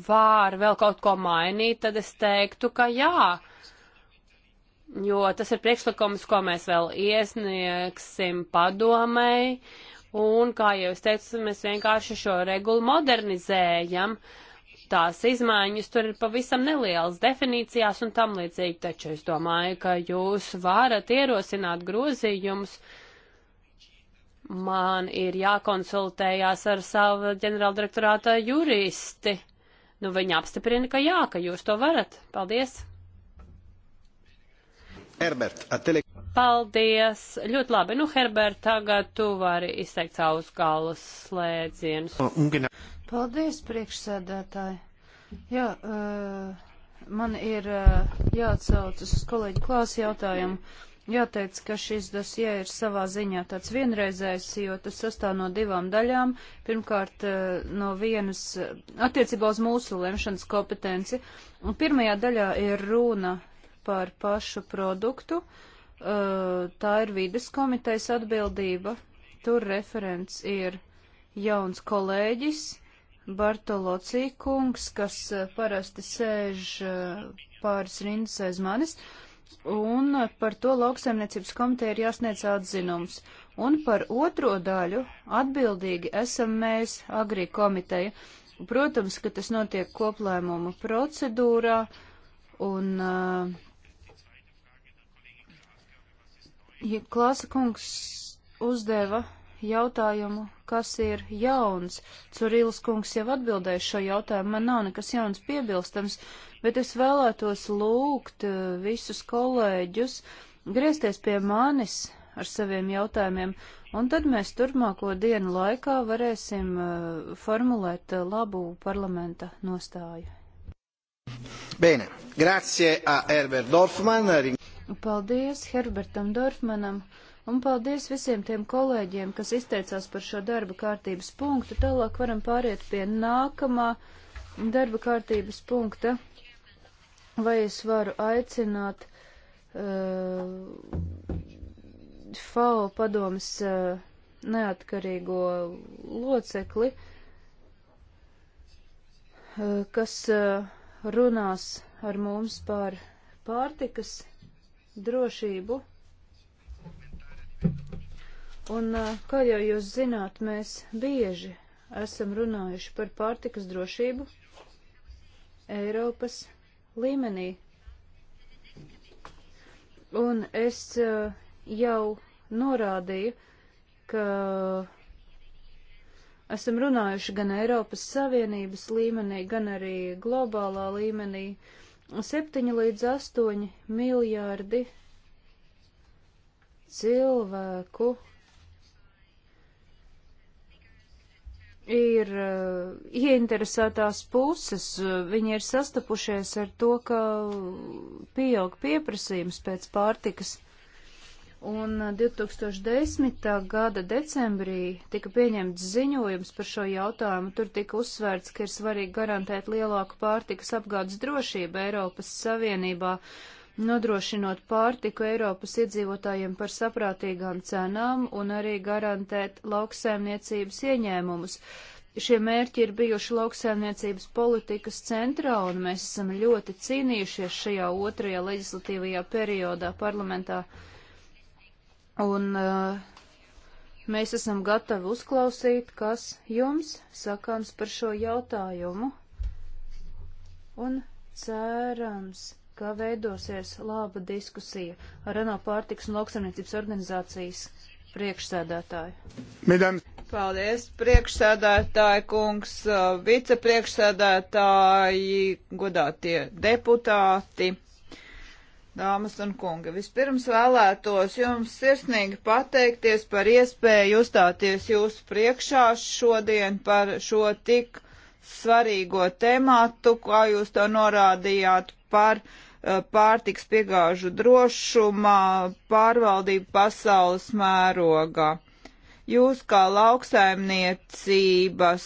var vēl kaut ko mainīt, tad es teiktu, ka jā. Jo tas ir priekšlikums, ko mēs vēl iesniegsim padomēji. Un, kā jau es teicu, mēs vienkārši šo regulu modernizējam. Uh, tās izmaiņas tur ir pavisam nelielas definīcijās un tam līdzīgi, taču es domāju, ka jūs varat ierosināt grozījumus. Man ir jākonsultējās ar savu ģenerāldirektorāta juristi. Nu, viņa apstiprina, ka jā, ka jūs to varat. Paldies! Herbert, atele... Paldies! Ļoti labi. Nu, Herbert, tagad tu vari izteikt savus galus slēdzienus. Un, un, Paldies, priekšsēdētāji. Jā, uh, man ir uh, eh, jāatsaucas uz kolēģi klāsu jautājumu. Jāteic, ka šis dosie ir savā ziņā tāds vienreizējs, jo tas sastāv no divām daļām. Pirmkārt, eh, no vienas attiecībā uz mūsu lemšanas kompetenci. Un pirmajā daļā ir runa par pašu produktu. Tā ir vides komitejas atbildība. Tur referents ir jauns kolēģis, Bartoloci kungs, kas eh, parasti sēž eh, pāris rindas aiz manis, un eh, par to lauksaimniecības komiteja ir jāsniedz atzinums. Un par otro daļu atbildīgi esam mēs, Agri komiteja. Protams, ka tas notiek koplēmumu procedūrā, un uh, ja Klāsa kungs uzdeva jautājumu, kas ir jauns. Curīls kungs jau atbildēja šo jautājumu, man nav nekas jauns piebilstams, bet es vēlētos lūgt eh, visus kolēģus griezties pie manis ar saviem jautājumiem, un tad mēs turpmāko dienu laikā varēsim uh, formulēt uh, labu parlamenta nostāju. Bene, grazie a Herbert Dorfman. Paldies Herbertam Dorfmanam. Un paldies visiem tiem kolēģiem, kas izteicās par šo darba kārtības punktu. Tālāk varam pāriet pie nākamā darba kārtības punkta. Vai es varu aicināt uh, FAO padomas uh, neatkarīgo locekli, uh, kas uh, runās ar mums par pārtikas drošību? Un, kā jau jūs zināt, mēs bieži esam runājuši par pārtikas drošību Eiropas līmenī. Un es jau norādīju, ka esam runājuši gan Eiropas Savienības līmenī, gan arī globālā līmenī. 7 līdz 8 miljārdi cilvēku ir uh, ieinteresētās puses, eh, viņi ir sastapušies ar to, ka pieaug pieprasījums pēc pārtikas. Un 2010. Eh, gada decembrī tika pieņemts ziņojums par šo jautājumu. Tur tika uzsvērts, ka ir svarīgi garantēt lielāku pārtikas apgādes drošību Eiropas Savienībā. Uh, nodrošinot pārtiku Eiropas iedzīvotājiem par saprātīgām cenām un arī garantēt lauksēmniecības ieņēmumus. Šie mērķi ir bijuši lauksēmniecības politikas centrā, un mēs esam ļoti cīnījušies šajā otrajā leģislatīvajā periodā parlamentā. Un uh, mēs esam gatavi uzklausīt, kas jums sakāms par šo jautājumu. Un cerams ka veidosies laba diskusija ar ANO pārtiks un lauksaimniecības organizācijas priekšsēdētāju. Madam. Paldies, priekšsēdētāji kungs, uh, vicepriekšsēdētāji, godātie deputāti. Dāmas un kungi, vispirms vēlētos jums sirsnīgi pateikties par iespēju uzstāties jūsu priekšā šodien par šo tik svarīgo tematu, kā jūs to norādījāt par eh, pārtiks piegāžu drošumā, pārvaldību pasaules mērogā. Jūs kā lauksaimniecības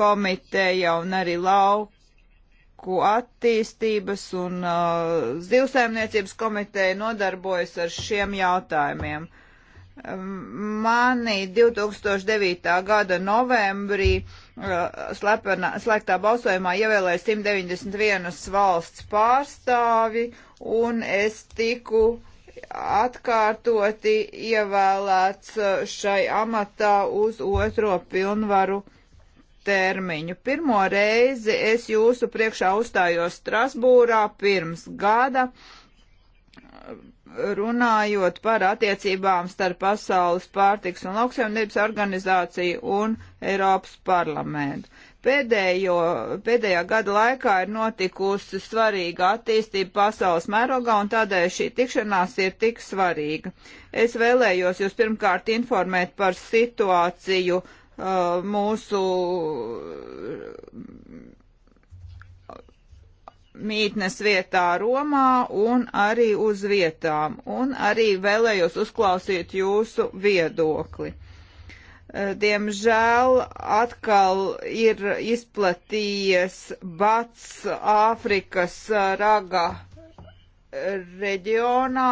komiteja un arī lauku attīstības un uh, zivsaimniecības komiteja nodarbojas ar šiem jautājumiem. Uh, Mani 2009. gada novembrī eh, slepenā, slēgtā balsojumā ievēlēja 191 valsts pārstāvi, un es tiku atkārtoti ievēlēts eh, šai amatā uz otro pilnvaru termiņu. Pirmo reizi es jūsu priekšā uzstājos Strasbūrā pirms gada runājot par attiecībām starp Pasaules pārtiks un lauksaimniecības organizāciju un Eiropas parlamentu. Pēdējo, pēdējā gada laikā ir notikusi svarīga attīstība pasaules mērogā, un tādēļ šī tikšanās ir tik svarīga. Es vēlējos jūs pirmkārt informēt par situāciju uh, mūsu mītnes vietā Romā un arī uz vietām, un arī vēlējos uzklausīt jūsu viedokli. Eh, diemžēl atkal ir izplatījies bats Āfrikas raga reģionā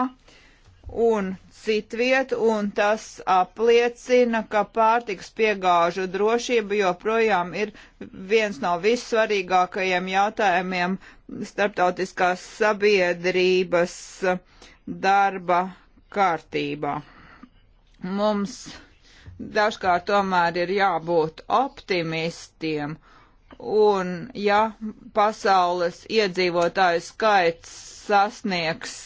un citviet, un tas apliecina, ka pārtiks piegāžu drošība joprojām ir viens no vissvarīgākajiem jautājumiem starptautiskās sabiedrības darba kārtībā. Mums dažkārt tomēr ir jābūt optimistiem, un ja pasaules iedzīvotāju skaits sasniegs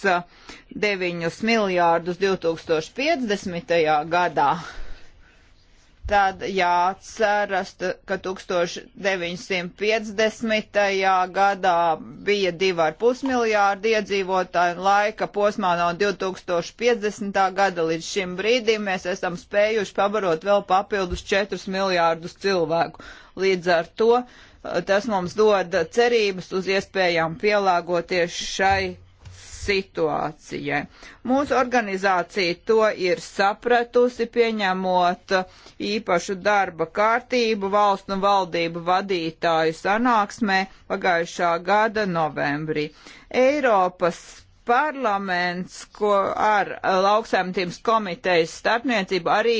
9 miljārdus 2050. gadā, tad jāatceras, ka 1950. gadā bija 2,5 miljārdi iedzīvotāji un laika posmā no 2050. gada līdz šim brīdim mēs esam spējuši pabarot vēl papildus 4 miljārdus cilvēku. Līdz ar to eh, tas mums dod cerības uz iespējām pielāgoties šai situācijai. Mūsu organizācija to ir sapratusi, pieņemot īpašu darba kārtību valstu un valdību vadītāju sanāksmē pagājušā gada novembrī. Eiropas parlaments, ko ar lauksaimniecības komitejas starpniecību arī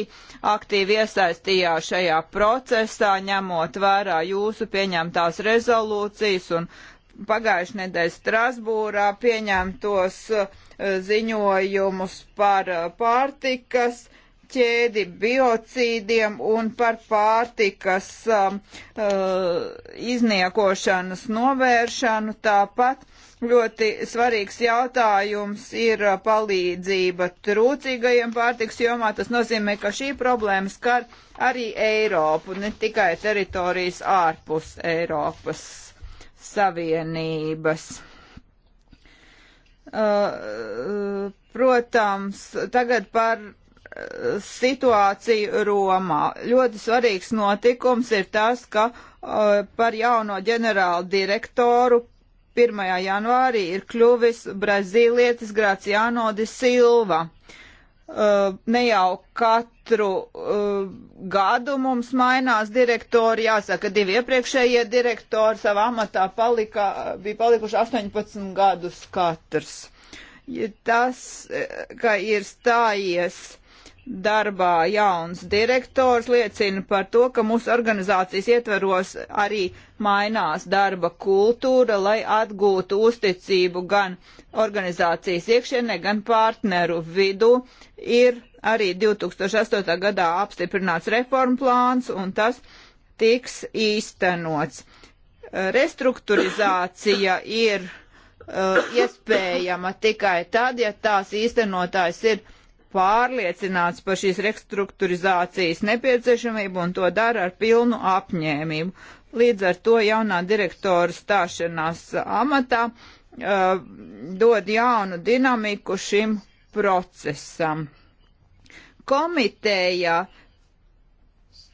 aktīvi iesaistījās šajā procesā, ņemot vērā jūsu pieņemtās rezolūcijas un pagājušajā nedēļā Strasbūrā pieņemtos uh, ziņojumus par uh, pārtikas ķēdi, biocīdiem un par pārtikas um, uh, izniekošanas novēršanu. Tāpat ļoti svarīgs jautājums ir uh, palīdzība trūcīgajiem pārtiks jomā. Tas nozīmē, ka šī problēma skar arī Eiropu, ne tikai teritorijas ārpus Eiropas Savienības. Uh, protams, tagad par uh, situāciju Romā. Ļoti svarīgs notikums ir tas, ka uh, par jauno ģenerālu direktoru 1. janvārī ir kļuvis brazīlietis Graciano de Silva. Eh, ne jau katru uh, gadu mums mainās direktori. Jāsaka, divi iepriekšējie direktori savā amatā palika, bija palikuši 18 gadus katrs. Ja tas, eh, ka ir stājies darbā jauns direktors liecina par to, ka mūsu organizācijas ietveros arī mainās darba kultūra, lai atgūtu uzticību gan organizācijas iekšienē, gan partneru vidu. Ir arī 2008. gadā apstiprināts reformu plāns, un tas tiks īstenots. Restruktūrizācija ir uh, iespējama tikai tad, ja tās īstenotājs ir pārliecināts par šīs restruktūrizācijas nepieciešamību un to dara ar pilnu apņēmību. Līdz ar to jaunā direktora stāšanās amatā uh, dod jaunu dinamiku šim procesam. Komiteja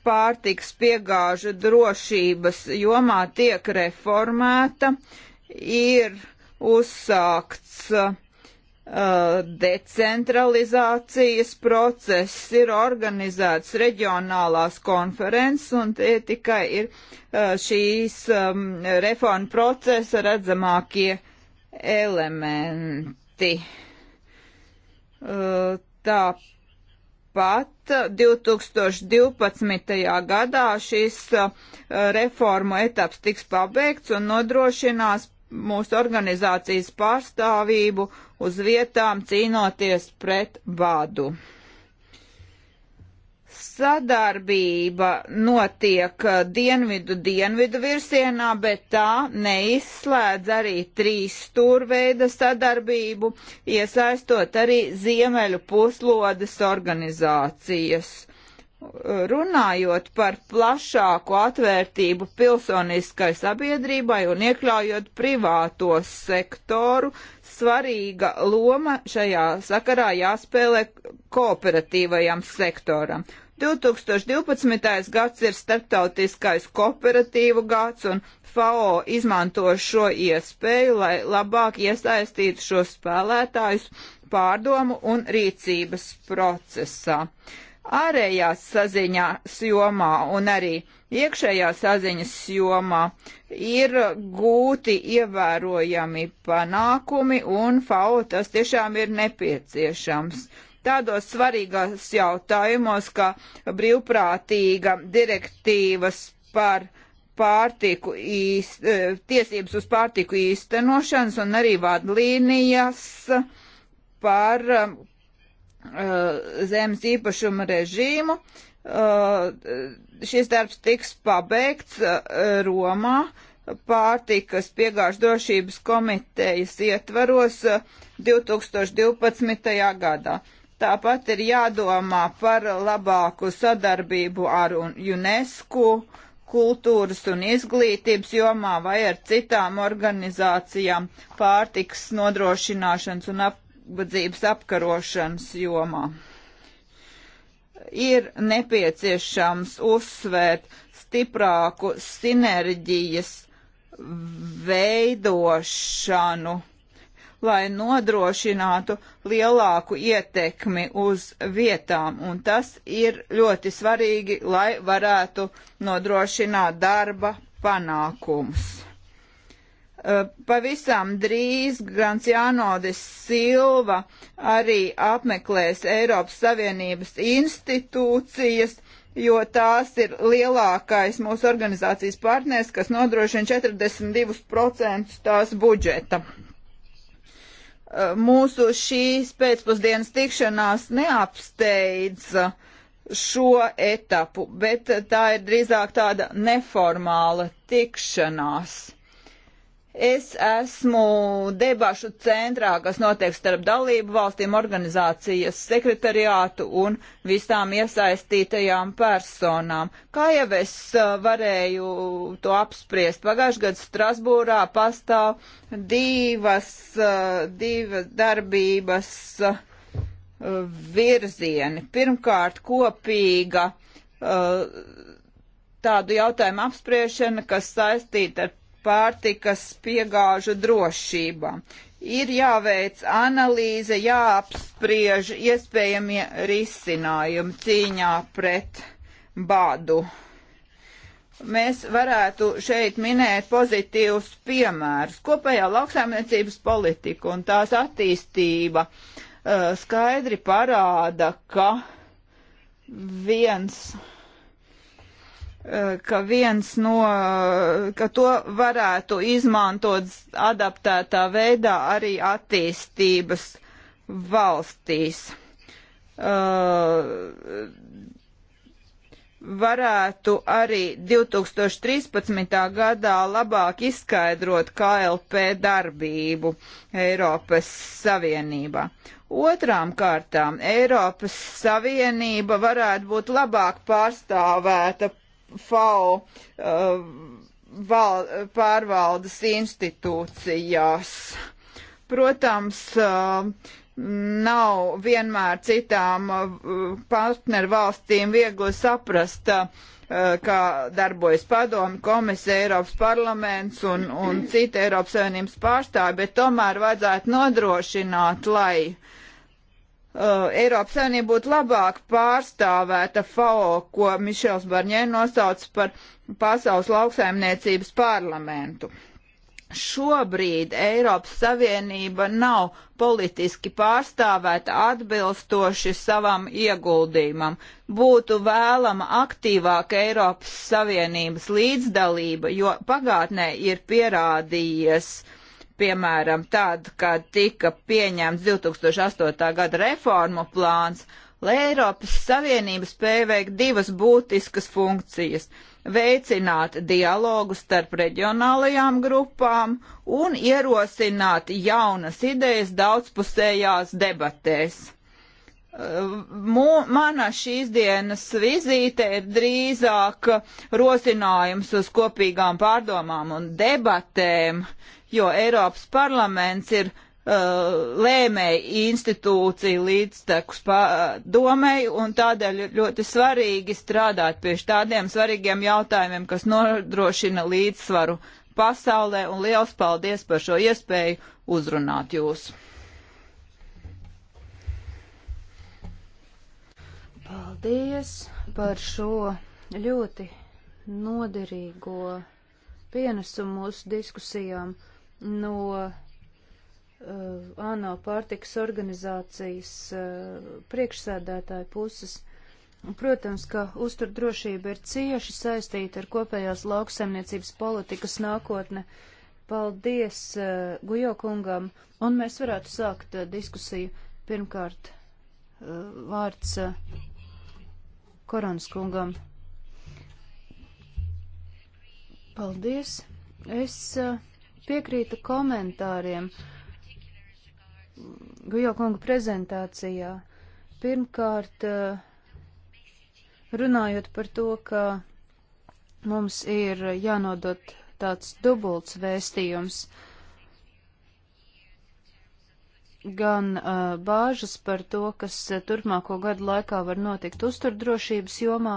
pārtiks piegāžu drošības jomā tiek reformēta, ir uzsākts uh, decentralizācijas process ir organizēts reģionālās konferences, un tie tikai ir uh, šīs um, reforma procesa redzamākie elementi. Uh, tāpat 2012. Uh, gadā šis uh, reformu etaps tiks pabeigts un nodrošinās mūsu organizācijas pārstāvību uz vietām cīnoties pret badu. Sadarbība notiek dienvidu dienvidu virsienā, bet tā neizslēdz arī trīs stūrveida sadarbību, iesaistot arī ziemeļu puslodes organizācijas runājot par plašāku atvērtību pilsoniskai sabiedrībai un iekļaujot privāto sektoru, svarīga loma šajā sakarā jāspēlē kooperatīvajam sektoram. 2012. gads ir starptautiskais kooperatīvu gads, un FAO izmanto šo iespēju, lai labāk iesaistītu šos spēlētājus pārdomu un rīcības procesā. Uh, ārējās saziņas jomā un arī iekšējā saziņas jomā ir gūti ievērojami panākumi un FAO tas tiešām ir nepieciešams. Tādos svarīgos jautājumos, kā brīvprātīga direktīvas par pārtiku īst, e, tiesības uz pārtiku īstenošanas un arī vadlīnijas par um, Uh, zemes īpašuma režīmu. Uh, šis darbs tiks pabeigts uh, Romā pārtikas piegāžu drošības komitejas ietvaros 2012. gadā. Tāpat ir jādomā par labāku sadarbību ar UNESCO, kultūras un izglītības jomā vai ar citām organizācijām pārtiks nodrošināšanas un ap nabadzības apkarošanas jomā. Ir nepieciešams uzsvērt stiprāku sinerģijas veidošanu, lai nodrošinātu lielāku ietekmi uz vietām, un tas ir ļoti svarīgi, lai varētu nodrošināt darba panākums Eh, pavisam drīz Granciānodis Silva arī apmeklēs Eiropas Savienības institūcijas, jo tās ir lielākais mūsu organizācijas partners, kas nodrošina 42% tās budžeta. Eh, mūsu šīs pēcpusdienas tikšanās neapsteidza šo etapu, bet tā ir drīzāk tāda neformāla tikšanās Es esmu debašu centrā, kas notiek starp dalību valstīm, organizācijas sekretariātu un visām iesaistītajām personām. Kā jau es uh, varēju to apspriest, pagājušajā gadā Strasbūrā pastāv divas, uh, divas darbības uh, virzieni. Pirmkārt, kopīga tādu jautājumu apspriešana, kas saistīta ar pārtikas piegāžu drošība. Ir jāveic analīze, jāapspriež iespējamie risinājumi cīņā pret badu. Mēs varētu šeit minēt pozitīvus piemērus. Kopējā lauksaimniecības politika un tās attīstība uh, skaidri parāda, ka viens ka viens no, ka to varētu izmantot adaptētā veidā arī attīstības valstīs. Uh, varētu arī 2013. gadā labāk izskaidrot KLP darbību Eiropas Savienībā. Otrām kārtām Eiropas Savienība varētu būt labāk pārstāvēta FAO uh, val, pārvaldes institūcijās. Protams, uh, nav vienmēr citām uh, partneru valstīm viegli saprast, uh, kā darbojas padomi, komisija, Eiropas parlaments un, un citi Eiropas Savienības pārstāvi, bet tomēr vajadzētu nodrošināt, lai uh, Uh, Eiropas Savienība būtu labāk pārstāvēta FAO, ko Mišels Barņē nosauc par pasaules lauksaimniecības parlamentu. Šobrīd Eiropas Savienība nav politiski pārstāvēta atbilstoši savam ieguldījumam. Būtu vēlama aktīvāka Eiropas Savienības līdzdalība, jo pagātnē ir pierādījies uh, piemēram, tad, kad tika pieņemts 2008. gada reformu plāns, lai Eiropas Savienība spēja veikt divas būtiskas funkcijas - veicināt dialogu starp reģionālajām grupām un ierosināt jaunas idejas daudzpusējās debatēs. Mana šīs dienas vizīte ir drīzāk rosinājums uz kopīgām pārdomām un debatēm, jo Eiropas parlaments ir uh, lēmēji institūcija līdztekus domēji un tādēļ ir ļoti svarīgi strādāt pie tādiem svarīgiem jautājumiem, kas nodrošina līdzsvaru pasaulē un liels paldies par šo iespēju uzrunāt jūs. Paldies par šo ļoti noderīgo pienesumu mūsu diskusijām no uh, ANO pārtikas organizācijas uh, priekšsēdētāja puses. Protams, ka uzturdrošība ir cieši saistīta ar kopējās lauksaimniecības politikas nākotne. Paldies uh, Gujo kungam, un mēs varētu sākt uh, diskusiju. Pirmkārt, uh, vārds uh, Korons kungam. Paldies. Es eh, piekrītu komentāriem Gujo kunga prezentācijā. Pirmkārt, eh, runājot par to, ka mums ir jānodot tāds dubults vēstījums. Uh, gan uh, bāžas par to, kas turpmāko gadu laikā var notikt uzturdrošības jomā,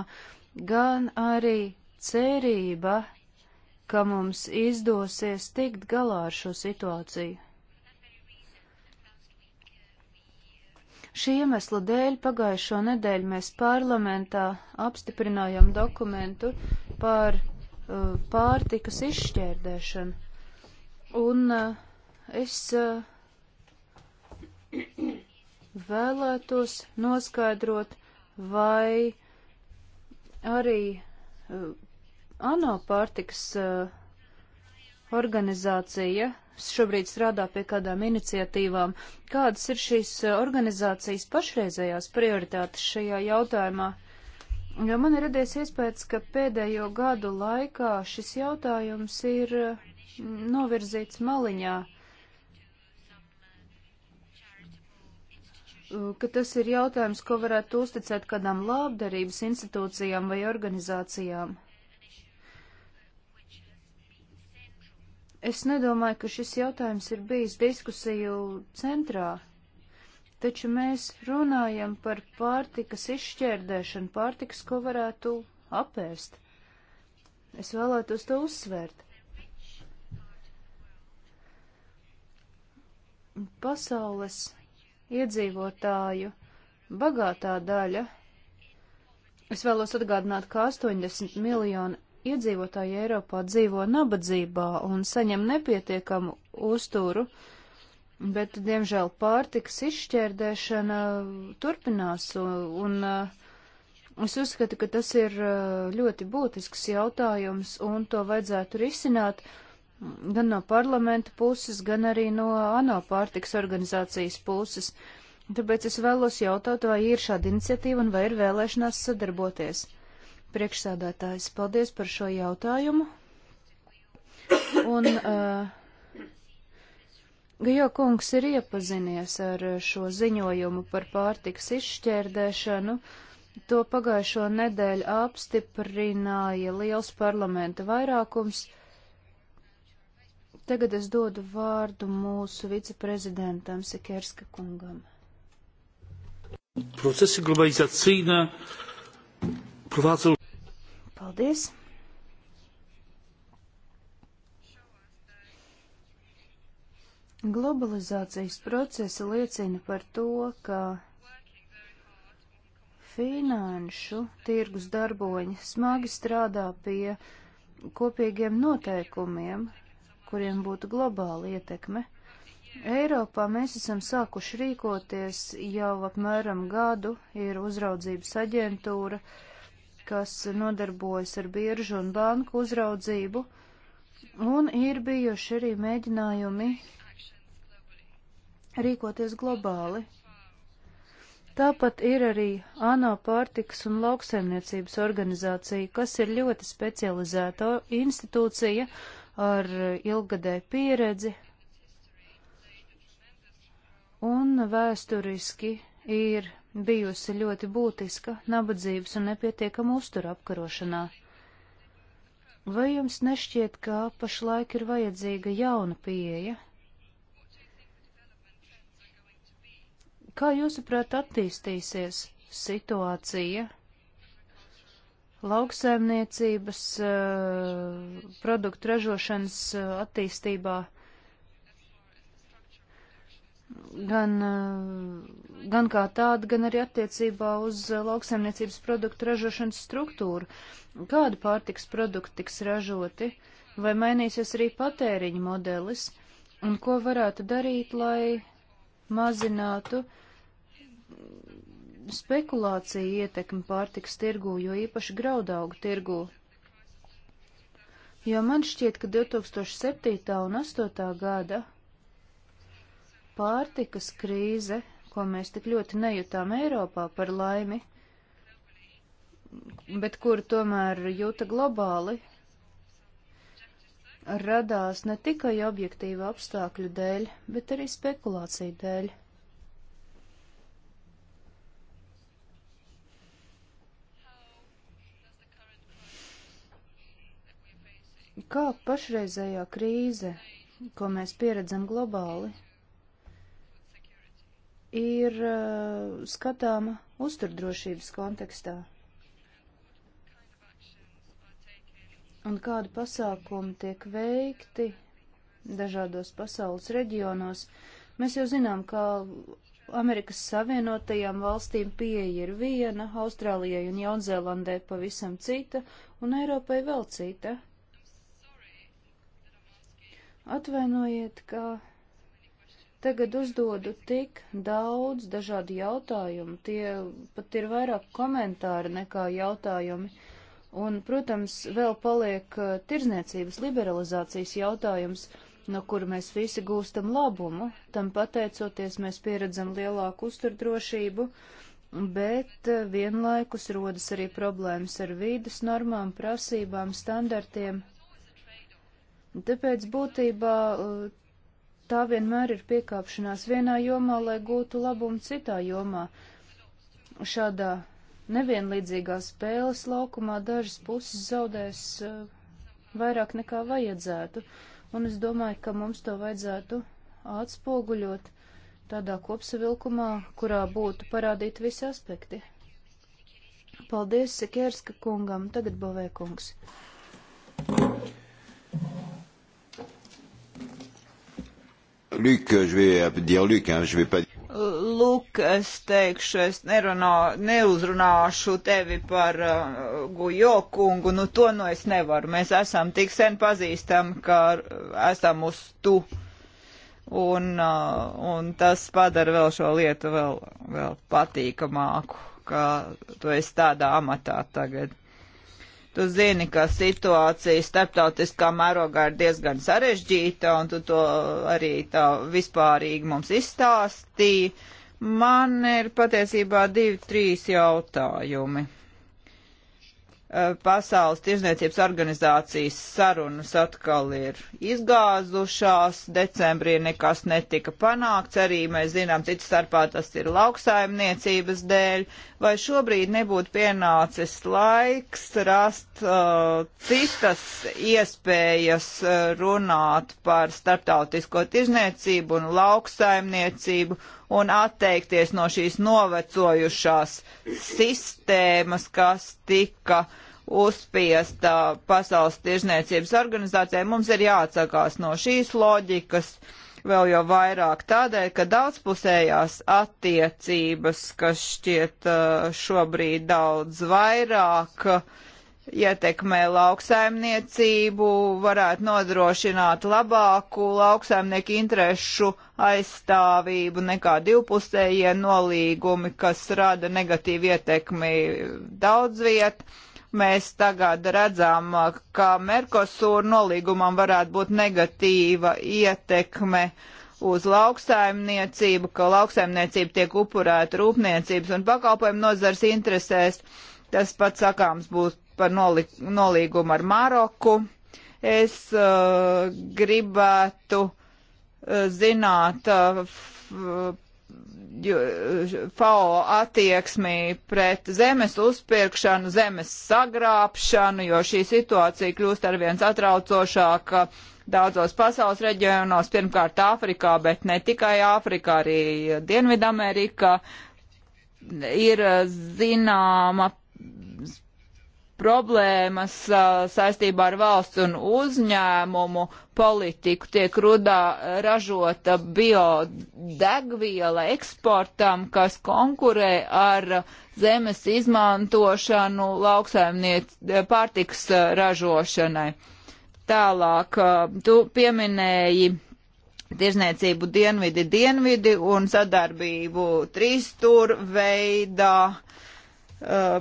gan arī cerība, ka mums izdosies tikt galā ar šo situāciju. Šī iemesla dēļ pagājušo nedēļu mēs parlamentā apstiprinājām dokumentu par uh, pārtikas izšķērdēšanu. Un uh, es uh, vēlētos noskaidrot, vai arī uh, ANO pārtiks uh, organizācija šobrīd strādā pie kādām iniciatīvām. Kādas ir šīs uh, organizācijas pašreizējās prioritātes šajā jautājumā? Jo man ir radies iespējas, ka pēdējo gadu laikā šis jautājums ir uh, novirzīts maliņā. Eh, ka tas ir jautājums, ko varētu uzticēt kādām labdarības institūcijām vai organizācijām. Es nedomāju, ka šis jautājums ir bijis diskusiju centrā, taču mēs runājam par pārtikas izšķērdēšanu, pārtikas, ko varētu apēst. Es vēlētos to uzsvērt. Pasaules iedzīvotāju bagātā daļa. Es vēlos atgādināt, ka 80 miljoni iedzīvotāji Eiropā dzīvo nabadzībā un saņem nepietiekamu uzturu, bet, diemžēl, pārtikas izšķērdēšana turpinās un, un uh, es uzskatu, ka tas ir uh, ļoti būtisks jautājums un to vajadzētu risināt. Uh, gan no parlamenta puses, gan arī no ANO pārtiks organizācijas puses. Tāpēc es vēlos jautāt, vai ir šāda iniciatīva un vai ir vēlēšanās sadarboties. Priekšsādātājs, paldies par šo jautājumu. Un uh, Gajo kungs ir iepazinies ar šo ziņojumu par pārtiks izšķērdēšanu. To pagājušo nedēļu apstiprināja liels parlamenta vairākums. Uh, Tagad es dodu vārdu mūsu viceprezidentam Sikerska kungam. Procesi globalizācija provāca. Paldies. Globalizācijas procesi liecina par to, ka finanšu tirgus darboņi smagi strādā pie kopīgiem noteikumiem, kuriem būtu globāla ietekme. Eiropā mēs esam sākuši rīkoties jau apmēram gadu, ir uzraudzības aģentūra, kas nodarbojas ar biežu un banku uzraudzību, un ir bijuši arī mēģinājumi rīkoties globāli. Tāpat ir arī ANO pārtikas un lauksaimniecības organizācija, kas ir ļoti specializēta institūcija ar ilgadēju pieredzi un vēsturiski ir bijusi ļoti būtiska nabadzības un nepietiekama uztura apkarošanā. Vai jums nešķiet, ka pašlaik ir vajadzīga jauna pieeja? Kā jūsuprāt attīstīsies situācija lauksaimniecības eh, produktu ražošanas eh, attīstībā, gan, eh, gan kā tāda, gan arī attiecībā uz lauksaimniecības produktu ražošanas struktūru. Kādu pārtiks produktu tiks ražoti, vai mainīsies arī patēriņa modelis, un ko varētu darīt, lai mazinātu spekulācija ietekme pārtiks tirgū, jo īpaši graudaugu tirgū. Jo man šķiet, ka 2007. un 2008. gada pārtikas krīze, ko mēs tik ļoti nejūtām Eiropā par laimi, bet kuru tomēr jūta globāli, radās ne tikai objektīva apstākļu dēļ, bet arī spekulāciju dēļ. Kā pašreizējā krīze, ko mēs pieredzam globāli, ir uh, skatāma uzturdrošības kontekstā? Un kādi pasākumi tiek veikti dažādos pasaules reģionos? Mēs jau zinām, ka Amerikas Savienotajām valstīm pieeja ir viena, Austrālijai un Jaunzēlandē pavisam cita, un Eiropai vēl cita. Atvainojiet, ka tagad uzdodu tik daudz dažādu jautājumu. Tie pat ir vairāk komentāri nekā jautājumi. Un, protams, vēl paliek uh, tirzniecības liberalizācijas jautājums, no kura mēs visi gūstam labumu. Tam pateicoties, mēs pieredzam lielāku uzturdrošību, bet uh, vienlaikus rodas arī problēmas ar vīdas normām, prasībām, standartiem. Tāpēc būtībā uh, tā vienmēr ir piekāpšanās vienā jomā, lai gūtu labumu citā jomā. Šādā nevienlīdzīgā spēles laukumā dažas puses zaudēs uh, vairāk nekā vajadzētu, un es domāju, ka mums to vajadzētu atspoguļot tādā kopsavilkumā, kurā būtu parādīti visi aspekti. Paldies Sekērska kungam, tagad Bovē kungs. Luc, je vais dire Luc, hein, je vais pas dire. Lūk, es teikšu, es nerunā, neuzrunāšu tevi par uh, Gujo kungu, nu to nu es nevaru. Mēs esam tik sen pazīstami, ka esam uz tu. Un, uh, un tas padara vēl šo lietu vēl, vēl patīkamāku, ka tu esi tādā amatā tagad. Tu zini, ka situācija starptautiskā mērogā ir diezgan sarežģīta, un tu to arī tā vispārīgi mums izstāstīji. Man ir patiesībā divi, trīs jautājumi. Eh, Pasaules tirzniecības organizācijas sarunas atkal ir izgāzušās, decembrī nekas netika panākts, arī mēs zinām, cits starpā tas ir lauksaimniecības dēļ, vai šobrīd nebūtu pienācis laiks rast uh, citas iespējas eh, runāt par starptautisko tirzniecību un lauksaimniecību un atteikties no šīs novecojušās sistēmas, kas tika uh, uzspiesta Pasaules tirzniecības organizācijai. Mums ir jāatsakās no šīs loģikas vēl jau vairāk tādēļ, ka daudzpusējās attiecības, kas šķiet šobrīd daudz vairāk, ietekmē lauksaimniecību, varētu nodrošināt labāku lauksaimnieku interesu aizstāvību nekā divpusējie nolīgumi, kas rada negatīvu ietekmi daudz vietu Mēs tagad redzam, ka Merkosūra nolīgumam varētu būt negatīva ietekme uz lauksaimniecību, ka lauksaimniecība tiek upurēta rūpniecības un pakalpojumu nozars interesēs. Tas pats sakāms būs par noli nolīgumu ar Maroku. Es uh, gribētu uh, zināt, uh, FAO attieksmī pret zemes uzpirkšanu, zemes sagrābšanu, jo šī situācija kļūst arvien satraucošāka daudzos pasaules reģionos, pirmkārt Āfrikā, bet ne tikai Āfrikā, arī Dienvidamerikā ir eh, zināma problēmas saistībā ar valsts un uzņēmumu politiku tiek rudā ražota biodegviela eksportam, kas konkurē ar zemes izmantošanu lauksaimniec pārtiks ražošanai. Tālāk, tu pieminēji tirzniecību dienvidi dienvidi un sadarbību trīstur veidā. Uh,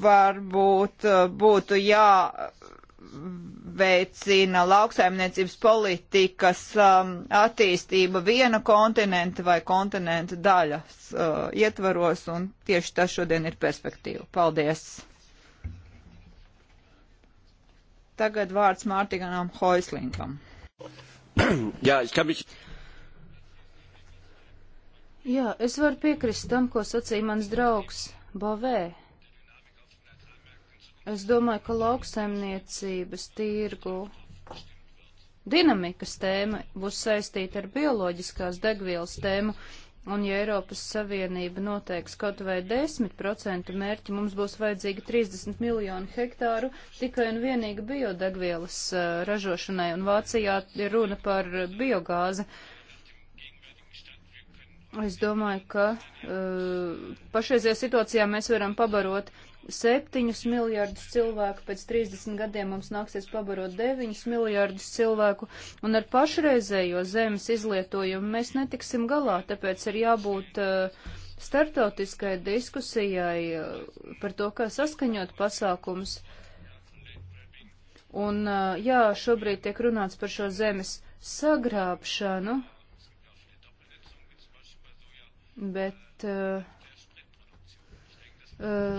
varbūt eh, būtu jāveicina lauksaimniecības politikas um, attīstība viena kontinenta vai kontinenta daļas uh, ietvaros, un tieši tas šodien ir perspektīva. Paldies! Tagad vārds Mārtiganam Hoislingam. Jā, es kā viņš. Jā, es varu piekrist tam, ko sacīja mans draugs Bovē. Es domāju, ka lauksaimniecības tirgu dinamikas tēma būs saistīta ar bioloģiskās degvielas tēmu, un ja Eiropas Savienība noteiks kaut vai 10% mērķi, mums būs vajadzīgi 30 miljoni hektāru tikai un vienīgi biodegvielas uh, ražošanai, un Vācijā ir runa par biogāzi. Es domāju, ka uh, pašreizajā situācijā mēs varam pabarot 7 miljārdus cilvēku, pēc 30 gadiem mums nāksies pabarot 9 miljārdus cilvēku, un ar pašreizējo zemes izlietojumu mēs netiksim galā, tāpēc ir jābūt uh, startautiskai diskusijai uh, par to, kā saskaņot pasākums. Un uh, jā, šobrīd tiek runāts par šo zemes sagrābšanu, bet. Uh, Eh,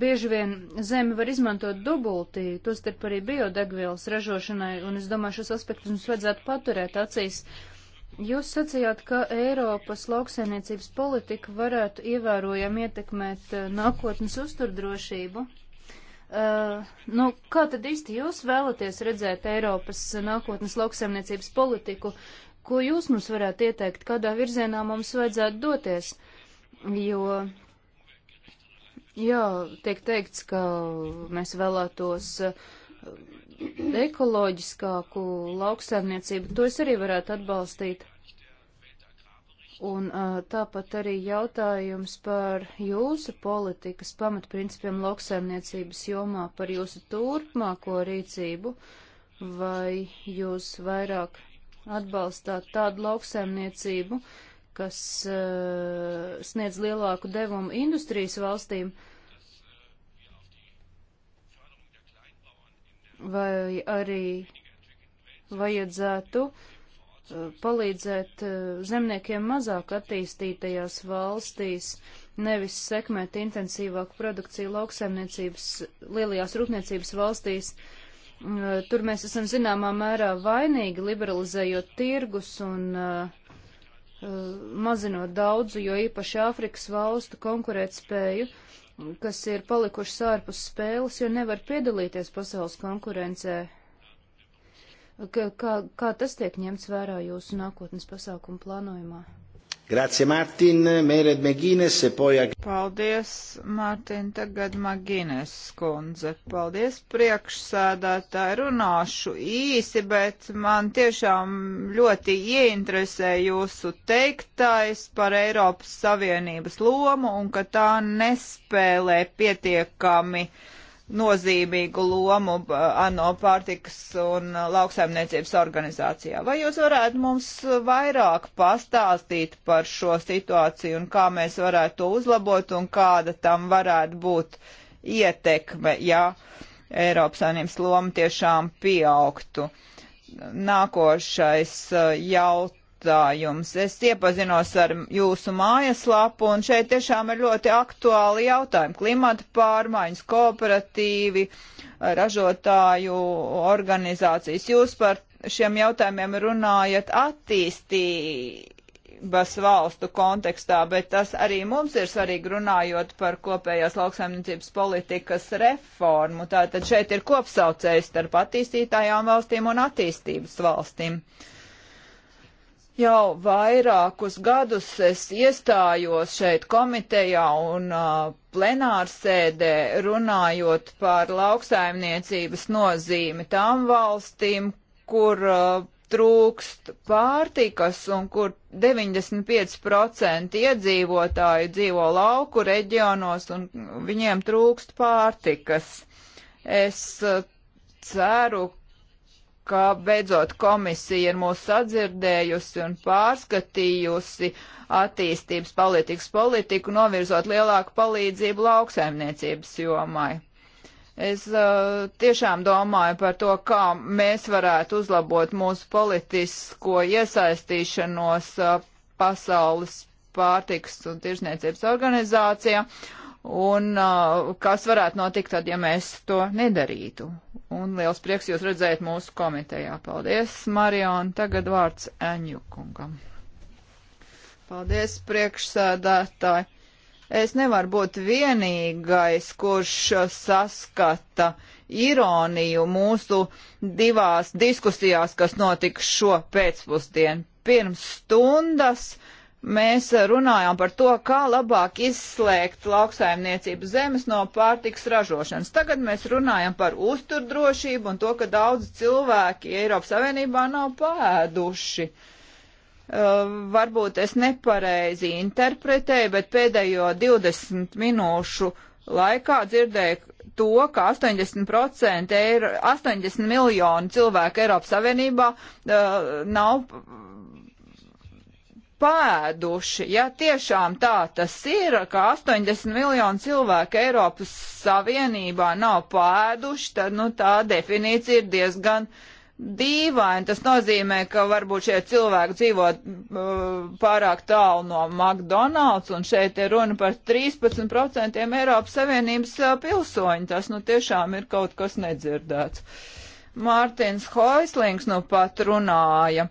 bieži vien zemi var izmantot dubultī, tostarp arī biodegvielas ražošanai, un es domāju, šos aspektus mums vajadzētu paturēt acīs. Jūs sacījāt, ka Eiropas lauksainiecības politika varētu ievērojami ietekmēt eh, nākotnes uzturdrošību. Uh, nu, kā tad īsti jūs vēlaties redzēt Eiropas nākotnes lauksaimniecības politiku? Ko jūs mums varētu ieteikt, kādā virzienā mums vajadzētu doties? Jo Jā, tiek teikts, ka mēs vēlētos eh, ekoloģiskāku lauksaimniecību. To es arī varētu atbalstīt. Un eh, tāpat arī jautājums par jūsu politikas pamatprincipiem lauksaimniecības jomā, par jūsu turpmāko rīcību. Vai jūs vairāk atbalstāt tādu lauksaimniecību, uh, kas uh, sniedz lielāku devumu industrijas valstīm, vai arī vajadzētu eh, palīdzēt eh, zemniekiem mazāk attīstītajās valstīs, nevis sekmēt intensīvāku produkciju lauksaimniecības, lielajās rūpniecības valstīs. Tur mēs esam zināmā mērā vainīgi liberalizējot tirgus un uh, mazinot daudzu, jo īpaši Āfrikas valstu konkurētspēju, kas ir palikušas ārpus spēles, jo nevar piedalīties pasaules konkurencē. Kā, kā tas tiek ņemts vērā jūsu nākotnes pasākumu plānojumā? Grazie Martin, Mered Megines e poi... Paldies, Martin, tagad Magines skundze. Paldies, priekšsēdētāji, runāšu īsi, bet man tiešām ļoti ieinteresē jūsu teiktais par Eiropas Savienības lomu un ka tā nespēlē pietiekami uh, nozīmīgu lomu uh, ANO pārtikas un uh, lauksaimniecības organizācijā. Vai jūs varētu mums vairāk pastāstīt par šo situāciju un kā mēs varētu to uzlabot un kāda tam varētu būt ietekme, ja Eiropas saimnības loma tiešām pieaugtu? Nākošais uh, jautājums jautājums. Es iepazinos ar jūsu mājaslapu, un šeit tiešām ir ļoti aktuāli jautājumi. Klimata pārmaiņas, kooperatīvi, ražotāju organizācijas. Jūs par šiem jautājumiem runājat attīstības valstu kontekstā, bet tas arī mums ir svarīgi runājot par kopējās lauksaimniecības politikas reformu. Tātad šeit ir kopsaucējs starp attīstītājām valstīm un attīstības valstīm. Uh, Jau vairākus gadus es iestājos šeit komitejā un uh, plenārsēdē runājot par lauksaimniecības nozīmi tām valstīm, kur uh, trūkst pārtikas un kur 95% iedzīvotāju dzīvo lauku reģionos un viņiem trūkst pārtikas. Es uh, ceru, ka beidzot komisija ir mūs sadzirdējusi un pārskatījusi attīstības politikas politiku, novirzot lielāku palīdzību lauksaimniecības jomai. Es uh, tiešām domāju par to, kā mēs varētu uzlabot mūsu politisko iesaistīšanos uh, pasaules pārtikas un tirsniecības organizācijā. Uh, un uh, kas varētu notikt tad, ja mēs to nedarītu. Un liels prieks jūs redzēt mūsu komitejā. Paldies, Marion. Tagad vārds Aņukungam. Paldies, priekšsēdētāji. Es nevaru būt vienīgais, kurš saskata ironiju mūsu divās diskusijās, kas notika šo pēcpusdienu. Pirms stundas mēs runājām par to, kā labāk izslēgt lauksaimniecības zemes no pārtiks ražošanas. Tagad mēs runājam par uzturdrošību un to, ka daudz cilvēki Eiropas Savienībā nav pēduši. Uh, varbūt es nepareizi interpretēju, bet pēdējo 20 minūšu laikā dzirdēju to, ka 80%, eiro, 80 miljonu cilvēku Eiropas Savienībā uh, nav pēduši. Ja tiešām tā tas ir, ka 80 miljonu cilvēku Eiropas Savienībā nav pēduši, tad nu, tā definīcija ir diezgan dīvaina. Tas nozīmē, ka varbūt šie cilvēki dzīvo uh, pārāk tālu no McDonald's, un šeit ir runa par 13% Eiropas Savienības uh, pilsoņu. Tas nu tiešām ir kaut kas nedzirdēts. Uh, Mārtiņš Hoislings nu pat runāja.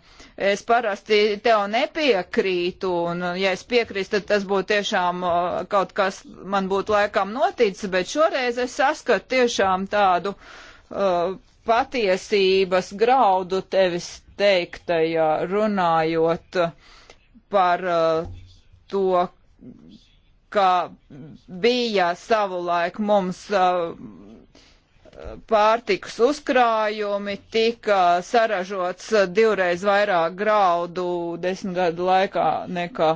Es parasti tev nepiekrītu, un uh, ja es piekrīstu, tad tas būtu tiešām uh, kaut kas man būtu laikam noticis, bet šoreiz es saskatu tiešām tādu uh, patiesības graudu tevis teiktajā runājot uh, par uh, to, ka bija savulaik mums uh, pārtikas uzkrājumi tika saražots divreiz vairāk graudu desmit gadu laikā nekā,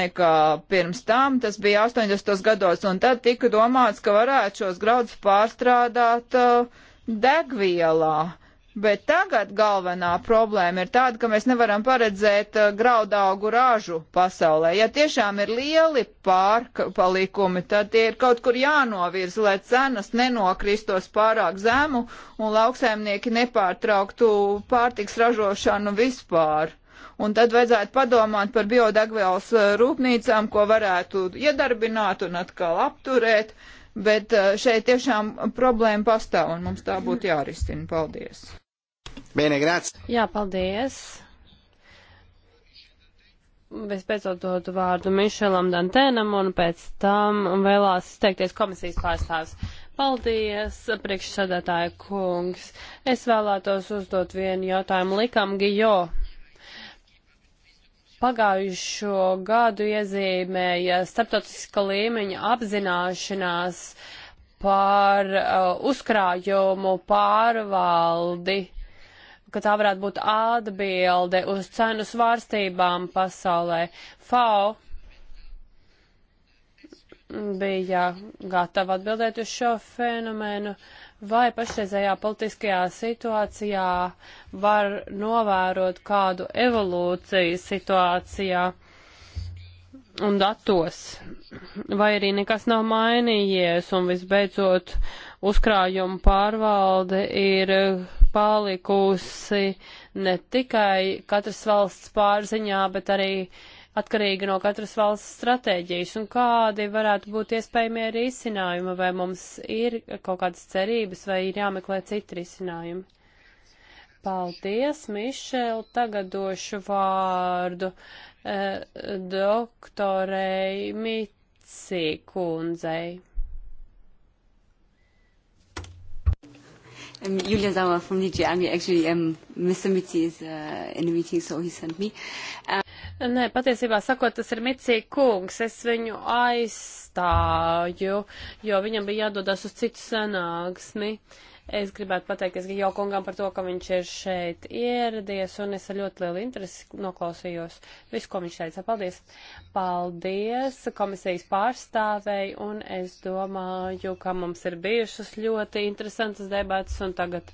nekā pirms tam. Tas bija 80. gados, un tad tika domāts, ka varētu šos graudus pārstrādāt uh, degvielā. Bet tagad galvenā problēma ir tāda, ka mēs nevaram paredzēt eh, graudaugu ražu pasaulē. Ja tiešām ir lieli pārpalikumi, tad tie ir kaut kur jānovirz, lai cenas nenokristos pārāk zemu un lauksēmnieki nepārtrauktu pārtiks ražošanu vispār. Un tad vajadzētu padomāt par biodegvielas eh, rūpnīcām, ko varētu iedarbināt un atkal apturēt. Bet eh, šeit tiešām problēma pastāv un mums tā būtu jārisina. Paldies! Bene, grazie. Jā, paldies. Vispēcot dodu vārdu Mišelam Dantēnam un pēc tam vēlās izteikties komisijas pārstāvs. Paldies, priekšsēdētāja kungs. Es vēlētos uzdot vienu jautājumu likam Gijo. Pagājušo gadu iezīmēja starptautiska līmeņa apzināšanās par uh, uzkrājumu pārvaldi ka tā varētu būt atbilde uz cenu svārstībām pasaulē. FAO bija gatava atbildēt uz šo fenomenu, vai pašreizējā politiskajā situācijā var novērot kādu evolūciju situācijā un datos, vai arī nekas nav mainījies, un visbeidzot uzkrājuma pārvalde ir palikusi ne tikai katras valsts pārziņā, bet arī atkarīga no katras valsts stratēģijas un kādi varētu būt iespējamie risinājumi, vai mums ir kaut kādas cerības, vai ir jāmeklē citi risinājumi. Paldies, Mišel, tagad došu vārdu eh, doktorei Micī kundzei. I'm um, Julia Sauer from DG Army. Actually, um, Mr. Mitzi is uh, in a meeting, so he sent me. Um, Nē, patiesībā sakot, tas ir Mitsī kungs. Es viņu aizstāju, jo viņam bija jādodas uz citu sanāksmi. Uh, Es gribētu pateikties Gijo kungam par to, ka viņš ir šeit ieradies, un es ar ļoti lielu interesi noklausījos visu, ko viņš teica. Paldies! Paldies komisijas pārstāvei, un es domāju, ka mums ir bijušas ļoti interesantas debatas, un tagad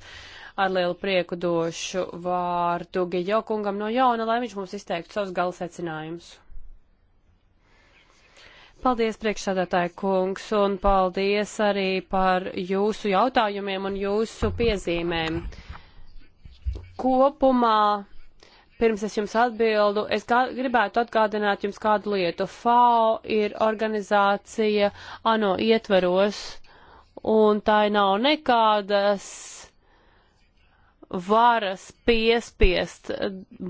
ar lielu prieku došu vārdu Gijo kungam no jauna, lai viņš mums izteiktu savus galasecinājumus. Paldies, priekšsādātāja kungs, un paldies arī par jūsu jautājumiem un jūsu piezīmēm. Kopumā, pirms es jums atbildu, es gribētu atgādināt jums kādu lietu. FAO ir organizācija ANO ietveros, un tā nav nekādas varas piespiest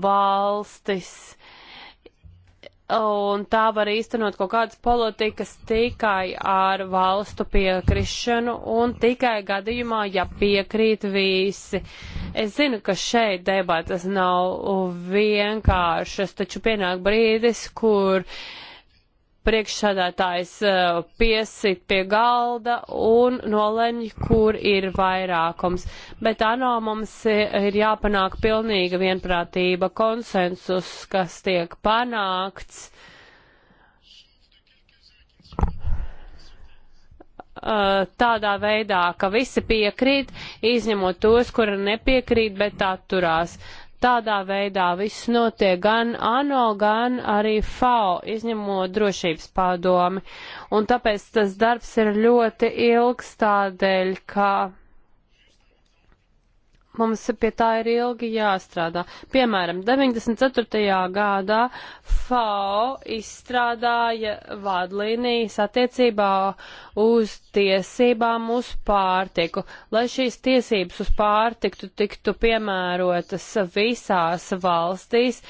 valstis un tā var īstenot kaut kādas politikas tikai ar valstu piekrišanu un tikai gadījumā, ja piekrīt visi. Es zinu, ka šeit debatas nav vienkāršas, taču pienāk brīdis, kur uh, priekšsādātājs eh, piesit pie galda un nolemj, kur ir vairākums. Bet ANO mums ir jāpanāk pilnīga vienprātība, konsensus, kas tiek panākts. Eh, tādā veidā, ka visi piekrīt, izņemot tos, kuri nepiekrīt, bet atturās. Uh, Tādā veidā viss notiek gan ANO, gan arī FAO, izņemot drošības padomi. Un tāpēc tas darbs ir ļoti ilgs tādēļ, ka mums pie tā ir ilgi jāstrādā. Piemēram, 94. gadā FAO izstrādāja vadlīnijas attiecībā uz tiesībām uz pārtiku. Lai šīs tiesības uz pārtiku tiktu piemērotas visās valstīs,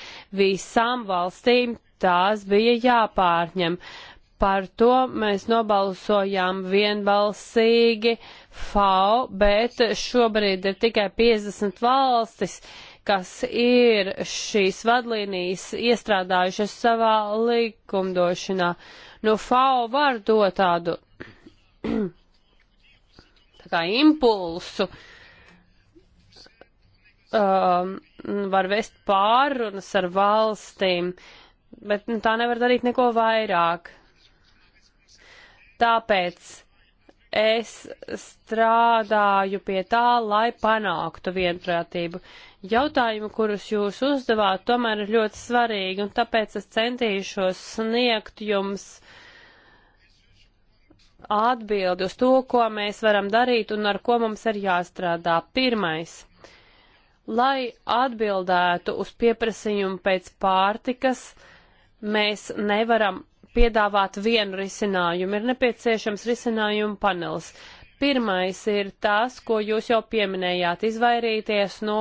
visām valstīm tās bija jāpārņem. Uh, Par to mēs nobalsojām vienbalsīgi FAO, bet šobrīd ir tikai 50 valstis, kas ir šīs vadlīnijas iestrādājušas savā likumdošanā. Nu, FAO var dot tādu tā kā impulsu, um, var vest pārunas ar valstīm, bet nu, tā nevar darīt neko vairāk. Tāpēc es strādāju pie tā, lai panāktu vienprātību. Jautājumi, kurus jūs uzdevāt, tomēr ir ļoti svarīgi, un tāpēc es centīšos sniegt jums atbildi uz to, ko mēs varam darīt un ar ko mums ir jāstrādā. Pirmais. Lai atbildētu uz pieprasījumu pēc pārtikas, mēs nevaram piedāvāt vienu risinājumu. Ir nepieciešams risinājumu panels. Pirmais ir tas, ko jūs jau pieminējāt, izvairīties no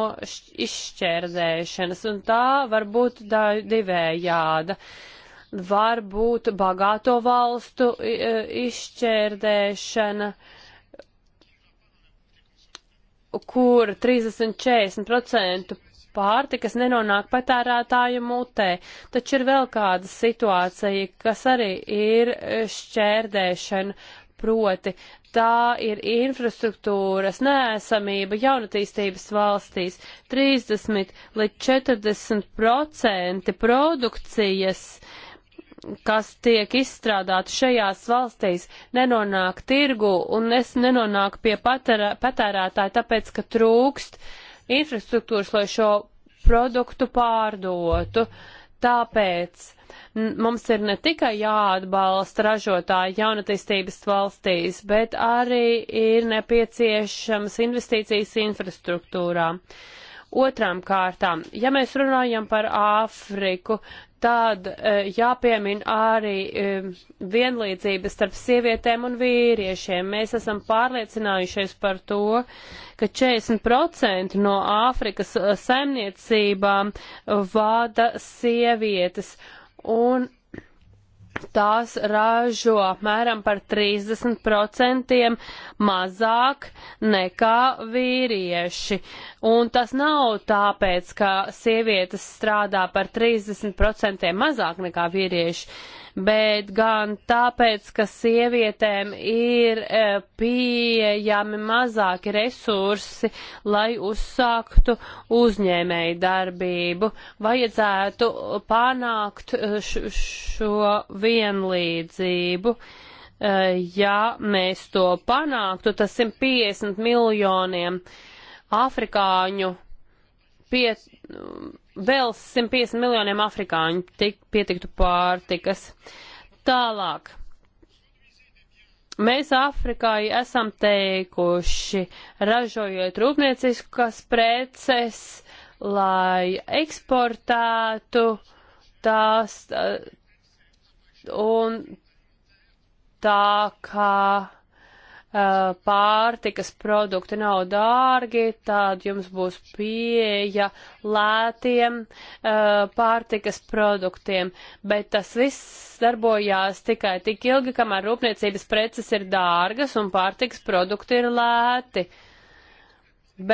izšķērdēšanas, un tā var būt divējāda. Var būt bagāto valstu e, izšķērdēšana kur 30-40% pārtikas nenonāk patērētāju mutē. Taču ir vēl kāda situācija, kas arī ir šķērdēšana, proti tā ir infrastruktūras nēsamība jaunatīstības valstīs. 30 līdz 40 procenti produkcijas kas tiek izstrādāti šajās valstīs, nenonāk tirgu un es nenonāk pie patērētāja, tāpēc, ka trūkst uh, infrastruktūras, lai šo produktu pārdotu. Tāpēc mums ir ne tikai jāatbalsta ražotāji jaunatīstības valstīs, bet arī ir nepieciešams investīcijas infrastruktūrā. Otrām kārtām, ja mēs runājam par Āfriku, Tad eh, jāpiemina arī eh, vienlīdzības starp sievietēm un vīriešiem. Mēs esam pārliecinājušies par to, ka 40% no Āfrikas eh, saimniecībām vada sievietes. Un tās ražo apmēram par 30% mazāk nekā vīrieši. Un tas nav tāpēc, ka sievietes strādā par 30% mazāk nekā vīrieši. Uh, bet gan tāpēc, ka sievietēm ir e, pieejami mazāki resursi, lai uzsāktu uzņēmēju darbību. Vajadzētu panākt e, šo vienlīdzību e, ja mēs to panāktu, tas 150 miljoniem afrikāņu pie, vēl 150 miljoniem afrikāņu tik, pietiktu pārtikas. Tālāk. Mēs Āfrikā esam teikuši, ražojot rūpnieciskas preces, lai eksportētu tās eh, un tā kā Eh, pārtikas produkti nav dārgi, tad jums būs pieeja lētiem eh, pārtikas produktiem. Bet tas viss darbojās tikai tik ilgi, kamēr rūpniecības preces ir dārgas un pārtikas produkti ir lēti.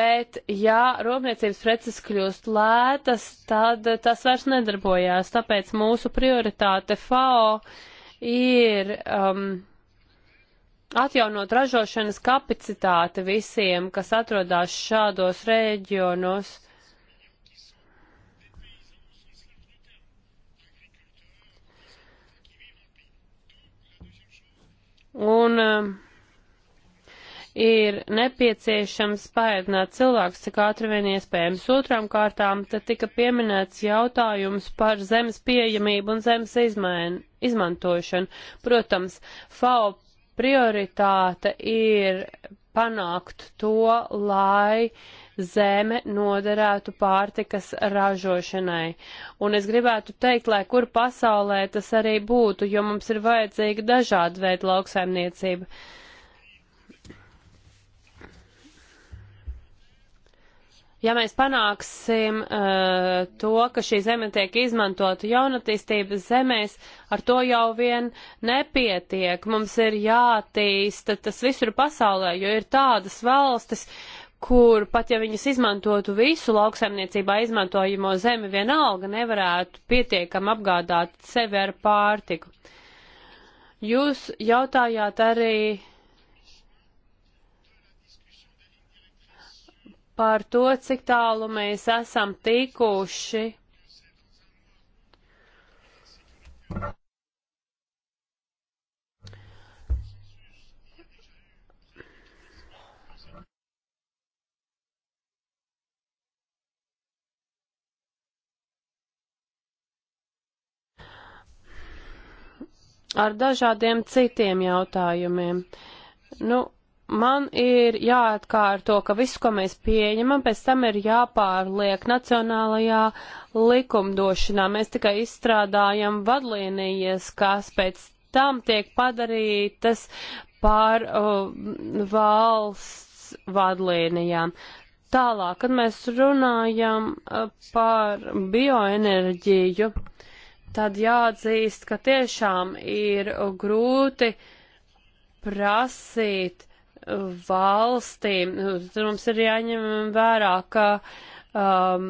Bet, ja rūpniecības preces kļūst lētas, tad tas vairs nedarbojās. Tāpēc mūsu prioritāte FAO ir um, atjaunot ražošanas kapacitāti visiem, kas atrodas šādos reģionos. Un um, ir nepieciešams paēdināt cilvēkus, cik ātri vien iespējams. Otrām kārtām tad tika pieminēts jautājums par zemes pieejamību un zemes izmēn, izmantošanu. Protams, FAO prioritāte ir panākt to, lai zeme noderētu pārtikas ražošanai. Un es gribētu teikt, lai kur pasaulē tas arī būtu, jo mums ir vajadzīga dažāda veida lauksaimniecība. Uh, Ja mēs panāksim uh, to, ka šī zeme tiek izmantota jaunatīstības zemēs, ar to jau vien nepietiek. Mums ir jātīsta tas visur pasaulē, jo ir tādas valstis, kur pat ja viņas izmantotu visu lauksaimniecībā izmantojamo zemi, vienalga nevarētu pietiekam apgādāt sevi ar pārtiku. Jūs jautājāt arī par to, cik tālu mēs esam tikuši. ar dažādiem citiem jautājumiem. Nu, man ir jāatkārto, ka visu, ko mēs pieņemam, pēc tam ir jāpārliek nacionālajā likumdošanā. Mēs tikai izstrādājam vadlīnijas, kas pēc tam tiek padarītas par uh, valsts vadlīnijām. Tālāk, kad mēs runājam uh, par bioenerģiju, tad jāatzīst, ka tiešām ir grūti prasīt uh, valstīm. Tur mums ir jāņem vērā, ka um,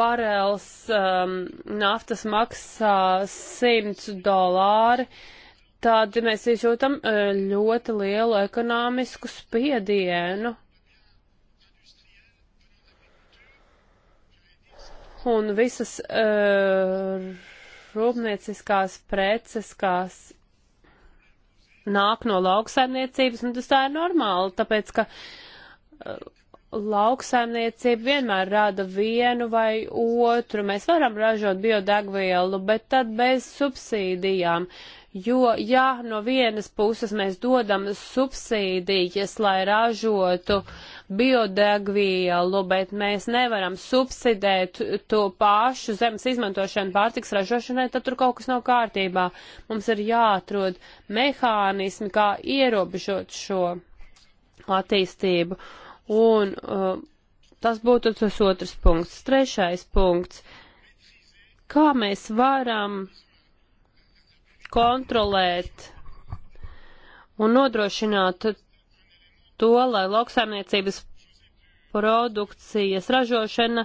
barels um, naftas maksā 100 dolāri, tad mēs izjūtam uh, ļoti lielu ekonomisku spiedienu. un visas uh, rūpnieciskās preces, kas nāk no lauksaimniecības, nu tas tā ir normāli, tāpēc ka uh, lauksaimniecība vienmēr rada vienu vai otru. Mēs varam ražot biodegvielu, bet tad bez subsīdijām. Uh, jo, ja no vienas puses mēs dodam subsīdijas, lai ražotu biodegvielu, bet mēs nevaram subsidēt to pašu zemes izmantošanu pārtiks ražošanai, tad tur kaut kas nav kārtībā. Mums ir jāatrod mehānismi, kā ierobežot šo attīstību. Un, uh, Tas būtu tas otrs punkts. Trešais punkts. Kā mēs varam kontrolēt un nodrošināt to, lai lauksaimniecības produkcijas ražošana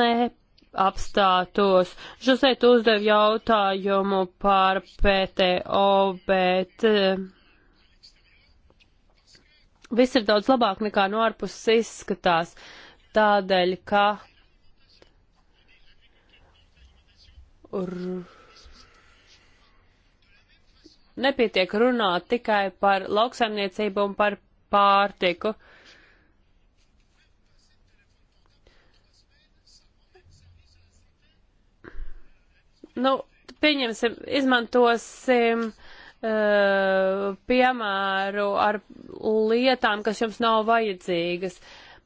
neapstātos. Žozēt uzdev jautājumu par PTO, bet eh, viss ir daudz labāk nekā no ārpuses izskatās. Tādēļ, ka. Ur nepietiek runāt tikai par lauksaimniecību un par pārtiku. Nu, pieņemsim, izmantosim uh, piemēru ar lietām, kas jums nav vajadzīgas.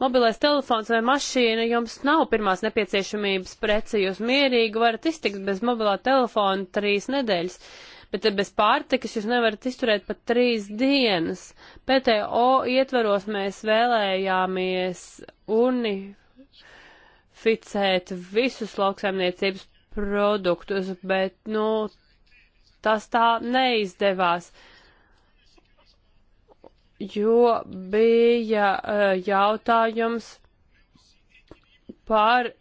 Mobilais telefons vai mašīna jums nav pirmās nepieciešamības preci, jūs mierīgi varat iztikt bez mobilā telefona trīs nedēļas. Uh, bet bez pārtikas jūs nevarat izturēt pat trīs dienas. PTO ietvaros mēs vēlējāmies unificēt visus lauksaimniecības produktus, bet, nu, tas tā neizdevās jo bija uh, jautājums par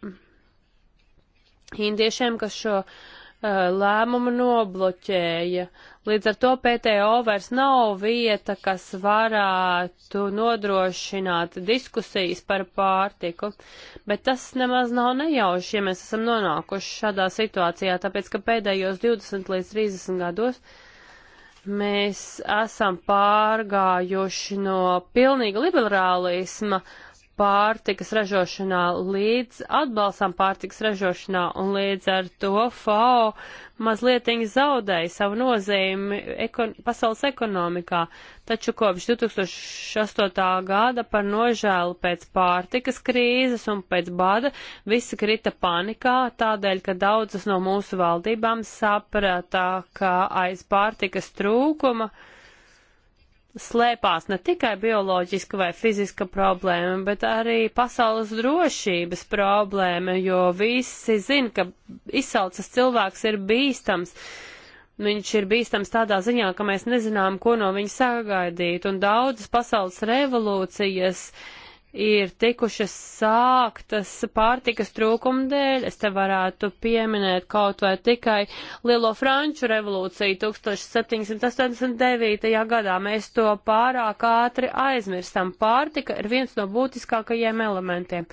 indiešiem, kas šo Eh, lēmumu nobloķēja. Līdz ar to PTO vairs nav vieta, kas varētu nodrošināt diskusijas par pārtiku, bet tas nemaz nav nejauši, ja mēs esam nonākuši šādā situācijā, tāpēc ka pēdējos 20 līdz 30 gados mēs esam pārgājuši no pilnīga liberālisma pārtikas ražošanā līdz atbalstam pārtikas ražošanā un līdz ar to FAO mazliet zaudēja savu nozīmi ekon pasaules ekonomikā. Taču kopš 2008. gada par nožēlu pēc pārtikas krīzes un pēc bada visi krita panikā, tādēļ, ka daudzas no mūsu valdībām saprata, ka aiz pārtikas trūkuma uh, slēpās ne tikai bioloģiska vai fiziska problēma, bet arī pasaules drošības problēma, jo visi zina, ka izsaucas cilvēks ir bīstams. Viņš ir bīstams tādā ziņā, ka mēs nezinām, ko no viņa sagaidīt, un daudzas pasaules revolūcijas uh, ir tikušas sāktas pārtikas trūkuma dēļ. Es te varētu pieminēt kaut vai tikai Lielo Franču revolūciju 1789. gadā. Mēs to pārāk ātri aizmirstam. Pārtika ir viens no būtiskākajiem elementiem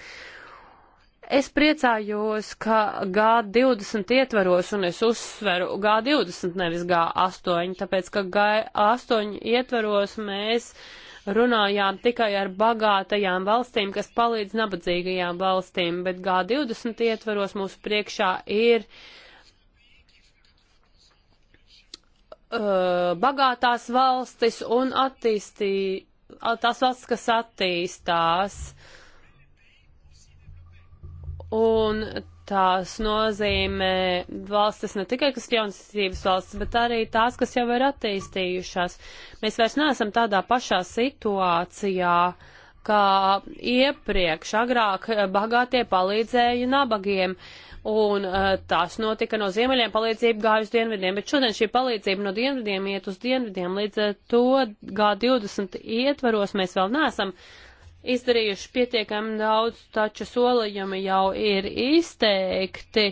es priecājos, ka G20 ietvaros, un es uzsveru G20, nevis G8, tāpēc ka G8 ietvaros mēs uh, runājām tikai ar bagātajām valstīm, kas palīdz nabadzīgajām valstīm, bet G20 ietvaros mūsu priekšā ir uh, bagātās valstis un attīstī, tās valstis, kas attīstās. Un tās nozīmē valstis ne tikai, kas ir jaunas valstis, bet arī tās, kas jau ir attīstījušās. Mēs vairs neesam tādā pašā situācijā, kā iepriekš, agrāk eh, bagātie palīdzēja nabagiem. Un uh, tās notika no ziemeļiem, palīdzība gāja uz dienvidiem, bet šodien šī palīdzība no dienvidiem iet uz dienvidiem. Līdz ar eh, to G20 ietvaros mēs vēl neesam uh, izdarījuši pietiekami daudz, taču solījumi jau ir izteikti,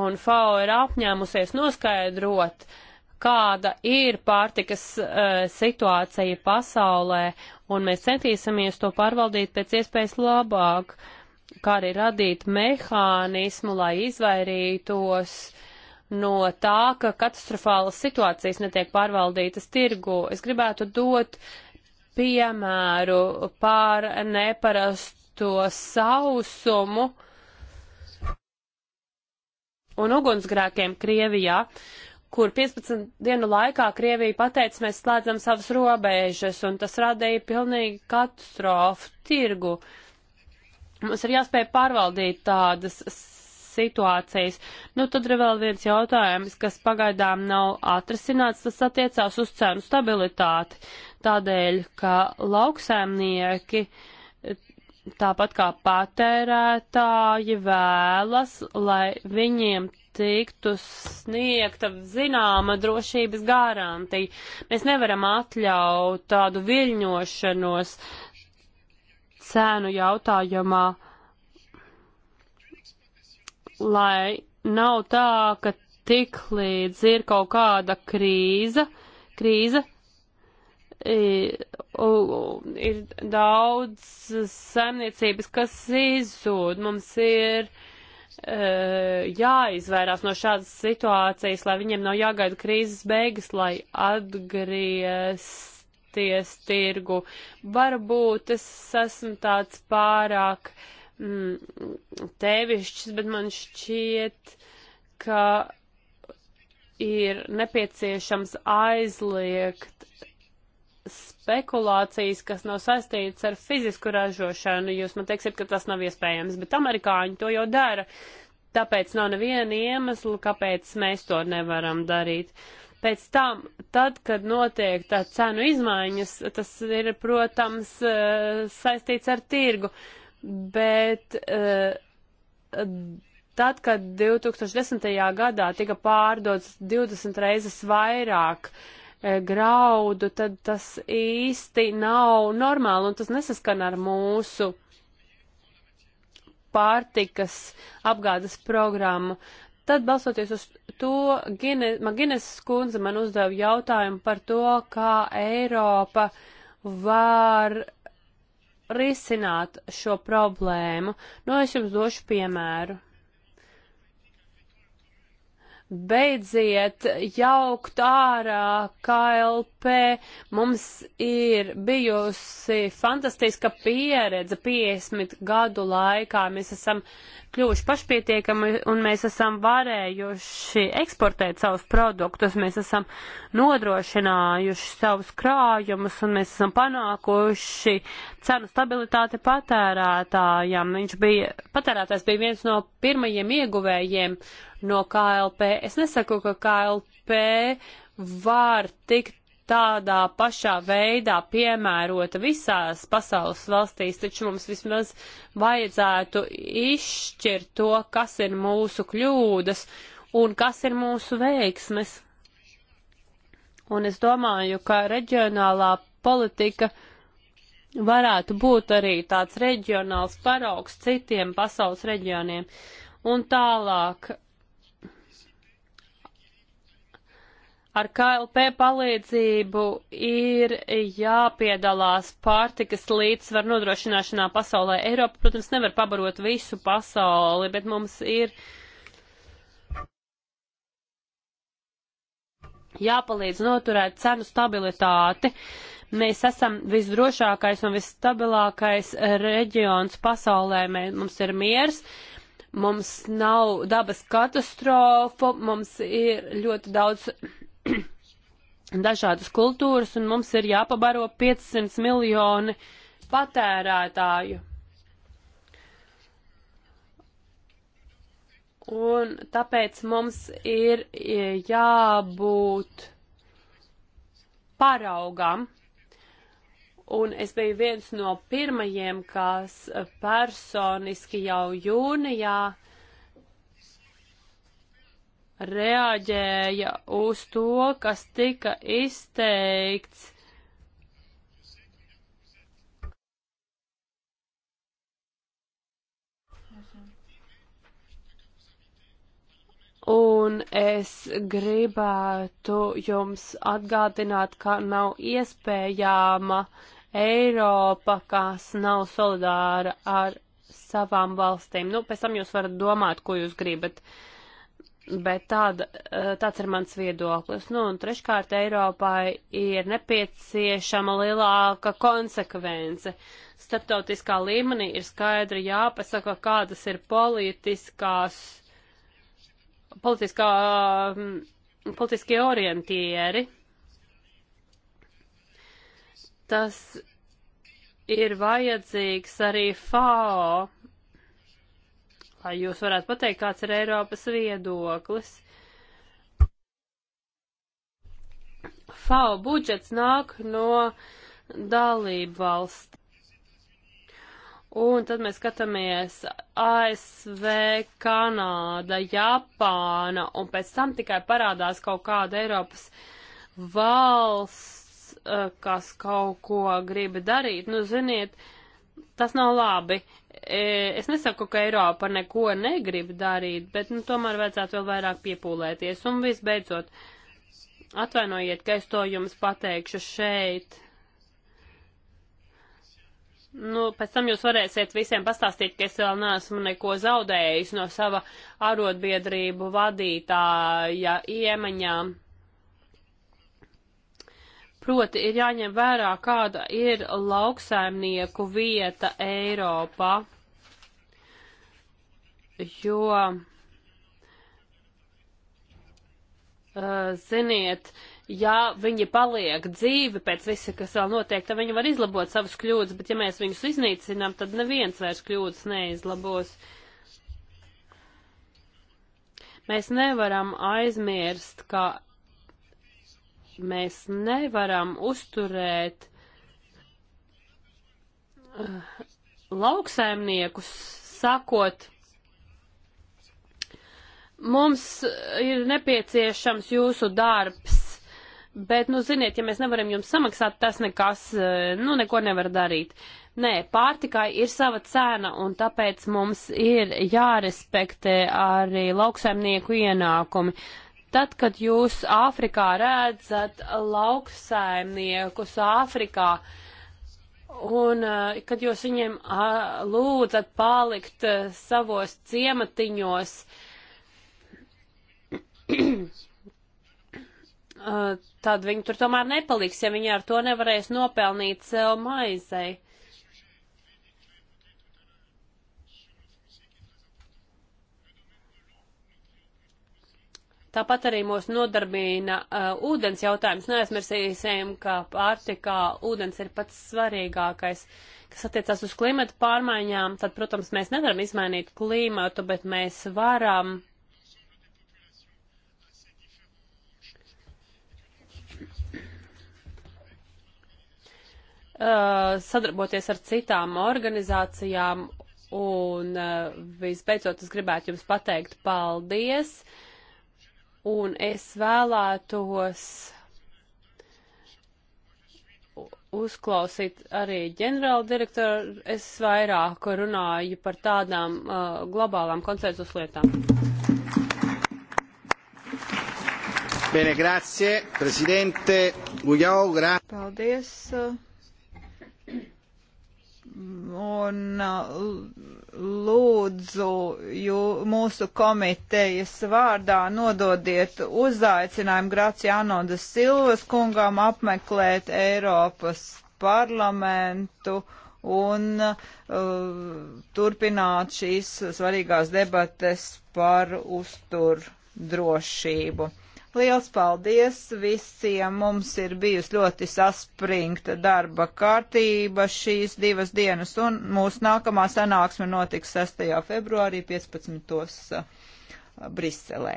un FAO ir apņēmusies noskaidrot, kāda ir pārtikas uh, situācija pasaulē, un mēs centīsimies to pārvaldīt pēc iespējas labāk, kā arī radīt mehānismu, lai izvairītos no tā, ka katastrofālas situācijas netiek pārvaldītas tirgu. Es gribētu dot uh, piemēru par neparasto sausumu un ugunsgrēkiem Krievijā, kur 15 dienu laikā Krievija pateica, mēs slēdzam savas robežas, un tas radīja pilnīgi katastrofu tirgu. Mums ir jāspēj pārvaldīt tādas situācijas. Nu, tad ir vēl viens jautājums, kas pagaidām nav atrasināts, tas attiecās uz cenu stabilitāti tādēļ, ka lauksēmnieki tāpat kā patērētāji vēlas, lai viņiem tiktu sniegta zināma drošības garantija. Mēs nevaram atļaut tādu viļņošanos cēnu jautājumā, lai nav tā, ka tik līdz ir kaut kāda krīza, krīze, ir daudz saimniecības, kas izzūd. Mums ir uh, jāizvairās no šādas situācijas, lai viņiem nav jāgaida krīzes beigas, lai atgriezties tirgu. Varbūt es esmu tāds pārāk mm, tevišķis, bet man šķiet, ka ir nepieciešams aizliegt spekulācijas, kas nav saistītas ar fizisku ražošanu. Jūs man teiksiet, ka tas nav iespējams, bet amerikāņi to jau dara. Tāpēc nav neviena iemesla, kāpēc mēs to nevaram darīt. Pēc tam, tad, kad notiek tā cenu izmaiņas, tas ir, protams, eh, saistīts ar tirgu, bet eh, tad, kad 2010. gadā tika pārdots 20 reizes vairāk uh, E, graudu, tad tas īsti nav normāli un tas nesaskan ar mūsu pārtikas apgādes programmu. Tad, balsoties uz to, Gine, Magines skundze man uzdeva jautājumu par to, kā Eiropa var risināt šo problēmu. Nu, es jums došu piemēru beidziet jaukt ārā KLP. Mums ir bijusi fantastiska pieredze 50 gadu laikā. Mēs esam kļuvuši pašpietiekami un mēs esam varējuši eksportēt savus produktus, mēs esam nodrošinājuši savus krājumus un mēs esam panākuši cenu stabilitāti patērētājam. Viņš bija, patērētājs bija viens no pirmajiem ieguvējiem no KLP. Es nesaku, ka KLP var tikt tādā pašā veidā piemērota visās pasaules valstīs, taču mums vismaz vajadzētu izšķirt to, kas ir mūsu kļūdas un kas ir mūsu veiksmes. Un es domāju, ka reģionālā politika varētu būt arī tāds reģionāls paraugs citiem pasaules reģioniem. Un tālāk Ar KLP palīdzību ir jāpiedalās pārtikas līdzsvaru nodrošināšanā pasaulē. Eiropa, protams, nevar pabarot visu pasauli, bet mums ir jāpalīdz noturēt cenu stabilitāti. Mēs esam visdrošākais un visstabilākais reģions pasaulē. Mē, mums ir miers, mums nav dabas katastrofu, mums ir ļoti daudz dažādas kultūras, un mums ir jāpabaro 500 miljoni patērētāju. Un tāpēc mums ir e, jābūt paraugam. Un es biju viens no pirmajiem, kas personiski jau jūnijā uh, reaģēja uz to, kas tika izteikts. Un es gribētu jums atgādināt, ka nav iespējama Eiropa, kas nav solidāra ar savām valstīm. Nu, pēc tam jūs varat domāt, ko jūs gribat. Uh, Bet tāda, eh, tāds ir mans viedoklis. Nu, un treškārt Eiropai ir nepieciešama lielāka konsekvence. Startautiskā līmenī ir skaidri jāpasaka, kādas ir politiskās, politiskā, mm, politiskie orientieri. Tas ir vajadzīgs arī FAO lai jūs varētu pateikt, kāds ir Eiropas viedoklis. FAO budžets nāk no dalību valsts. Un tad mēs skatāmies ASV, Kanāda, Japāna, un pēc tam tikai parādās kaut kāda Eiropas valsts, eh, kas kaut ko grib darīt. Nu, ziniet, tas nav labi. E, es nesaku, ka Eiropa neko negrib darīt, bet nu, tomēr vajadzētu vēl vairāk piepūlēties. Un visbeidzot, atvainojiet, ka es to jums pateikšu šeit. Nu, pēc tam jūs varēsiet visiem pastāstīt, ka es vēl neesmu neko zaudējis no sava arotbiedrību vadītāja iemaņām. Proti ir jāņem vērā, kāda ir lauksaimnieku vieta Eiropā jo, eh, ziniet, ja viņi paliek dzīvi pēc visa, kas vēl notiek, tad viņi var izlabot savas kļūdas, bet ja mēs viņus iznīcinām, tad neviens vairs kļūdas neizlabos mēs nevaram aizmirst, ka mēs nevaram uzturēt eh, lauksaimniekus, sakot, Mums ir nepieciešams jūsu darbs, bet, nu, ziniet, ja mēs nevaram jums samaksāt, tas nekas, e, nu, neko nevar darīt. Nē, pārtikai ir sava cena, un tāpēc mums ir jārespektē arī lauksaimnieku ienākumi. Tad, kad jūs Āfrikā redzat lauksaimniekus Āfrikā, un e, kad jūs viņiem lūdzat palikt e, savos ciematiņos, uh, Uh, tad viņi tur tomēr nepaliks, ja viņi ar to nevarēs nopelnīt sev maizei. Tāpat arī mūs nodarbina uh, ūdens jautājums. Neaizmirsīsim, ka pārtikā ūdens ir pats svarīgākais. Kas attiecas uz klimatu pārmaiņām, tad, protams, mēs nevaram izmainīt klimatu, bet mēs varam uh, sadarboties ar citām organizācijām. Un uh, visbeidzot, es gribētu jums pateikt paldies. Un es vēlētos uzklausīt arī ģenerāla direktoru. Es vairāk runāju par tādām uh, globālām konsensus lietām. Bene, grazie, prezidente Ujau, gra... Paldies, uh, un uh, lūdzu jū, mūsu komitejas vārdā nododiet uzaicinājumu Graciānodas Silvas kungām apmeklēt Eiropas parlamentu un uh, turpināt šīs svarīgās debates par uztur drošību. Liels paldies visiem! Mums ir bijusi ļoti saspringta darba kārtība šīs divas dienas, un mūsu nākamā sanāksme notiks 6. februārī 15. Uh, Briselē.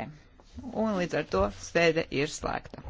Un līdz ar to sēde ir slēgta.